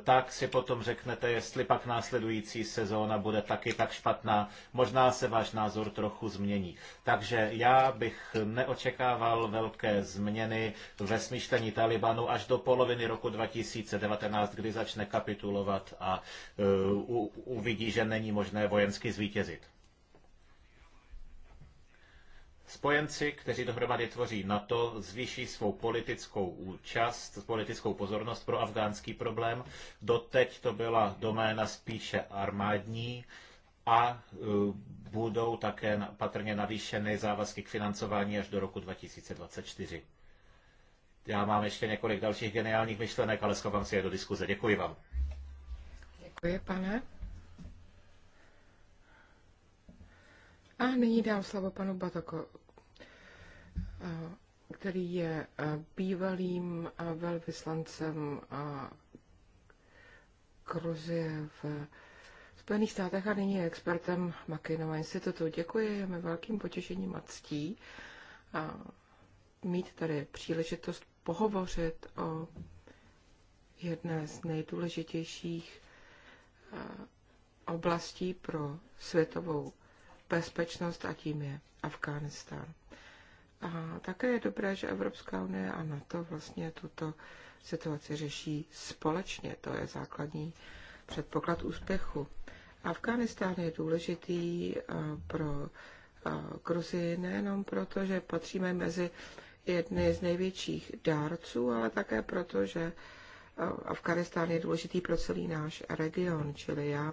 tak si potom řeknete, jestli pak následující sezóna bude taky tak špatná, možná se váš názor trochu změní. Takže já bych neočekával velké změny ve smýšlení Talibanu až do poloviny roku 2019, kdy začne kapitulovat a e, uvidí, že není možné vojensky zvítězit. Spojenci, kteří dohromady tvoří NATO, zvýší svou politickou účast, politickou pozornost pro afgánský problém. Doteď to byla doména spíše armádní a e, budou také patrně navýšeny závazky k financování až do roku 2024. Já mám ještě několik dalších geniálních myšlenek, ale schovám si je do diskuze. Děkuji vám. Děkuji, pane. A nyní dám slovo panu Batoko, eh, který je eh, bývalým eh, velvyslancem Kruzie v Spojených státech a nyní je expertem Makinova institutu. Děkuji, je mi velkým potěšením a ctí mít tady příležitost pohovořit o jedné z nejdůležitějších oblastí pro světovou bezpečnost a tím je Afghánistán. A také je dobré, že Evropská unie a NATO vlastně tuto situaci řeší společně. To je základní předpoklad úspěchu. Afghánistán je důležitý eh, pro eh, Gruzii nejenom proto, že patříme mezi jedny z největších dárců, ale také proto, že eh, Afganistán je důležitý pro celý náš region, čili já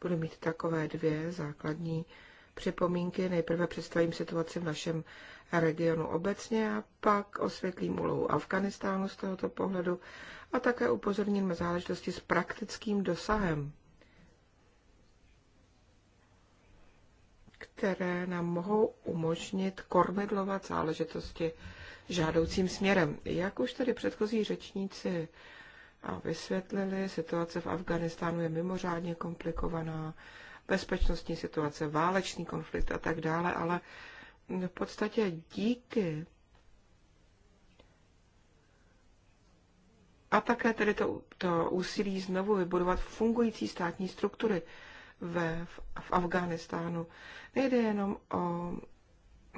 budu mít takové dvě základní připomínky. Nejprve představím situaci v našem regionu obecně a pak osvětlím úlohu Afganistánu z tohoto pohledu a také upozorním na záležitosti s praktickým dosahem, které nám mohou umožnit kormidlovat záležitosti žádoucím směrem. Jak už tady předchozí řečníci a vysvětlili, situace v Afganistánu je mimořádně komplikovaná, bezpečnostní situace, válečný konflikt a tak dále, ale v podstatě díky a také tedy to, to úsilí znovu vybudovat fungující státní struktury ve, v, v Afghánistánu. Nejde jenom o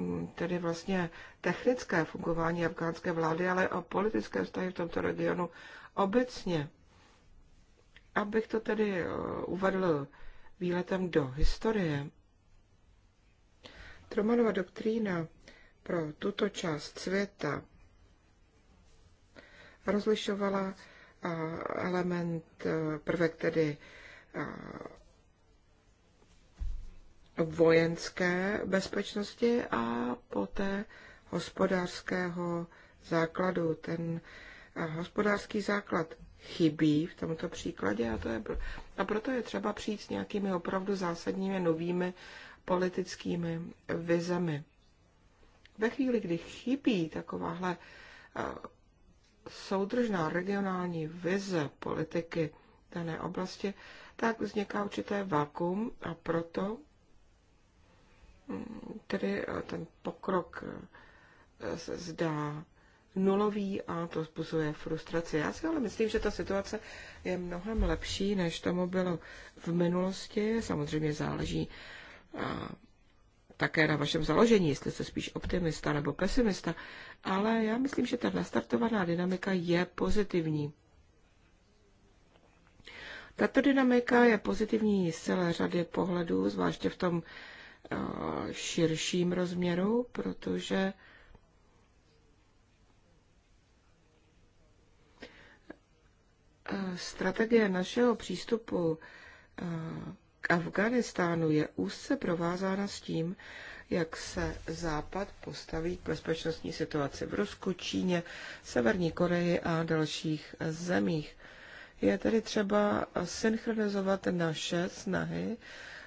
mm, tedy vlastně technické fungování afgánské vlády, ale o politické vztahy v tomto regionu obecně. Abych to tedy eh, uvedl výletem do historie. Tromanova doktrína pro tuto část světa rozlišovala element, e, prvek tedy vojenské bezpečnosti a poté hospodářského základu. Ten hospodářský základ chybí v tomto příkladě a, to je, a proto je třeba přijít s nějakými opravdu zásadními novými politickými vizemi. Ve chvíli, kdy chybí takováhle eh, soudržná regionální vize politiky dané oblasti, tak vzniká určité vakuum a proto mm, tedy eh, ten pokrok eh, se zdá nulový a to způsobuje frustraci. Já si ale myslím, že ta situace je mnohem lepší, než tomu bylo v minulosti. Samozřejmě záleží a, také na vašem založení, jestli jste spíš optimista nebo pesimista, ale já myslím, že ta nastartovaná dynamika je pozitivní. Tato dynamika je pozitivní z celé řady pohledů, zvláště v tom širším rozměru, protože strategie našeho přístupu eh, k Afganistánu je úzce provázána s tím, jak se Západ postaví k bezpečnostní situaci v Rusku, Číně, Severní Koreji a dalších zemích. Je tedy třeba synchronizovat naše snahy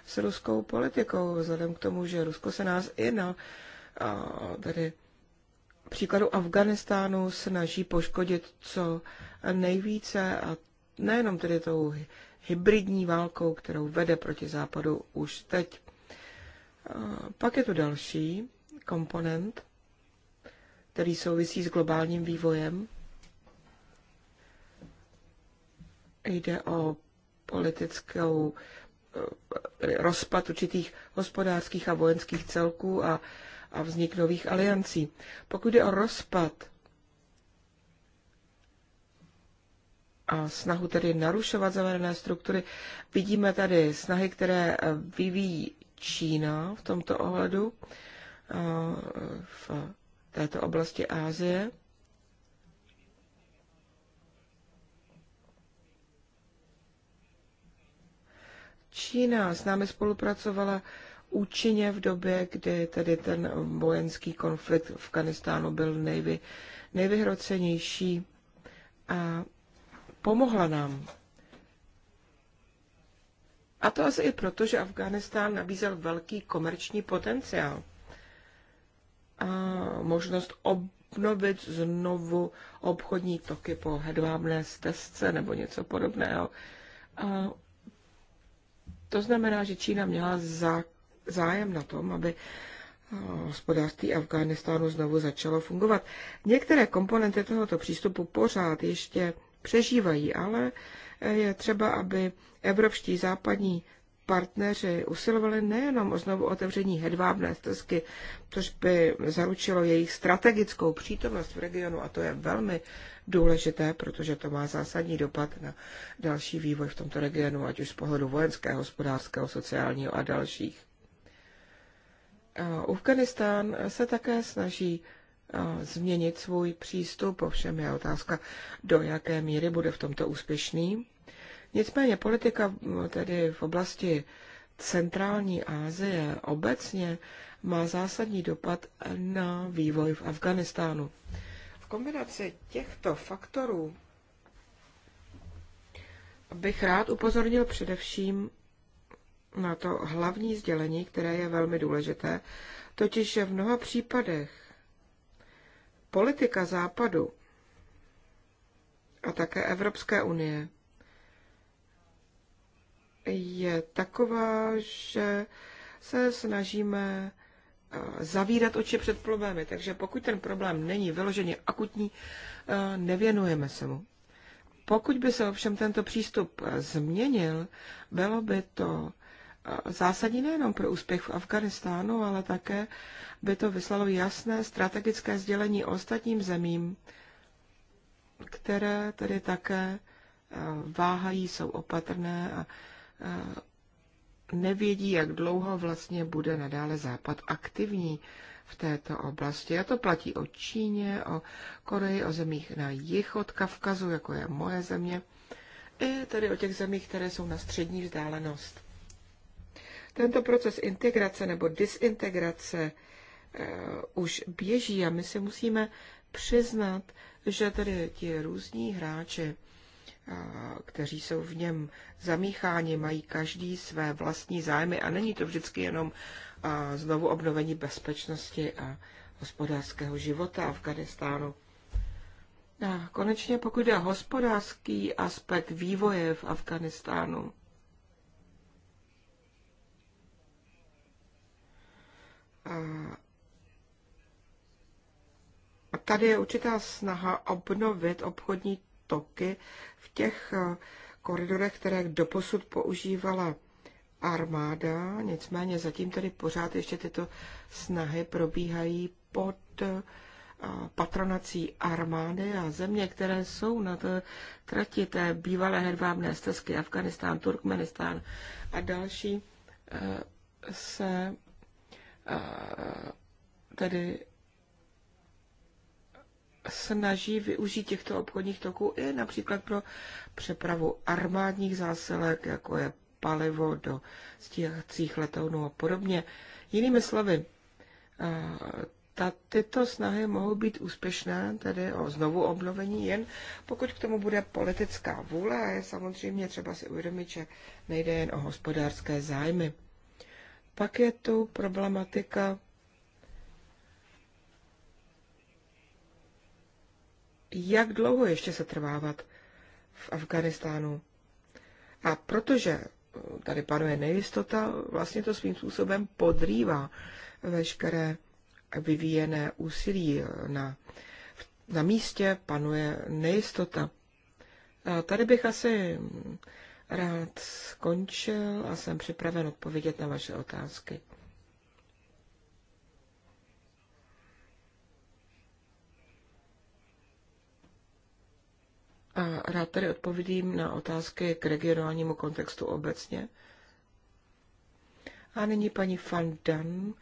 s ruskou politikou, vzhledem k tomu, že Rusko se nás i na tedy příkladu Afganistánu snaží poškodit co nejvíce a nejenom tedy tou hybridní válkou, kterou vede proti západu už teď. Pak je tu další komponent, který souvisí s globálním vývojem. Jde o politickou eh, rozpad určitých hospodářských a vojenských celků a, a vznik nových aliancí. Pokud jde o rozpad a snahu tedy narušovat zavedené struktury. Vidíme tady snahy, které vyvíjí Čína v tomto ohledu eh, v této oblasti Ázie. Čína s námi spolupracovala účinně v době, kdy tedy ten vojenský konflikt v Afganistánu byl nejvy, nejvyhrocenější a Pomohla nám. A to asi i proto, že Afghánistán nabízel velký komerční potenciál a možnost obnovit znovu obchodní toky po hedvábné stezce nebo něco podobného. A to znamená, že Čína měla zá, zájem na tom, aby eh, hospodářství Afghánistánu znovu začalo fungovat. Některé komponenty tohoto přístupu pořád ještě přežívají, ale eh, je třeba, aby evropští západní partneři usilovali nejenom o znovu otevření hedvábné stezky, což by zaručilo jejich strategickou přítomnost v regionu a to je velmi důležité, protože to má zásadní dopad na další vývoj v tomto regionu, ať už z pohledu vojenského, hospodářského, sociálního a dalších. Eh, Afganistán se také snaží změnit svůj přístup, ovšem je otázka, do jaké míry bude v tomto úspěšný. Nicméně politika tedy v oblasti centrální Asie obecně má zásadní dopad na vývoj v Afganistánu. V kombinaci těchto faktorů bych rád upozornil především na to hlavní sdělení, které je velmi důležité, totiž že v mnoha případech Politika Západu a také Evropské unie je taková, že se snažíme eh, zavírat oči před problémy. Takže pokud ten problém není vyloženě akutní, eh, nevěnujeme se mu. Pokud by se ovšem tento přístup eh, změnil, bylo by to zásadní nejenom pro úspěch v Afganistánu, ale také by to vyslalo jasné strategické sdělení ostatním zemím, které tedy také eh, váhají, jsou opatrné a eh, nevědí, jak dlouho vlastně bude nadále Západ aktivní v této oblasti. A to platí o Číně, o Koreji, o zemích na jih od Kavkazu, jako je moje země, i tedy o těch zemích, které jsou na střední vzdálenost. Tento proces integrace nebo disintegrace eh, už běží a my si musíme přiznat, že tedy ti různí hráči, eh, kteří jsou v něm zamícháni, mají každý své vlastní zájmy a není to vždycky jenom eh, znovu obnovení bezpečnosti a hospodářského života Afganistánu. A konečně pokud je hospodářský aspekt vývoje v Afganistánu, tady je určitá snaha obnovit obchodní toky v těch eh, koridorech, které doposud používala armáda, nicméně zatím tedy pořád ještě tyto snahy probíhají pod eh, patronací armády a země, které jsou na té trati té bývalé hedvábné stezky, Afganistán, Turkmenistán a další, eh, se tedy snaží využít těchto obchodních toků i například pro přepravu armádních zásilek, jako je palivo do stíhacích letounů a podobně. Jinými slovy, ta, tyto snahy mohou být úspěšné, tedy o znovu obnovení, jen pokud k tomu bude politická vůle a je samozřejmě třeba si uvědomit, že nejde jen o hospodářské zájmy. Pak je tu problematika jak dlouho ještě se trvávat v Afganistánu. A protože tady panuje nejistota, vlastně to svým způsobem podrývá veškeré vyvíjené úsilí na, na místě, panuje nejistota. A tady bych asi rád skončil a jsem připraven odpovědět na vaše otázky. A rád tedy odpovědím na otázky k regionálnímu kontextu obecně. A nyní paní Van Dan,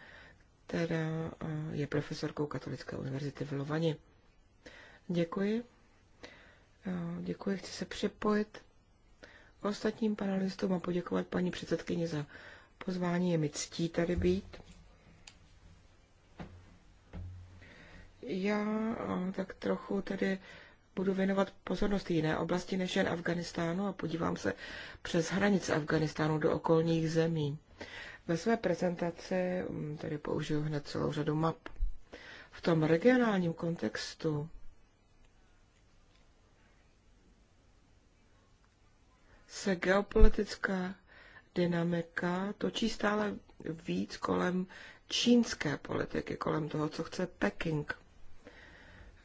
která eh, je profesorkou Katolické univerzity v Lovani. Děkuji. Eh, děkuji, chci se připojit ostatním panelistům a poděkovat paní předsedkyni za pozvání. Je mi ctí tady být. Já eh, tak trochu tady budu věnovat pozornost jiné oblasti než jen Afganistánu a podívám se přes hranice Afganistánu do okolních zemí. Ve své prezentaci mm, tady použiju hned celou řadu map. V tom regionálním kontextu se geopolitická dynamika točí stále víc kolem čínské politiky, kolem toho, co chce Peking.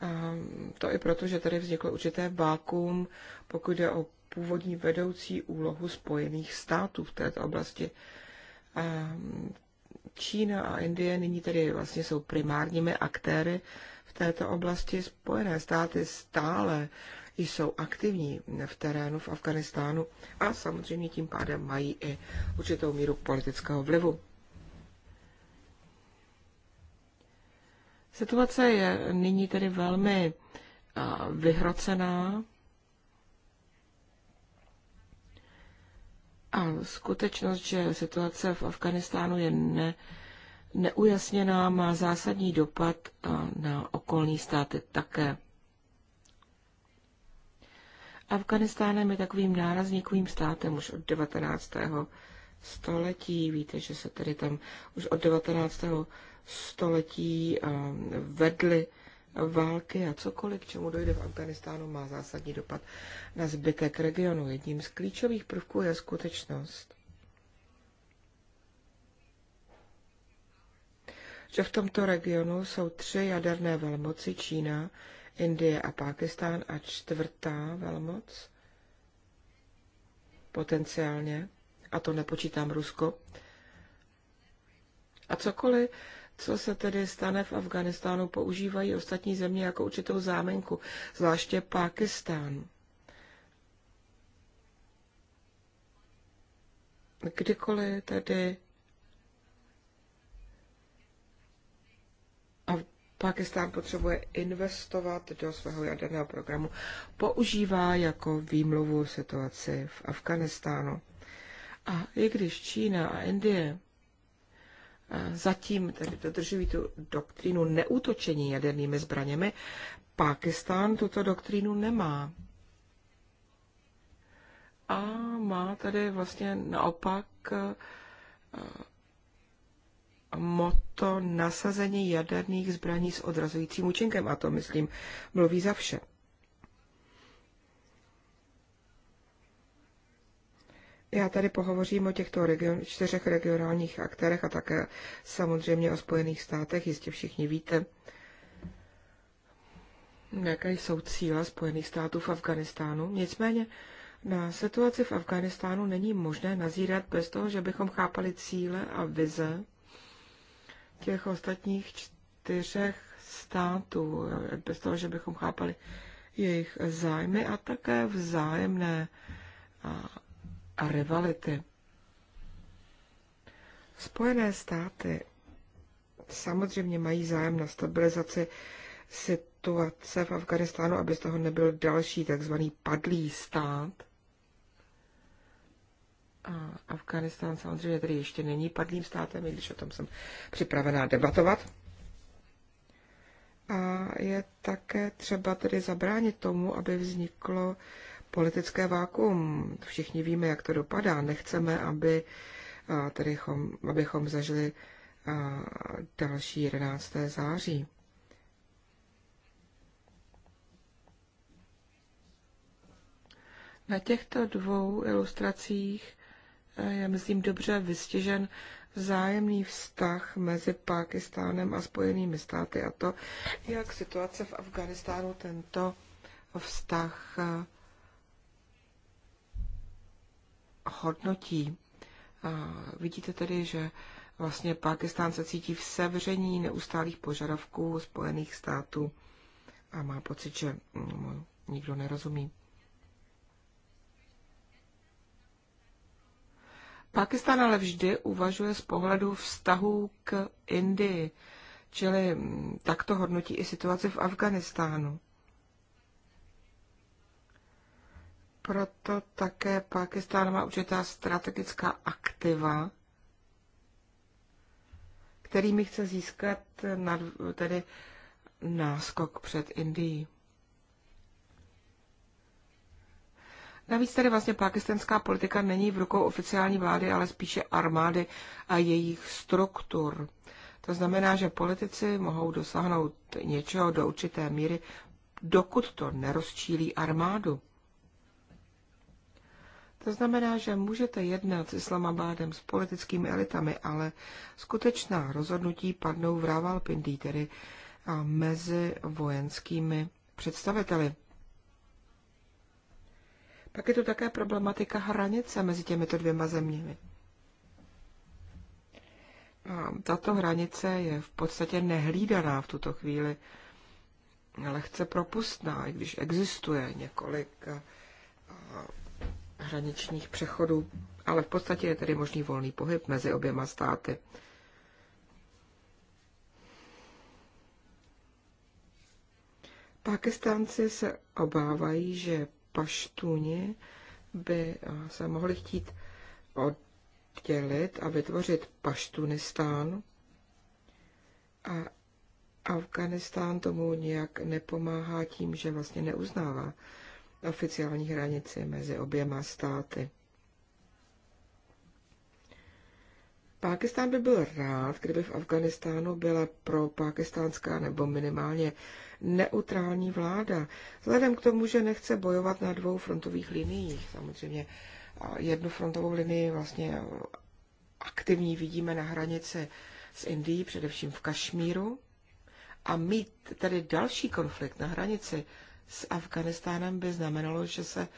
A to i proto, že tady vzniklo určité vákuum, pokud jde o původní vedoucí úlohu Spojených států v této oblasti. A Čína a Indie nyní tedy vlastně jsou primárními aktéry v této oblasti. Spojené státy stále jsou aktivní v terénu v Afganistánu a samozřejmě tím pádem mají i určitou míru politického vlivu. Situace je nyní tedy velmi vyhrocená a skutečnost, že situace v Afganistánu je ne, neujasněná, má zásadní dopad na okolní státy také. Afganistánem je takovým nárazníkovým státem už od 19. století. Víte, že se tedy tam už od 19. století ehm, vedly války a cokoliv, k čemu dojde v Afganistánu, má zásadní dopad na zbytek regionu. Jedním z klíčových prvků je skutečnost, že v tomto regionu jsou tři jaderné velmoci Čína, Indie a Pákistán a čtvrtá velmoc potenciálně, a to nepočítám Rusko. A cokoliv, co se tedy stane v Afganistánu, používají ostatní země jako určitou zámenku, zvláště Pákistán. Kdykoliv tedy Pakistán potřebuje investovat do svého jaderného programu. Používá jako výmluvu situaci v Afganistánu. A i když Čína a Indie eh, zatím tedy dodržují tu doktrínu neútočení jadernými zbraněmi, Pakistán tuto doktrínu nemá. A má tady vlastně naopak eh, moto nasazení jaderných zbraní s odrazujícím účinkem. A to, myslím, mluví za vše. Já tady pohovořím o těchto region, čtyřech regionálních aktérech a také samozřejmě o Spojených státech. Jistě všichni víte, jaké jsou cíle Spojených států v Afganistánu. Nicméně na situaci v Afganistánu není možné nazírat bez toho, že bychom chápali cíle a vize těch ostatních čtyřech států, bez toho, že bychom chápali jejich zájmy a také vzájemné a rivality. Spojené státy samozřejmě mají zájem na stabilizaci situace v Afganistánu, aby z toho nebyl další takzvaný padlý stát. Afganistán samozřejmě tedy ještě není padlým státem, i když o tom jsem připravená debatovat. A je také třeba tedy zabránit tomu, aby vzniklo politické vákuum. Všichni víme, jak to dopadá. Nechceme, aby, tedy chom, abychom zažili další 11. září. Na těchto dvou ilustracích je, myslím, dobře vystižen vzájemný vztah mezi Pákistánem a Spojenými státy a to, jak situace v Afganistánu tento vztah eh, hodnotí. Vidíte tedy, že vlastně Pákistán se cítí v sevření neustálých požadavků Spojených států a má pocit, že hm, nikdo nerozumí. Pakistan ale vždy uvažuje z pohledu vztahů k Indii, čili mm, takto hodnotí i situaci v Afganistánu. Proto také Pakistán má určitá strategická aktiva, kterými chce získat nad, tedy náskok před Indií. Navíc tedy vlastně pakistánská politika není v rukou oficiální vlády, ale spíše armády a jejich struktur. To znamená, že politici mohou dosáhnout něčeho do určité míry, dokud to nerozčílí armádu. To znamená, že můžete jednat s Islamabádem, s politickými elitami, ale skutečná rozhodnutí padnou v Rávalpindí, tedy mezi vojenskými představiteli. Pak je tu také problematika hranice mezi těmito dvěma zeměmi. A tato hranice je v podstatě nehlídaná v tuto chvíli, lehce propustná, i když existuje několik hraničních přechodů, ale v podstatě je tedy možný volný pohyb mezi oběma státy. Pakistánci se obávají, že paštuni by eh, se mohli chtít oddělit a vytvořit Paštunistán a Afganistán tomu nějak nepomáhá tím, že vlastně neuznává oficiální hranici mezi oběma státy. Pákistán by byl rád, kdyby v Afganistánu byla pro pakistánská nebo minimálně neutrální vláda. Vzhledem k tomu, že nechce bojovat na dvou frontových liniích, samozřejmě jednu frontovou linii vlastně aktivní vidíme na hranici s Indií, především v Kašmíru, a mít tedy další konflikt na hranici s Afganistánem by znamenalo, že se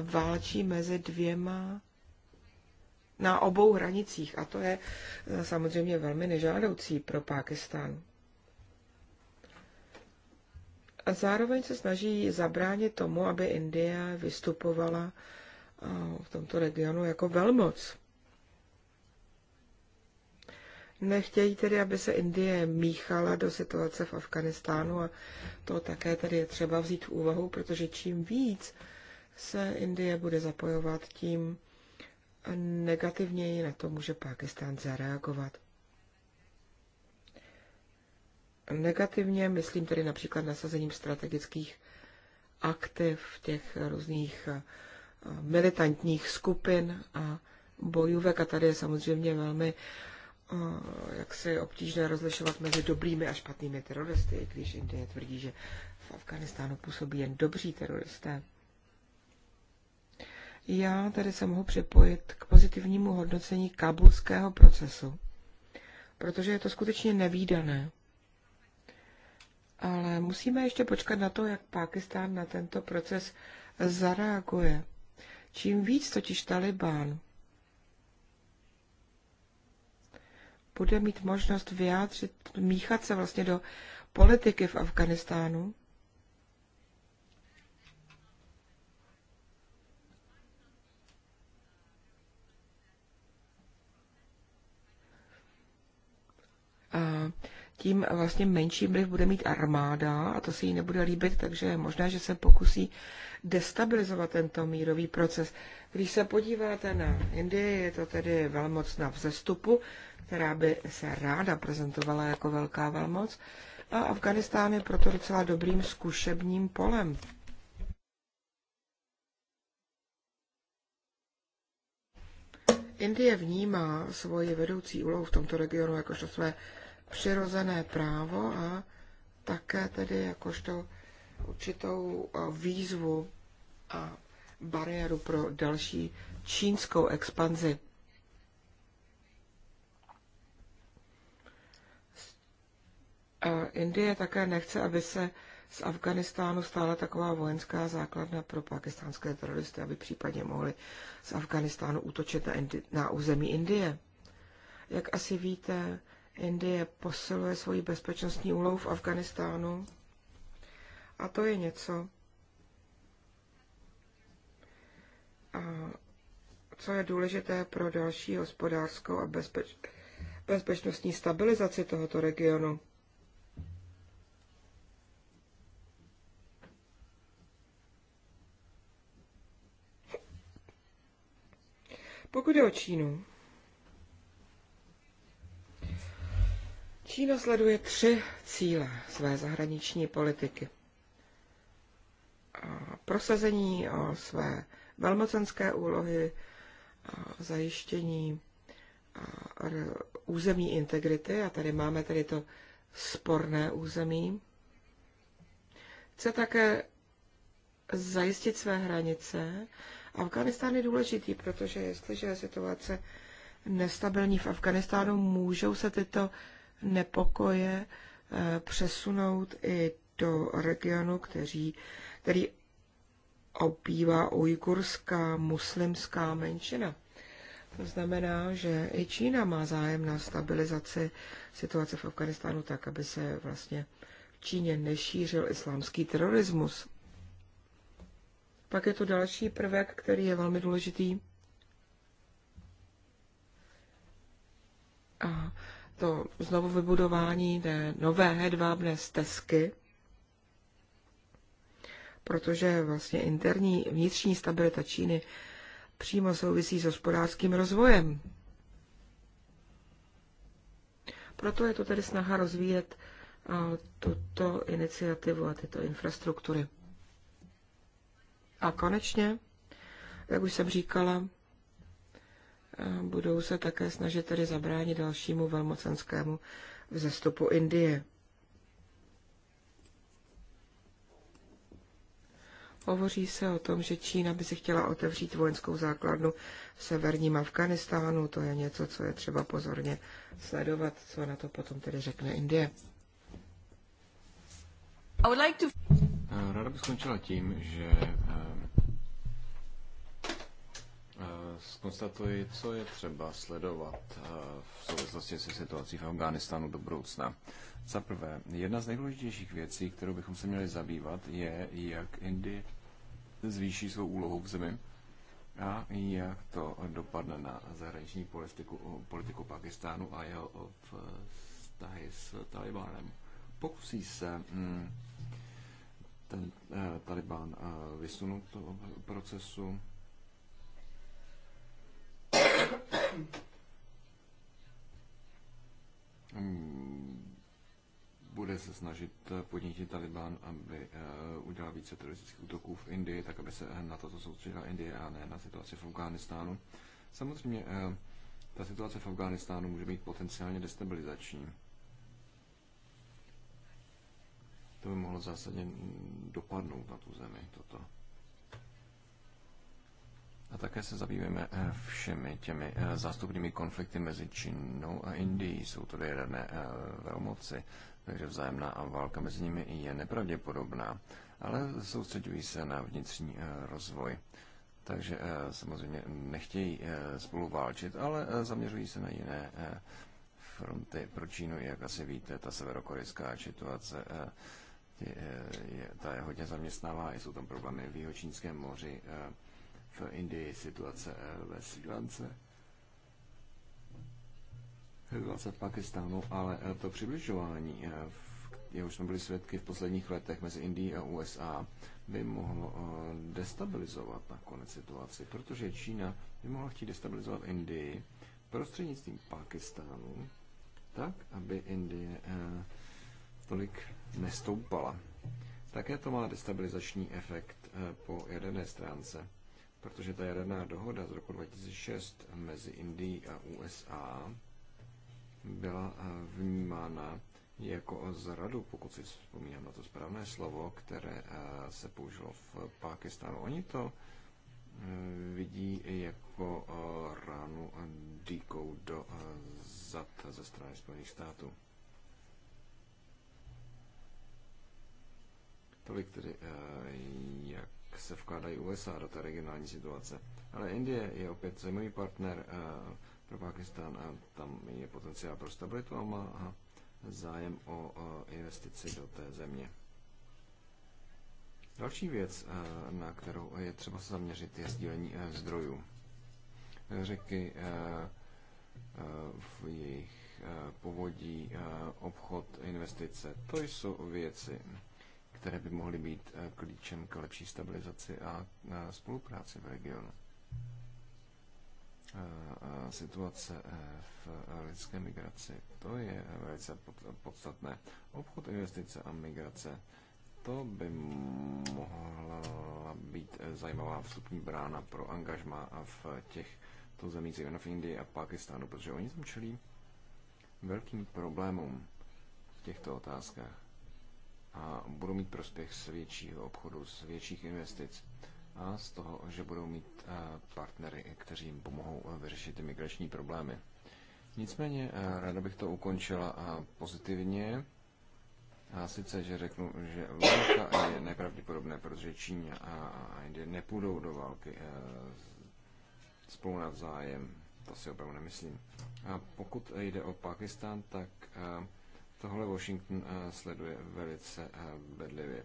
válčí mezi dvěma na obou hranicích a to je eh, samozřejmě velmi nežádoucí pro Pákistán. A zároveň se snaží zabránit tomu, aby Indie vystupovala v tomto regionu jako velmoc. Nechtějí tedy, aby se Indie míchala do situace v Afganistánu a to také tedy je třeba vzít v úvahu, protože čím víc se Indie bude zapojovat, tím negativněji na to může Pakistán zareagovat negativně, myslím tedy například nasazením strategických aktiv těch různých eh, militantních skupin a bojůvek. A tady je samozřejmě velmi eh, jak se obtížné rozlišovat mezi dobrými a špatnými teroristy, i když Indie tvrdí, že v Afganistánu působí jen dobří teroristé. Já tady se mohu připojit k pozitivnímu hodnocení kabulského procesu, protože je to skutečně nevýdané ale musíme ještě počkat na to, jak Pákistán na tento proces zareaguje. Čím víc totiž Taliban bude mít možnost vyjádřit, míchat se vlastně do politiky v Afganistánu, tím vlastně menší vliv bude mít armáda a to se jí nebude líbit, takže je možné, že se pokusí destabilizovat tento mírový proces. Když se podíváte na Indii, je to tedy velmoc na vzestupu, která by se ráda prezentovala jako velká velmoc a Afganistán je proto docela dobrým zkušebním polem. Indie vnímá svoji vedoucí úlohu v tomto regionu jakožto své přirozené právo a také tedy jakožto určitou eh, výzvu a bariéru pro další čínskou expanzi. Eh, Indie také nechce, aby se z Afganistánu stála taková vojenská základna pro pakistánské teroristy, aby případně mohli z Afganistánu útočit na, Indi- na území Indie. Jak asi víte, Indie posiluje svoji bezpečnostní úlohu v Afganistánu. A to je něco, co je důležité pro další hospodářskou a bezpeč, bezpečnostní stabilizaci tohoto regionu. Pokud je o Čínu, Čína sleduje tři cíle své zahraniční politiky. Prosazení o své velmocenské úlohy, zajištění územní integrity, a tady máme tady to sporné území, chce také zajistit své hranice. Afganistán je důležitý, protože jestliže je situace nestabilní v Afganistánu, můžou se tyto nepokoje eh, přesunout i do regionu, kteří, který obývá ujgurská muslimská menšina. To znamená, že i Čína má zájem na stabilizaci situace v Afganistánu tak, aby se vlastně v Číně nešířil islámský terorismus. Pak je to další prvek, který je velmi důležitý. A to znovu vybudování té nové hedvábné stezky, protože vlastně interní vnitřní stabilita Číny přímo souvisí s hospodářským rozvojem. Proto je to tedy snaha rozvíjet tuto iniciativu a tyto infrastruktury. A konečně, jak už jsem říkala, budou se také snažit tedy zabránit dalšímu velmocenskému vzestupu Indie. Hovoří se o tom, že Čína by si chtěla otevřít vojenskou základnu v severním Afganistánu. To je něco, co je třeba pozorně sledovat, co na to potom tedy řekne Indie. Eh, ráda bych skončila tím, že eh, Skonstatuji, eh, co je třeba sledovat eh, v souvislosti se situací v Afghánistánu do budoucna. Za prvé, jedna z nejdůležitějších věcí, kterou bychom se měli zabývat, je, jak Indie zvýší svou úlohu v zemi a jak to dopadne na zahraniční politiku, politiku Pakistánu a jeho eh, vztahy s Talibánem. Pokusí se hm, ten eh, vysunout do procesu Hmm. bude se snažit podnítit Taliban, aby eh, udělal více teroristických útoků v Indii, tak aby se na to soustředila Indie a ne na situaci v Afghánistánu. Samozřejmě eh, ta situace v Afghánistánu může být potenciálně destabilizační. To by mohlo zásadně dopadnout na tu zemi, toto. A také se zabýváme eh, všemi těmi eh, zástupnými konflikty mezi Čínou a Indií. Jsou to dvě eh, velmoci, takže vzájemná válka mezi nimi je nepravděpodobná, ale soustředují se na vnitřní rozvoj. Takže samozřejmě nechtějí spolu válčit, ale zaměřují se na jiné fronty pro Čínu, jak asi víte, ta severokorejská situace je, je, ta je hodně zaměstnává, jsou tam problémy v Jihočínském moři, v Indii, situace eh, ve Sri Lance, situace v Pakistánu, ale eh, to přibližování, jehož jsme byli svědky v posledních letech mezi Indií a USA, by mohlo eh, destabilizovat nakonec situaci, protože Čína by mohla chtít destabilizovat Indii prostřednictvím Pakistánu, tak, aby Indie tolik nestoupala. Také to má destabilizační efekt po jedné stránce protože ta jaderná dohoda z roku 2006 mezi Indií a USA byla eh, vnímána jako zradu, pokud si vzpomínám na to správné slovo, které eh, se použilo v Pákistánu. Oni to eh, vidí jako ránu dýkou do zad ze strany Spojených států. Tolik tedy, jak se vkládají USA do té regionální situace. Ale Indie je opět zajímavý partner eh, pro Pakistán a tam je potenciál pro stabilitu a má zájem o eh, investici do té země. Další věc, eh, na kterou je třeba se zaměřit, je sdílení zdrojů. Řeky, v jejich povodí, obchod, investice, to jsou věci, které by mohly být eh, klíčem k lepší stabilizaci a eh, spolupráci v regionu. Eh, situace v lidské migraci, to je velice podstatné. Obchod, investice a migrace, to by mohla být zajímavá vstupní brána pro angažma v těchto zemích, zejména v Indii a Pakistánu, protože oni tam čelí velkým problémům v těchto otázkách a budou mít prospěch z většího obchodu, z větších investic a z toho, že budou mít eh, partnery, kteří jim pomohou eh, vyřešit ty migrační problémy. Nicméně eh, ráda bych to ukončila pozitivně. A sice, že řeknu, že válka je nepravděpodobné, protože Číně a Indie nepůjdou do války spolu navzájem. To si opravdu nemyslím. A pokud jde o Pakistán, tak Tohle Washington eh, sleduje velice eh, bedlivě.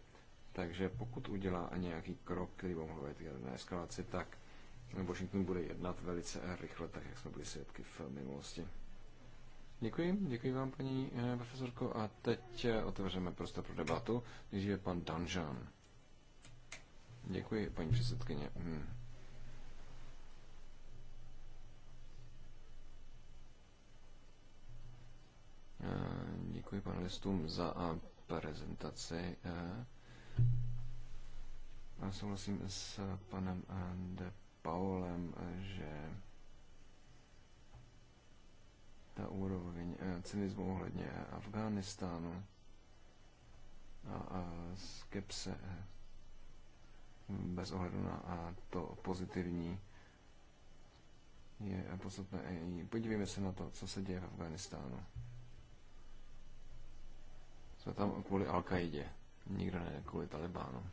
Takže pokud udělá nějaký krok, který by mohl být na eskalaci, tak Washington bude jednat velice eh, rychle, tak jak jsme byli svědky v minulosti. Děkuji, děkuji vám, paní profesorko. A teď otevřeme prostor pro debatu. Nejdříve pan Danžan. Děkuji, paní předsedkyně. Hmm. Eh, děkuji panelistům za eh, prezentaci. Eh. A souhlasím s panem De Paulem, že ta úroveň cynismu ohledně Afghánistánu a skepse bez ohledu na to pozitivní je podstatné. Podívejme se na to, co se děje v Afganistánu. Jsme tam kvůli al -Kaidě. Nikdo ne kvůli Talibánu.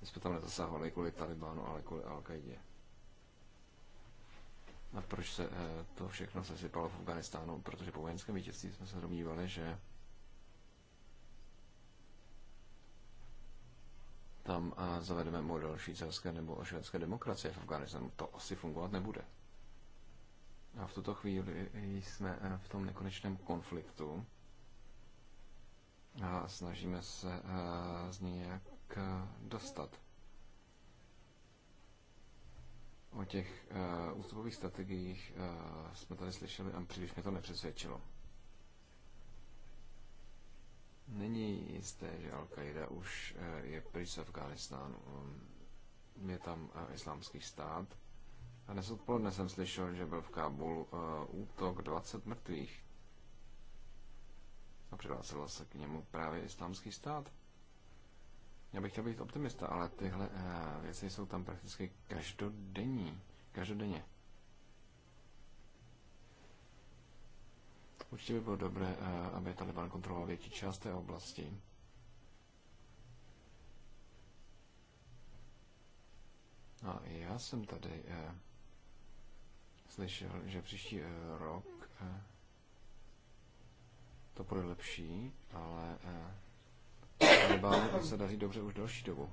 My jsme tam nezasahovali kvůli Talibánu, ale kvůli al -Kaidě. A proč se eh, to všechno sesypalo v Afganistánu? Protože po vojenském vítězství jsme se domnívali, že tam a eh, zavedeme model švýcarské nebo švédské demokracie v Afganistánu. To asi fungovat nebude. A v tuto chvíli jsme eh, v tom nekonečném konfliktu a snažíme se eh, z ní nějak eh, dostat. O těch eh, ústupových strategiích jsme tady slyšeli a příliš mě to nepřesvědčilo. Není jisté, že Al-Qaida už je pryč z Afganistánu. Mm, je tam islámský stát. A dnes odpoledne jsem slyšel, že byl v Kábulu útok 20 mrtvých a přihlásila se k němu právě islámský stát. Já bych chtěl být optimista, ale tyhle eh, věci jsou tam prakticky každodenní. Každodenně. Určitě by bylo dobré, eh, aby Taliban kontroloval větší část té oblasti. A já jsem tady eh, slyšel, že příští rok to bude lepší, ale Talibánu eh, se daří dobře už další dobu.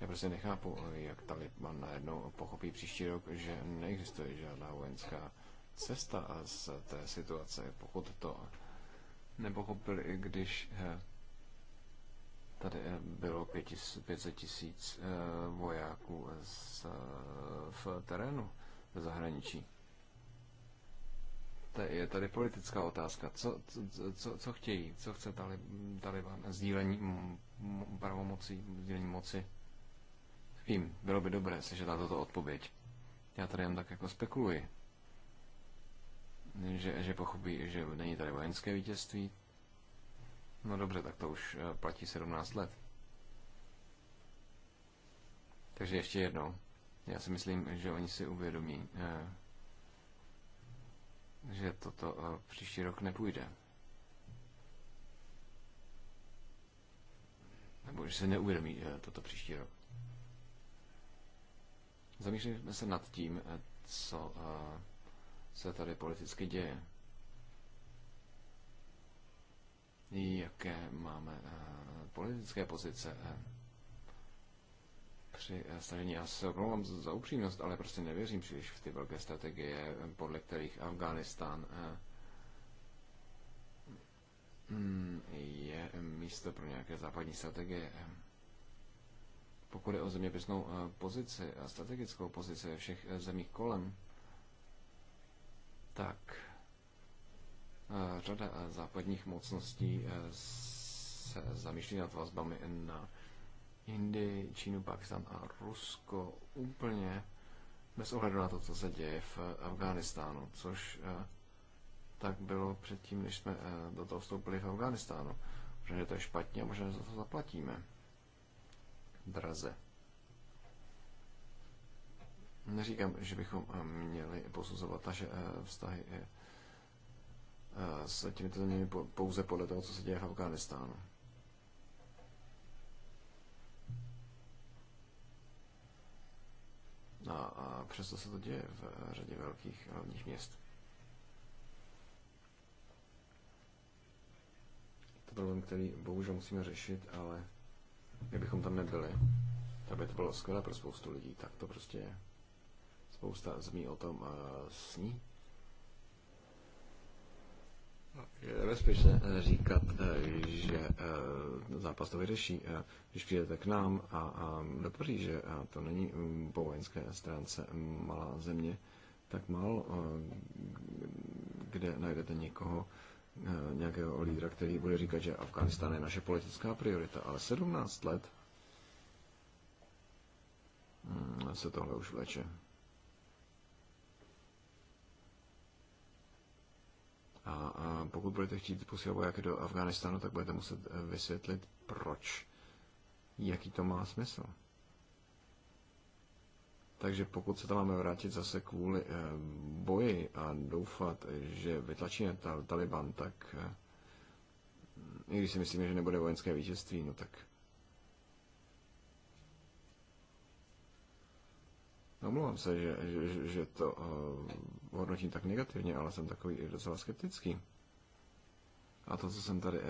Já prostě nechápu, jak Taliban najednou pochopí příští rok, že neexistuje žádná vojenská cesta a z té situace, pokud to nepochopili, když eh, tady eh, bylo 500 tisíc vojáků z, v terénu ze zahraničí je tady politická otázka. Co, co, co, co chtějí? Co chce Taliban? Sdílení pravomocí, sdílení moci? Vím, bylo by dobré slyšet na toto odpověď. Já tady jen tak jako spekuluji. Že, že pochopí, že není tady vojenské vítězství. No dobře, tak to už eh, platí 17 let. Takže ještě jednou. Já si myslím, že oni si uvědomí, eh, že toto eh, příští rok nepůjde. Nebo že se neuvědomí eh, toto příští rok. Zamýšlíme se nad tím, eh, co se tady politicky děje. Jaké máme politické pozice při eh, snažení. Já se omlouvám za upřímnost, ale prostě nevěřím příliš v ty velké strategie, eh, podle kterých Afghánistán eh, mm, je místo pro nějaké západní strategie. Pokud je o zeměpisnou pozici a strategickou pozici všech zemí kolem, tak řada západních mocností se zamýšlí nad vazbami na Indii, Čínu, Pakistan a Rusko úplně bez ohledu na to, co se děje v eh, Afghánistánu, což eh, tak bylo předtím, než jsme eh, do toho vstoupili v Afghánistánu. Možná, že to je špatně a možná, že za to zaplatíme. Draze. Neříkám, že bychom měli posuzovat naše vztahy s těmito zeměmi pouze podle toho, co se děje v Afghánistánu. nutná no a přesto se to děje v řadě velkých hlavních měst. To problém, který bohužel musíme řešit, ale kdybychom tam nebyli, tak by to bylo skvělé pro spoustu lidí, tak to prostě je. Spousta zmí o tom uh, sní. Je nebezpečné eh, říkat, eh, že eh, zápas to vyřeší, když přijdete k nám a, a do Paříže, a to není mm, po vojenské stránce mm, malá země, tak mal, kde najdete někoho, nějakého lídra, který bude říkat, že Afganistán je naše politická priorita, ale 17 let mm, se tohle už vleče. A, a pokud budete chtít posílat vojáky do Afganistánu, tak budete muset eh, vysvětlit, proč. Jaký to má smysl. Takže pokud se tam máme vrátit zase kvůli eh, boji a doufat, že vytlačíme Taliban, tak eh, i když si myslíme, že nebude vojenské vítězství, no tak Omlouvám se, že, že, že to uh, hodnotím tak negativně, ale jsem takový docela skeptický. A to, co jsem tady uh,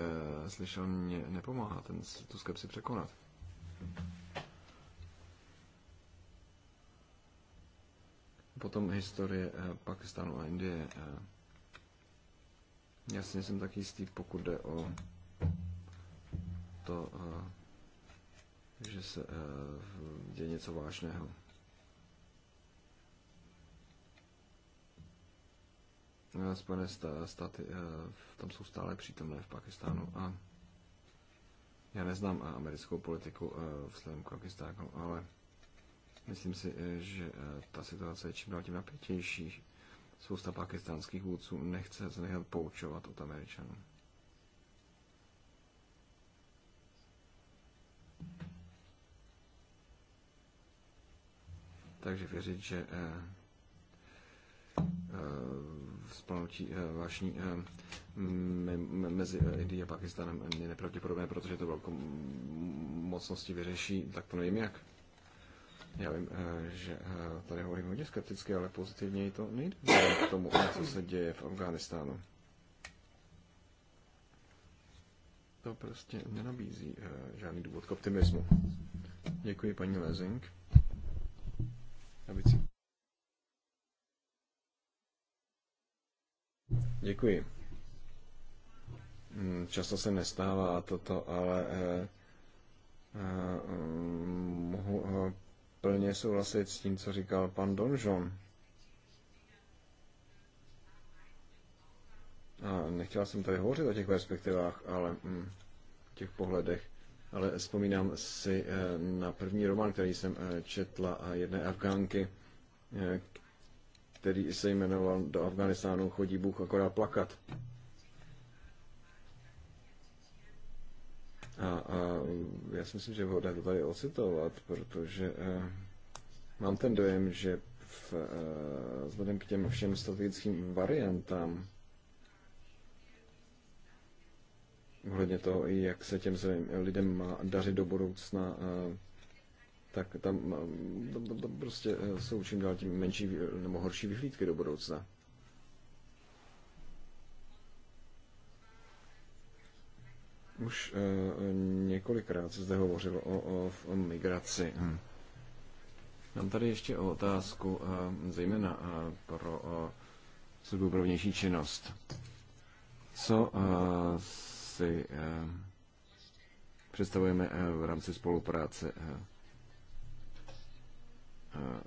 slyšel, mě nepomáhá ten, tu skepsi překonat. Potom historie uh, Pakistánu a Indie. Uh, jasně jsem tak jistý, pokud jde o to, uh, že se uh, děje něco vážného. Eh, Spojené státy eh, tam jsou stále přítomné v Pakistánu a já neznám eh, americkou politiku vzhledem k Pakistánu, ale myslím si, že ta situace je čím dál tím napětější. Spousta pakistánských vůdců nechce se nechat poučovat od Američanů. Takže věřit, že splanutí eh, vášní eh, mezi eh, Indií a Pakistanem je nepravděpodobné, protože to velkou mocnosti vyřeší, tak to nevím jak. Já vím, že tady hovorím hodně skepticky, ale pozitivně to nejde k tomu, co se děje v Afghánistánu. To prostě nenabízí žádný důvod k optimismu. Děkuji paní Lezing. Aby si Děkuji. Hmm, často se nestává toto, ale eh, eh, mm, mohu eh, plně souhlasit s tím, co říkal pan Donžon. A nechtěla jsem tady hovořit o těch perspektivách, ale mm, těch pohledech, ale vzpomínám si na první román, který jsem četla jedné Afgánky, který se jmenoval do Afganistánu chodí Bůh akorát plakat. A, a já si myslím, že je vhodné to tady ocitovat, protože uh, mám ten dojem, že v, uh, vzhledem k těm všem strategickým variantám, ohledně toho, jak se těm lidem má dařit do budoucna, uh, tak tam, tam, tam, tam prostě eh, jsou čím dál tím menší nebo horší vyhlídky do budoucna. Už e, několikrát se zde hovořilo o, o, o migraci. Hmm. Mám tady ještě o otázku, uh, zejména uh, pro uh, službu pro vnější činnost. Co uh, si uh, představujeme uh, v rámci spolupráce? Eh,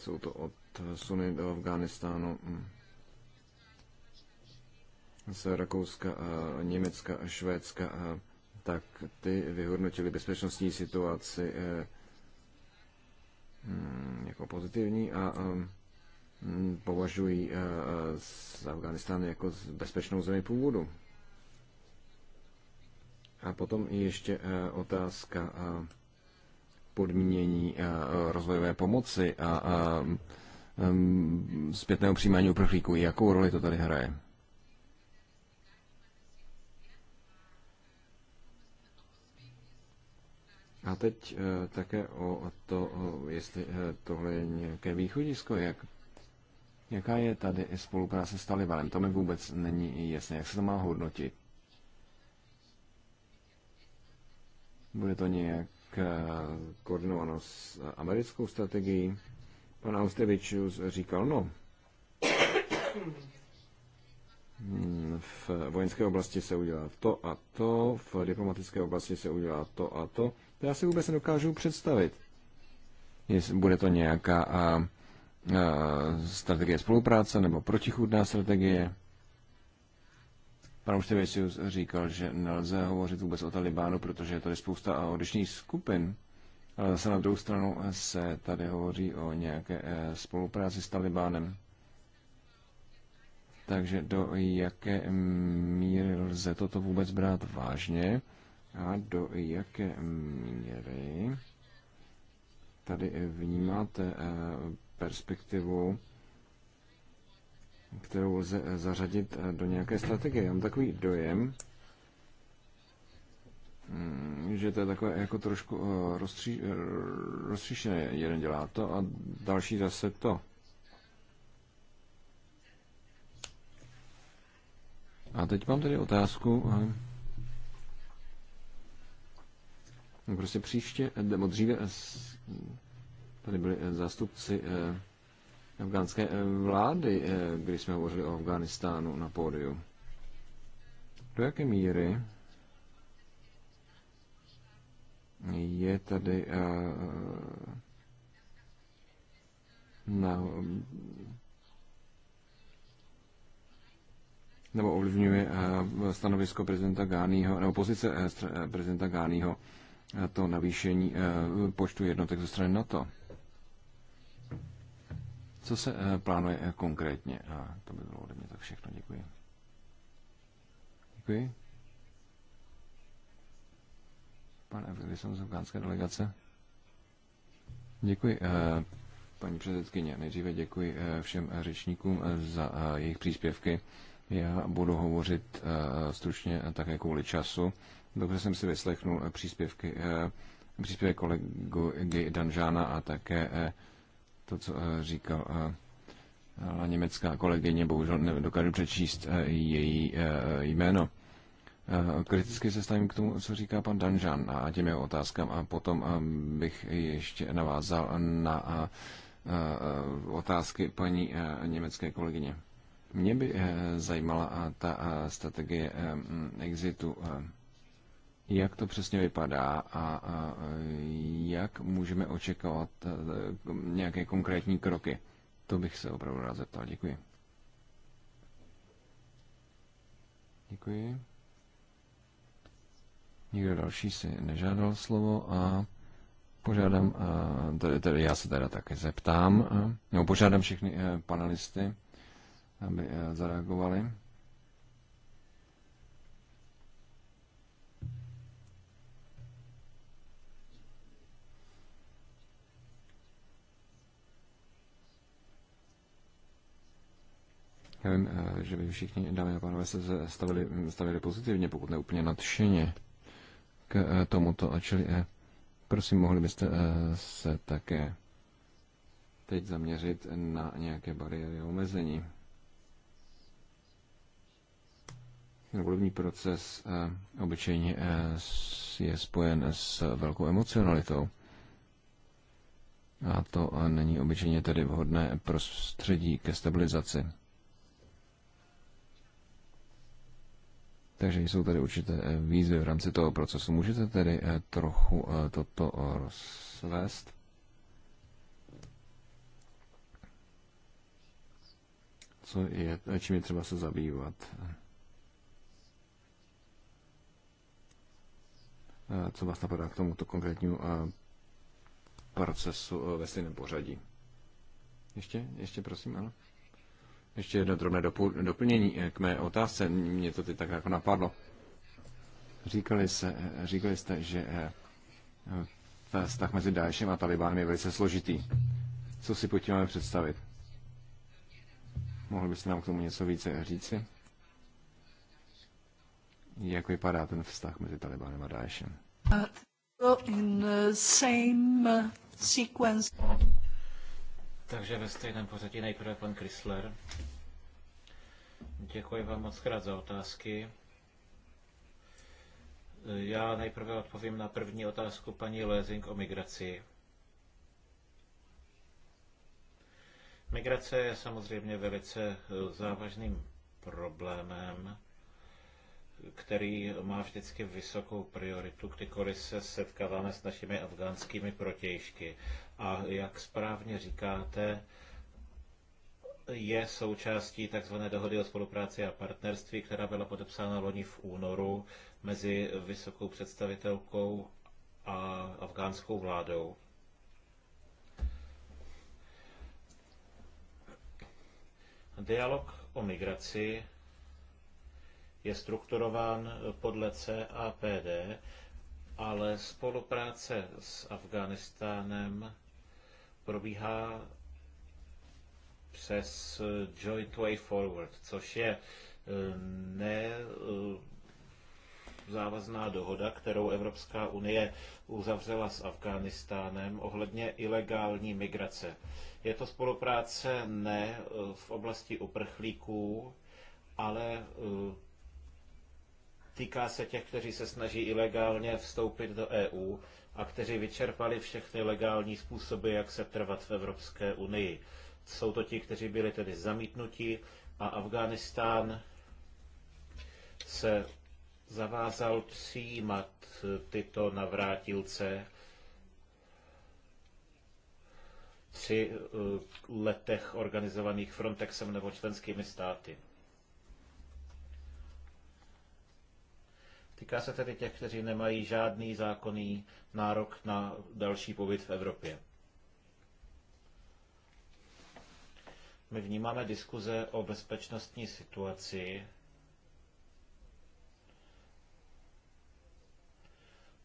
jsou to od Suny do Afghánistánu, hm, z Rakouska, eh, Německa, Švédska, eh, tak ty vyhodnotili bezpečnostní situaci hm, jako pozitivní a hm, považují z Afganistánu jako bezpečnou zemi původu. A potom ještě otázka podmínění eh, rozvojové pomoci a zpětného přijímání uprchlíků. Jakou roli to tady hraje? A teď eh, také o to, jestli eh, tohle je nějaké východisko, jak, jaká je tady spolupráce s Talibanem. To mi vůbec není jasné, jak se to má hodnotit. Bude to nějak koordinováno s americkou strategií. Pan Austevičus říkal, no, v vojenské oblasti se udělá to a to, v diplomatické oblasti se udělá to a to. To já si vůbec nedokážu představit. Jestli bude to nějaká a, a, strategie spolupráce nebo protichůdná strategie. Pan Uštevicius říkal, že nelze hovořit vůbec o Talibánu, protože je tady spousta odlišných skupin. Ale zase na druhou stranu se tady hovoří o nějaké eh, spolupráci s Talibánem. Takže do jaké míry lze toto vůbec brát vážně a do jaké míry tady vnímáte eh, perspektivu kterou lze eh, zařadit eh, do nějaké strategie. Já mám takový dojem, mm, že to je takové jako trošku eh, rozstříšené. Jeden dělá to a další zase to. A teď mám tady otázku. No, prostě příště, nebo dříve tady byli zástupci afgánské eh, vlády, eh, když jsme hovořili o Afganistánu na pódiu. Do jaké míry je tady eh, na, nebo ovlivňuje stanovisko prezidenta Gáního, nebo pozice prezidenta Gáního to navýšení počtu jednotek ze strany NATO. Co se eh, plánuje eh, konkrétně? A to by bylo ode mě tak všechno. Děkuji. Děkuji. Pan Evilison z afgánské delegace. Děkuji. Eh, paní předsedkyně, nejdříve děkuji všem řečníkům za jejich příspěvky. Já budu hovořit stručně také kvůli času. Dobře jsem si vyslechnul příspěvky, příspěvky kolegy Danžána a také to, co eh, říkal eh, eh, německá kolegyně, bohužel nedokážu přečíst její jméno. Kriticky se stavím k tomu, co říká pan Danžan a těm jeho otázkám a potom bych ještě navázal na otázky paní německé kolegyně. Mě by zajímala ta strategie exitu jak to přesně vypadá a, a jak můžeme očekávat eh, nějaké konkrétní kroky. To bych se opravdu rád zeptal. Děkuji. Děkuji. Nikdo další si nežádal slovo a požádám, eh, tedy, tedy já se teda také zeptám, eh, nebo požádám všechny panelisty, aby zareagovali. Já vím, eh, že by všichni, dámy a pánové, se stavili, hm, stavili pozitivně, pokud ne úplně nadšeně k eh, tomuto. A čili, eh, prosím, mohli byste se také teď zaměřit na nějaké bariéry a omezení. Volební proces obyčejně je spojen s velkou emocionalitou. A to není obyčejně tedy vhodné prostředí ke stabilizaci. Takže jsou tady určité eh, výzvy v rámci toho procesu. Můžete tedy eh, trochu eh, toto rozvést? Co je, čím je třeba se zabývat? Co vás napadá k tomuto konkrétnímu procesu ve stejném pořadí? Ještě, ještě prosím, ano. Ještě jedno drobné doplnění eh, k mé otázce. Mě to teď tak jako napadlo. Říkali, se, eh, říkali jste, že eh, vztah mezi Daeshem a Talibánem je velice složitý. Co si pod máme představit? Mohl byste nám k tomu něco více říci? Jak vypadá ten vztah mezi Talibánem a Daešem? Uh, in the same uh, sequence. Takže ve stejném pořadí nejprve pan Chrysler. Děkuji vám moc krát za otázky. Já nejprve odpovím na první otázku paní Lézing o migraci. Migrace je samozřejmě velice eh, závažným problémem který má vždycky vysokou prioritu, kdykoliv se setkáváme s našimi afgánskými protějšky. A jak správně říkáte, je součástí tzv. dohody o spolupráci a partnerství, která byla podepsána loni v únoru mezi vysokou představitelkou a afgánskou vládou. Dialog o migraci je strukturován eh, podle CAPD, ale spolupráce s Afghánistánem probíhá přes eh, Joint Way Forward, což je eh, ne závazná dohoda, kterou Evropská unie uzavřela s Afghánistánem ohledně ilegální migrace. Je to spolupráce ne v oblasti uprchlíků, ale Týká se těch, kteří se snaží ilegálně vstoupit do EU a kteří vyčerpali všechny legální způsoby, jak se trvat v Evropské unii. Jsou to ti, kteří byli tedy zamítnuti a Afghánistán se zavázal přijímat tyto navrátilce při eh, letech organizovaných Frontexem nebo členskými státy. Týká se tedy těch, kteří nemají žádný zákonný nárok na další pobyt v Evropě. My vnímáme diskuze o bezpečnostní situaci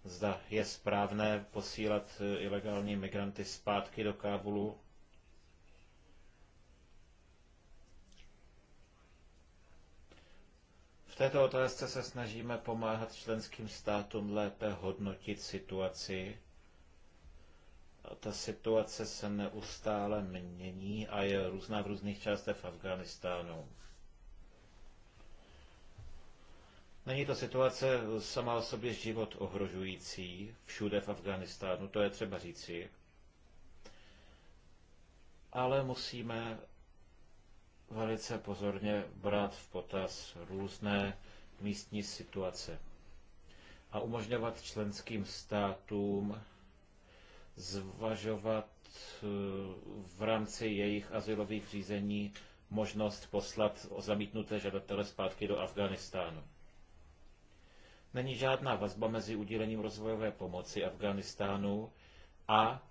zda je správné posílat ilegální migranty zpátky do Kábulu V této otázce se snažíme pomáhat členským státům lépe hodnotit situaci. Ta situace se neustále mění a je různá v různých částech Afganistánu. Není to situace sama o sobě život ohrožující všude v Afganistánu, to je třeba říci. Ale musíme velice pozorně brát v potaz různé místní situace a umožňovat členským státům zvažovat eh, v rámci jejich asilových řízení možnost poslat o zamítnuté žadatele zpátky do Afganistánu. Není žádná vazba mezi udělením rozvojové pomoci Afganistánu a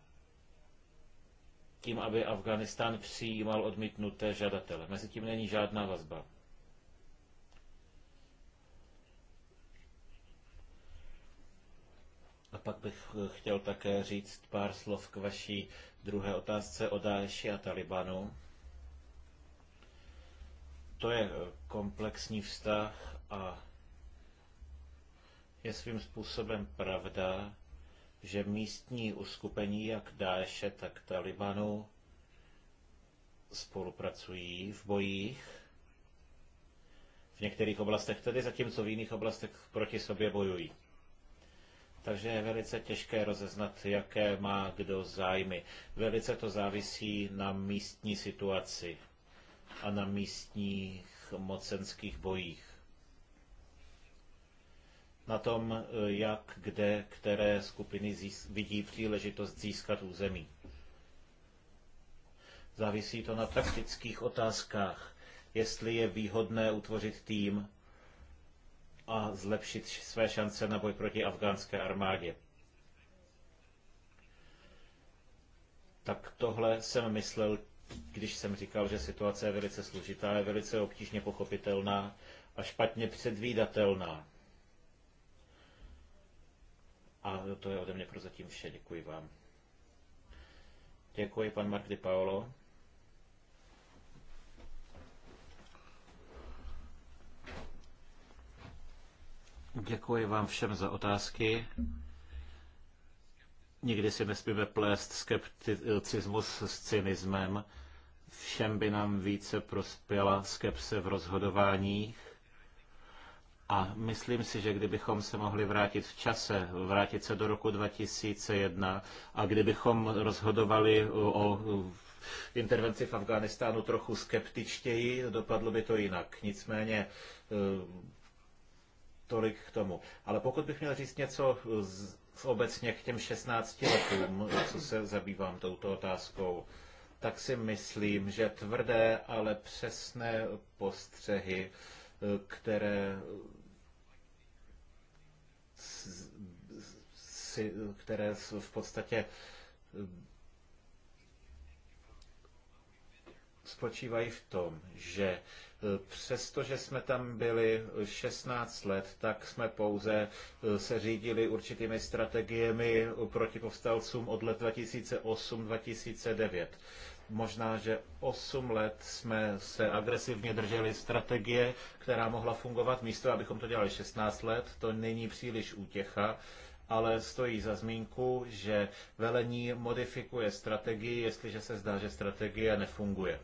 tím, aby Afganistán přijímal odmítnuté žadatele. Mezi tím není žádná vazba. A pak bych eh, chtěl také říct pár slov k vaší druhé otázce o Daeši a Talibanu. To je eh, komplexní vztah a je svým způsobem pravda, že místní uskupení jak Dáše, tak Talibanu spolupracují v bojích. V některých oblastech tedy, zatímco v jiných oblastech proti sobě bojují. Takže je velice těžké rozeznat, jaké má kdo zájmy. Velice to závisí na místní situaci a na místních mocenských bojích na tom, eh, jak, kde, které skupiny vidí příležitost získat území. Závisí to na praktických otázkách, jestli je výhodné utvořit tým a zlepšit své šance na boj proti afgánské armádě. Tak tohle jsem myslel, když jsem říkal, že situace je velice složitá, je velice obtížně pochopitelná a špatně předvídatelná. A to je ode mě zatím vše. Děkuji vám. Děkuji, pan Mark Di Paolo. Děkuji vám všem za otázky. Nikdy si nesmíme plést skepticismus s cynismem. Všem by nám více prospěla skepse v rozhodováních a myslím si, že kdybychom se mohli vrátit v čase, vrátit se do roku 2001 a kdybychom rozhodovali o intervenci v Afghánistánu trochu skeptičtěji, dopadlo by to jinak. Nicméně e, tolik k tomu. Ale pokud bych měl říct něco z, obecně k těm 16 letům, co se zabývám touto otázkou, tak si myslím, že tvrdé, ale přesné postřehy které si, které v podstatě spočívají v tom, že eh, že jsme tam byli 16 let, tak jsme pouze eh, se řídili určitými strategiemi proti povstalcům od let 2008-2009. Možná, že 8 let jsme se agresivně drželi strategie, která mohla fungovat místo, abychom to dělali 16 let. To není příliš útěcha ale stojí za zmínku, že velení modifikuje strategii, jestliže se zdá, že strategie nefunguje.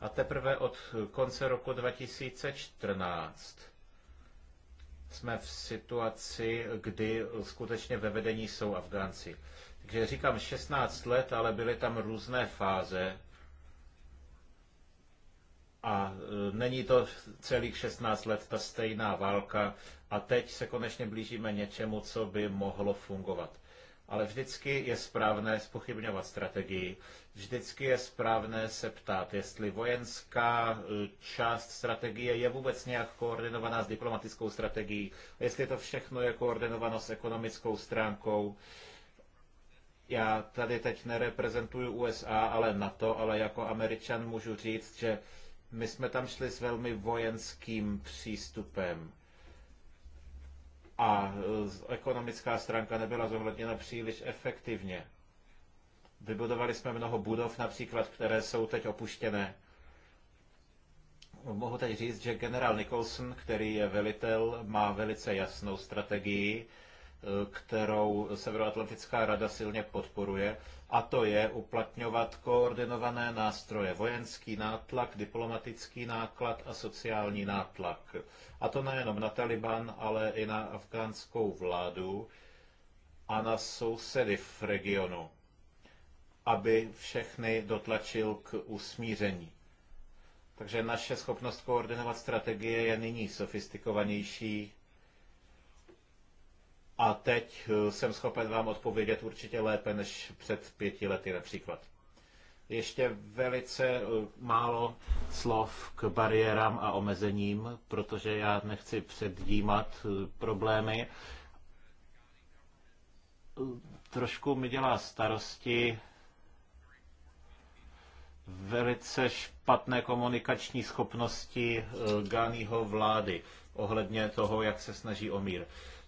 A teprve od konce roku 2014 jsme v situaci, kdy skutečně ve vedení jsou Afgánci. Takže říkám 16 let, ale byly tam různé fáze. A e, není to celých 16 let ta stejná válka a teď se konečně blížíme něčemu, co by mohlo fungovat. Ale vždycky je správné spochybňovat strategii, vždycky je správné se ptát, jestli vojenská e, část strategie je vůbec nějak koordinovaná s diplomatickou strategií, jestli to všechno je koordinováno s ekonomickou stránkou, já tady teď nereprezentuju USA, ale NATO, ale jako američan můžu říct, že my jsme tam šli s velmi vojenským přístupem. A e, ekonomická stránka nebyla zohledněna příliš efektivně. Vybudovali jsme mnoho budov například, které jsou teď opuštěné. Mohu teď říct, že generál Nicholson, který je velitel, má velice jasnou strategii, kterou Severoatlantická rada silně podporuje, a to je uplatňovat koordinované nástroje, vojenský nátlak, diplomatický náklad a sociální nátlak. A to nejenom na Taliban, ale i na afgánskou vládu a na sousedy v regionu, aby všechny dotlačil k usmíření. Takže naše schopnost koordinovat strategie je nyní sofistikovanější a teď eh, jsem schopen vám odpovědět určitě lépe než před pěti lety například. Ještě velice eh, málo slov k bariérám a omezením, protože já nechci předjímat eh, problémy. Trošku mi dělá starosti velice špatné komunikační schopnosti Gáního vlády ohledně toho, jak se snaží o mír.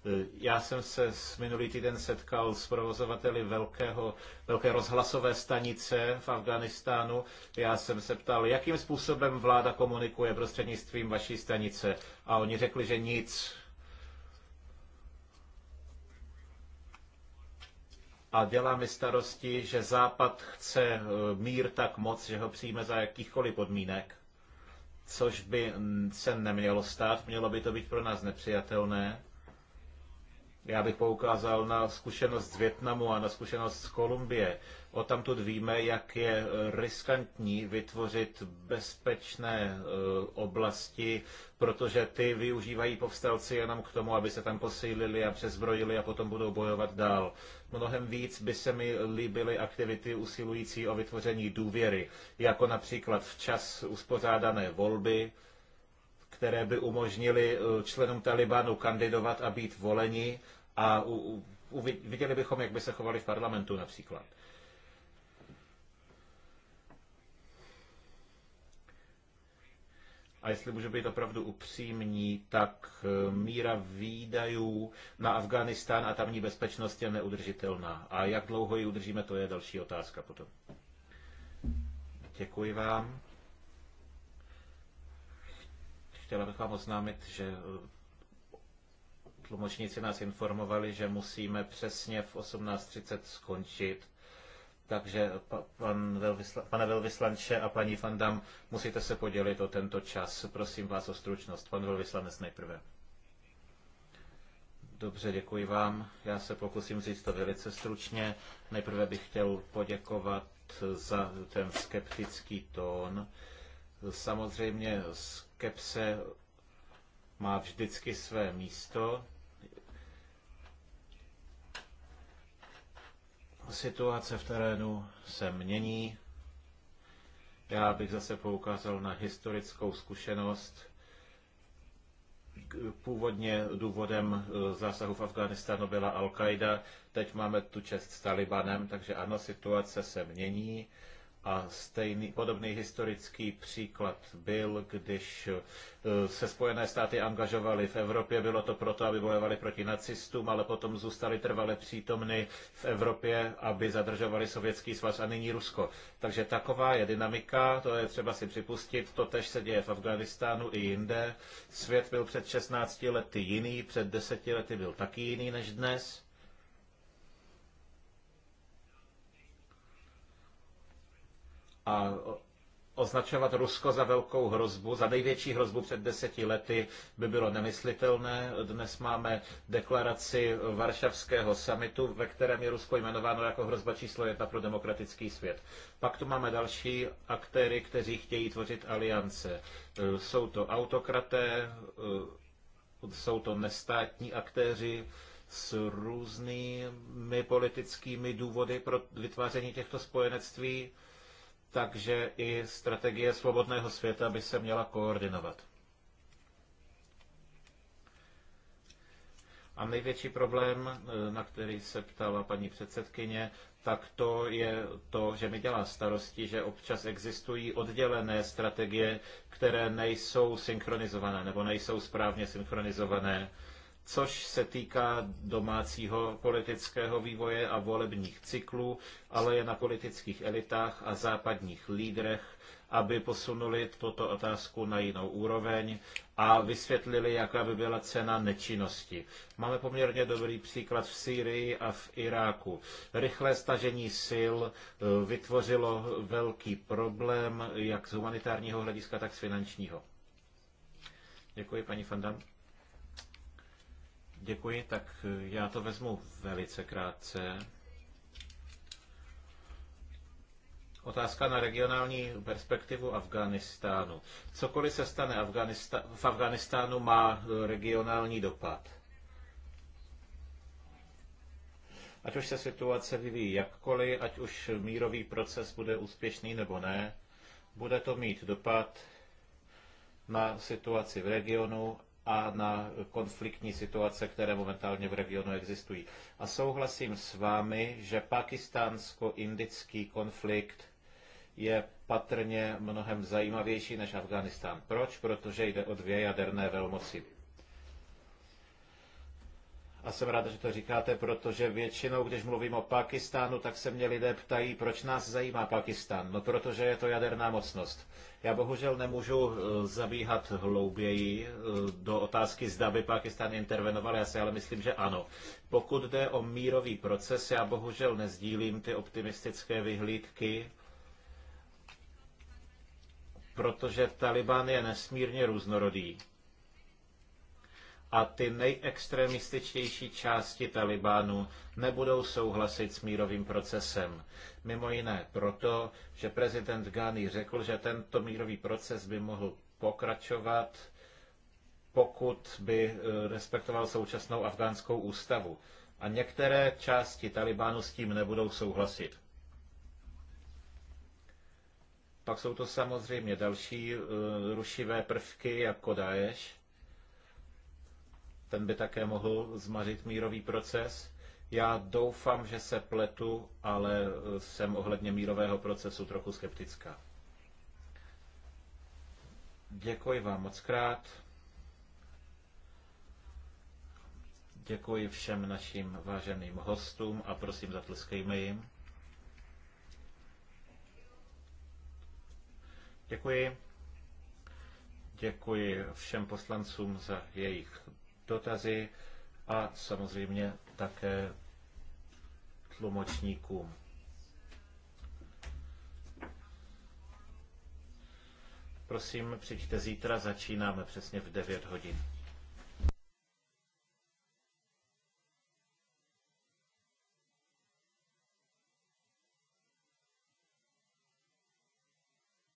Eh, já jsem se s minulý týden setkal s provozovateli velkého, velké rozhlasové stanice v Afghánistánu. Já jsem se ptal, jakým způsobem vláda komunikuje prostřednictvím vaší stanice. A oni řekli, že nic. a dělá mi starosti, že Západ chce eh, mír tak moc, že ho přijme za jakýchkoliv podmínek, což by se nemělo stát, mělo by to být pro nás nepřijatelné. Já bych poukázal na zkušenost z Větnamu a na zkušenost z Kolumbie. O tamtud víme, jak je riskantní vytvořit bezpečné e, oblasti, protože ty využívají povstalci jenom k tomu, aby se tam posílili a přezbrojili a potom budou bojovat dál. Mnohem víc by se mi líbily aktivity usilující o vytvoření důvěry, jako například včas uspořádané volby, které by umožnily eh, členům Talibanu kandidovat a být voleni a u, u, viděli bychom, jak by se chovali v parlamentu například. a jestli můžu být opravdu upřímní, tak eh, míra výdajů na Afghánistán a tamní bezpečnost je neudržitelná. A jak dlouho ji udržíme, to je další otázka potom. Děkuji vám. Chtěla bych vám oznámit, že eh, tlumočníci nás informovali, že musíme přesně v 18.30 skončit. Takže pan velvysla, pane velvyslanče a paní Fandam, musíte se podělit o tento čas. Prosím vás o stručnost. Pan velvyslanec nejprve. Dobře, děkuji vám. Já se pokusím říct to velice stručně. Nejprve bych chtěl poděkovat za ten skeptický tón, Samozřejmě skepse má vždycky své místo. Situace v terénu se mění. Já bych zase poukázal na historickou zkušenost. Původně důvodem e, zásahu v Afghánistánu byla Al-Qaida, teď máme tu čest s Talibanem, takže ano, situace se mění a stejný, podobný historický příklad byl, když eh, se Spojené státy angažovaly v Evropě, bylo to proto, aby bojovali proti nacistům, ale potom zůstali trvale přítomny v Evropě, aby zadržovali Sovětský svaz a nyní Rusko. Takže taková je dynamika, to je třeba si připustit, to tež se děje v Afghánistánu i jinde. Svět byl před 16 lety jiný, před 10 lety byl taky jiný než dnes. a označovat Rusko za velkou hrozbu, za největší hrozbu před deseti lety by bylo nemyslitelné. Dnes máme deklaraci Varšavského samitu, ve kterém je Rusko jmenováno jako hrozba číslo jedna pro demokratický svět. Pak tu máme další aktéry, kteří chtějí tvořit aliance. Jsou to autokraté, jsou to nestátní aktéři, s různými politickými důvody pro vytváření těchto spojenectví takže i strategie svobodného světa by se měla koordinovat. A největší problém, e, na který se ptala paní předsedkyně, tak to je to, že mi dělá starosti, že občas existují oddělené strategie, které nejsou synchronizované nebo nejsou správně synchronizované což se týká domácího politického vývoje a volebních cyklů, ale je na politických elitách a západních lídrech, aby posunuli tuto otázku na jinou úroveň a vysvětlili, jaká by byla cena nečinnosti. Máme poměrně dobrý příklad v Sýrii a v Iráku. Rychlé stažení sil eh, vytvořilo velký problém, jak z humanitárního hlediska, tak z finančního. Děkuji, paní Fandam. Děkuji, tak eh, já to vezmu velice krátce. Otázka na regionální perspektivu Afganistánu. Cokoliv se stane Afganista- v Afganistánu, má eh, regionální dopad. Ať už se situace vyvíjí jakkoliv, ať už mírový proces bude úspěšný nebo ne, bude to mít dopad na situaci v regionu a na konfliktní situace, které momentálně v regionu existují. A souhlasím s vámi, že pakistánsko-indický konflikt je patrně mnohem zajímavější než Afghánistán. Proč? Protože jde o dvě jaderné velmoci. A jsem ráda, že to říkáte, protože většinou, když mluvím o Pakistánu, tak se mě lidé ptají, proč nás zajímá Pakistán. No, protože je to jaderná mocnost. Já bohužel nemůžu eh, zabíhat hlouběji eh, do otázky, zda by Pakistán intervenoval, já si ale myslím, že ano. Pokud jde o mírový proces, já bohužel nezdílím ty optimistické vyhlídky, protože Taliban je nesmírně různorodý a ty nejextremističtější části Talibánu nebudou souhlasit s mírovým procesem. Mimo jiné proto, že prezident Ghani řekl, že tento mírový proces by mohl pokračovat, pokud by eh, respektoval současnou afgánskou ústavu. A některé části Talibánu s tím nebudou souhlasit. Pak jsou to samozřejmě další eh, rušivé prvky jako Daesh, ten by také mohl zmařit mírový proces. Já doufám, že se pletu, ale jsem ohledně mírového procesu trochu skeptická. Děkuji vám moc krát. Děkuji všem našim váženým hostům a prosím zatleskejme jim. Děkuji. Děkuji všem poslancům za jejich dotazy a samozřejmě také tlumočníkům. Prosím, přijďte zítra, začínáme přesně v 9 hodin.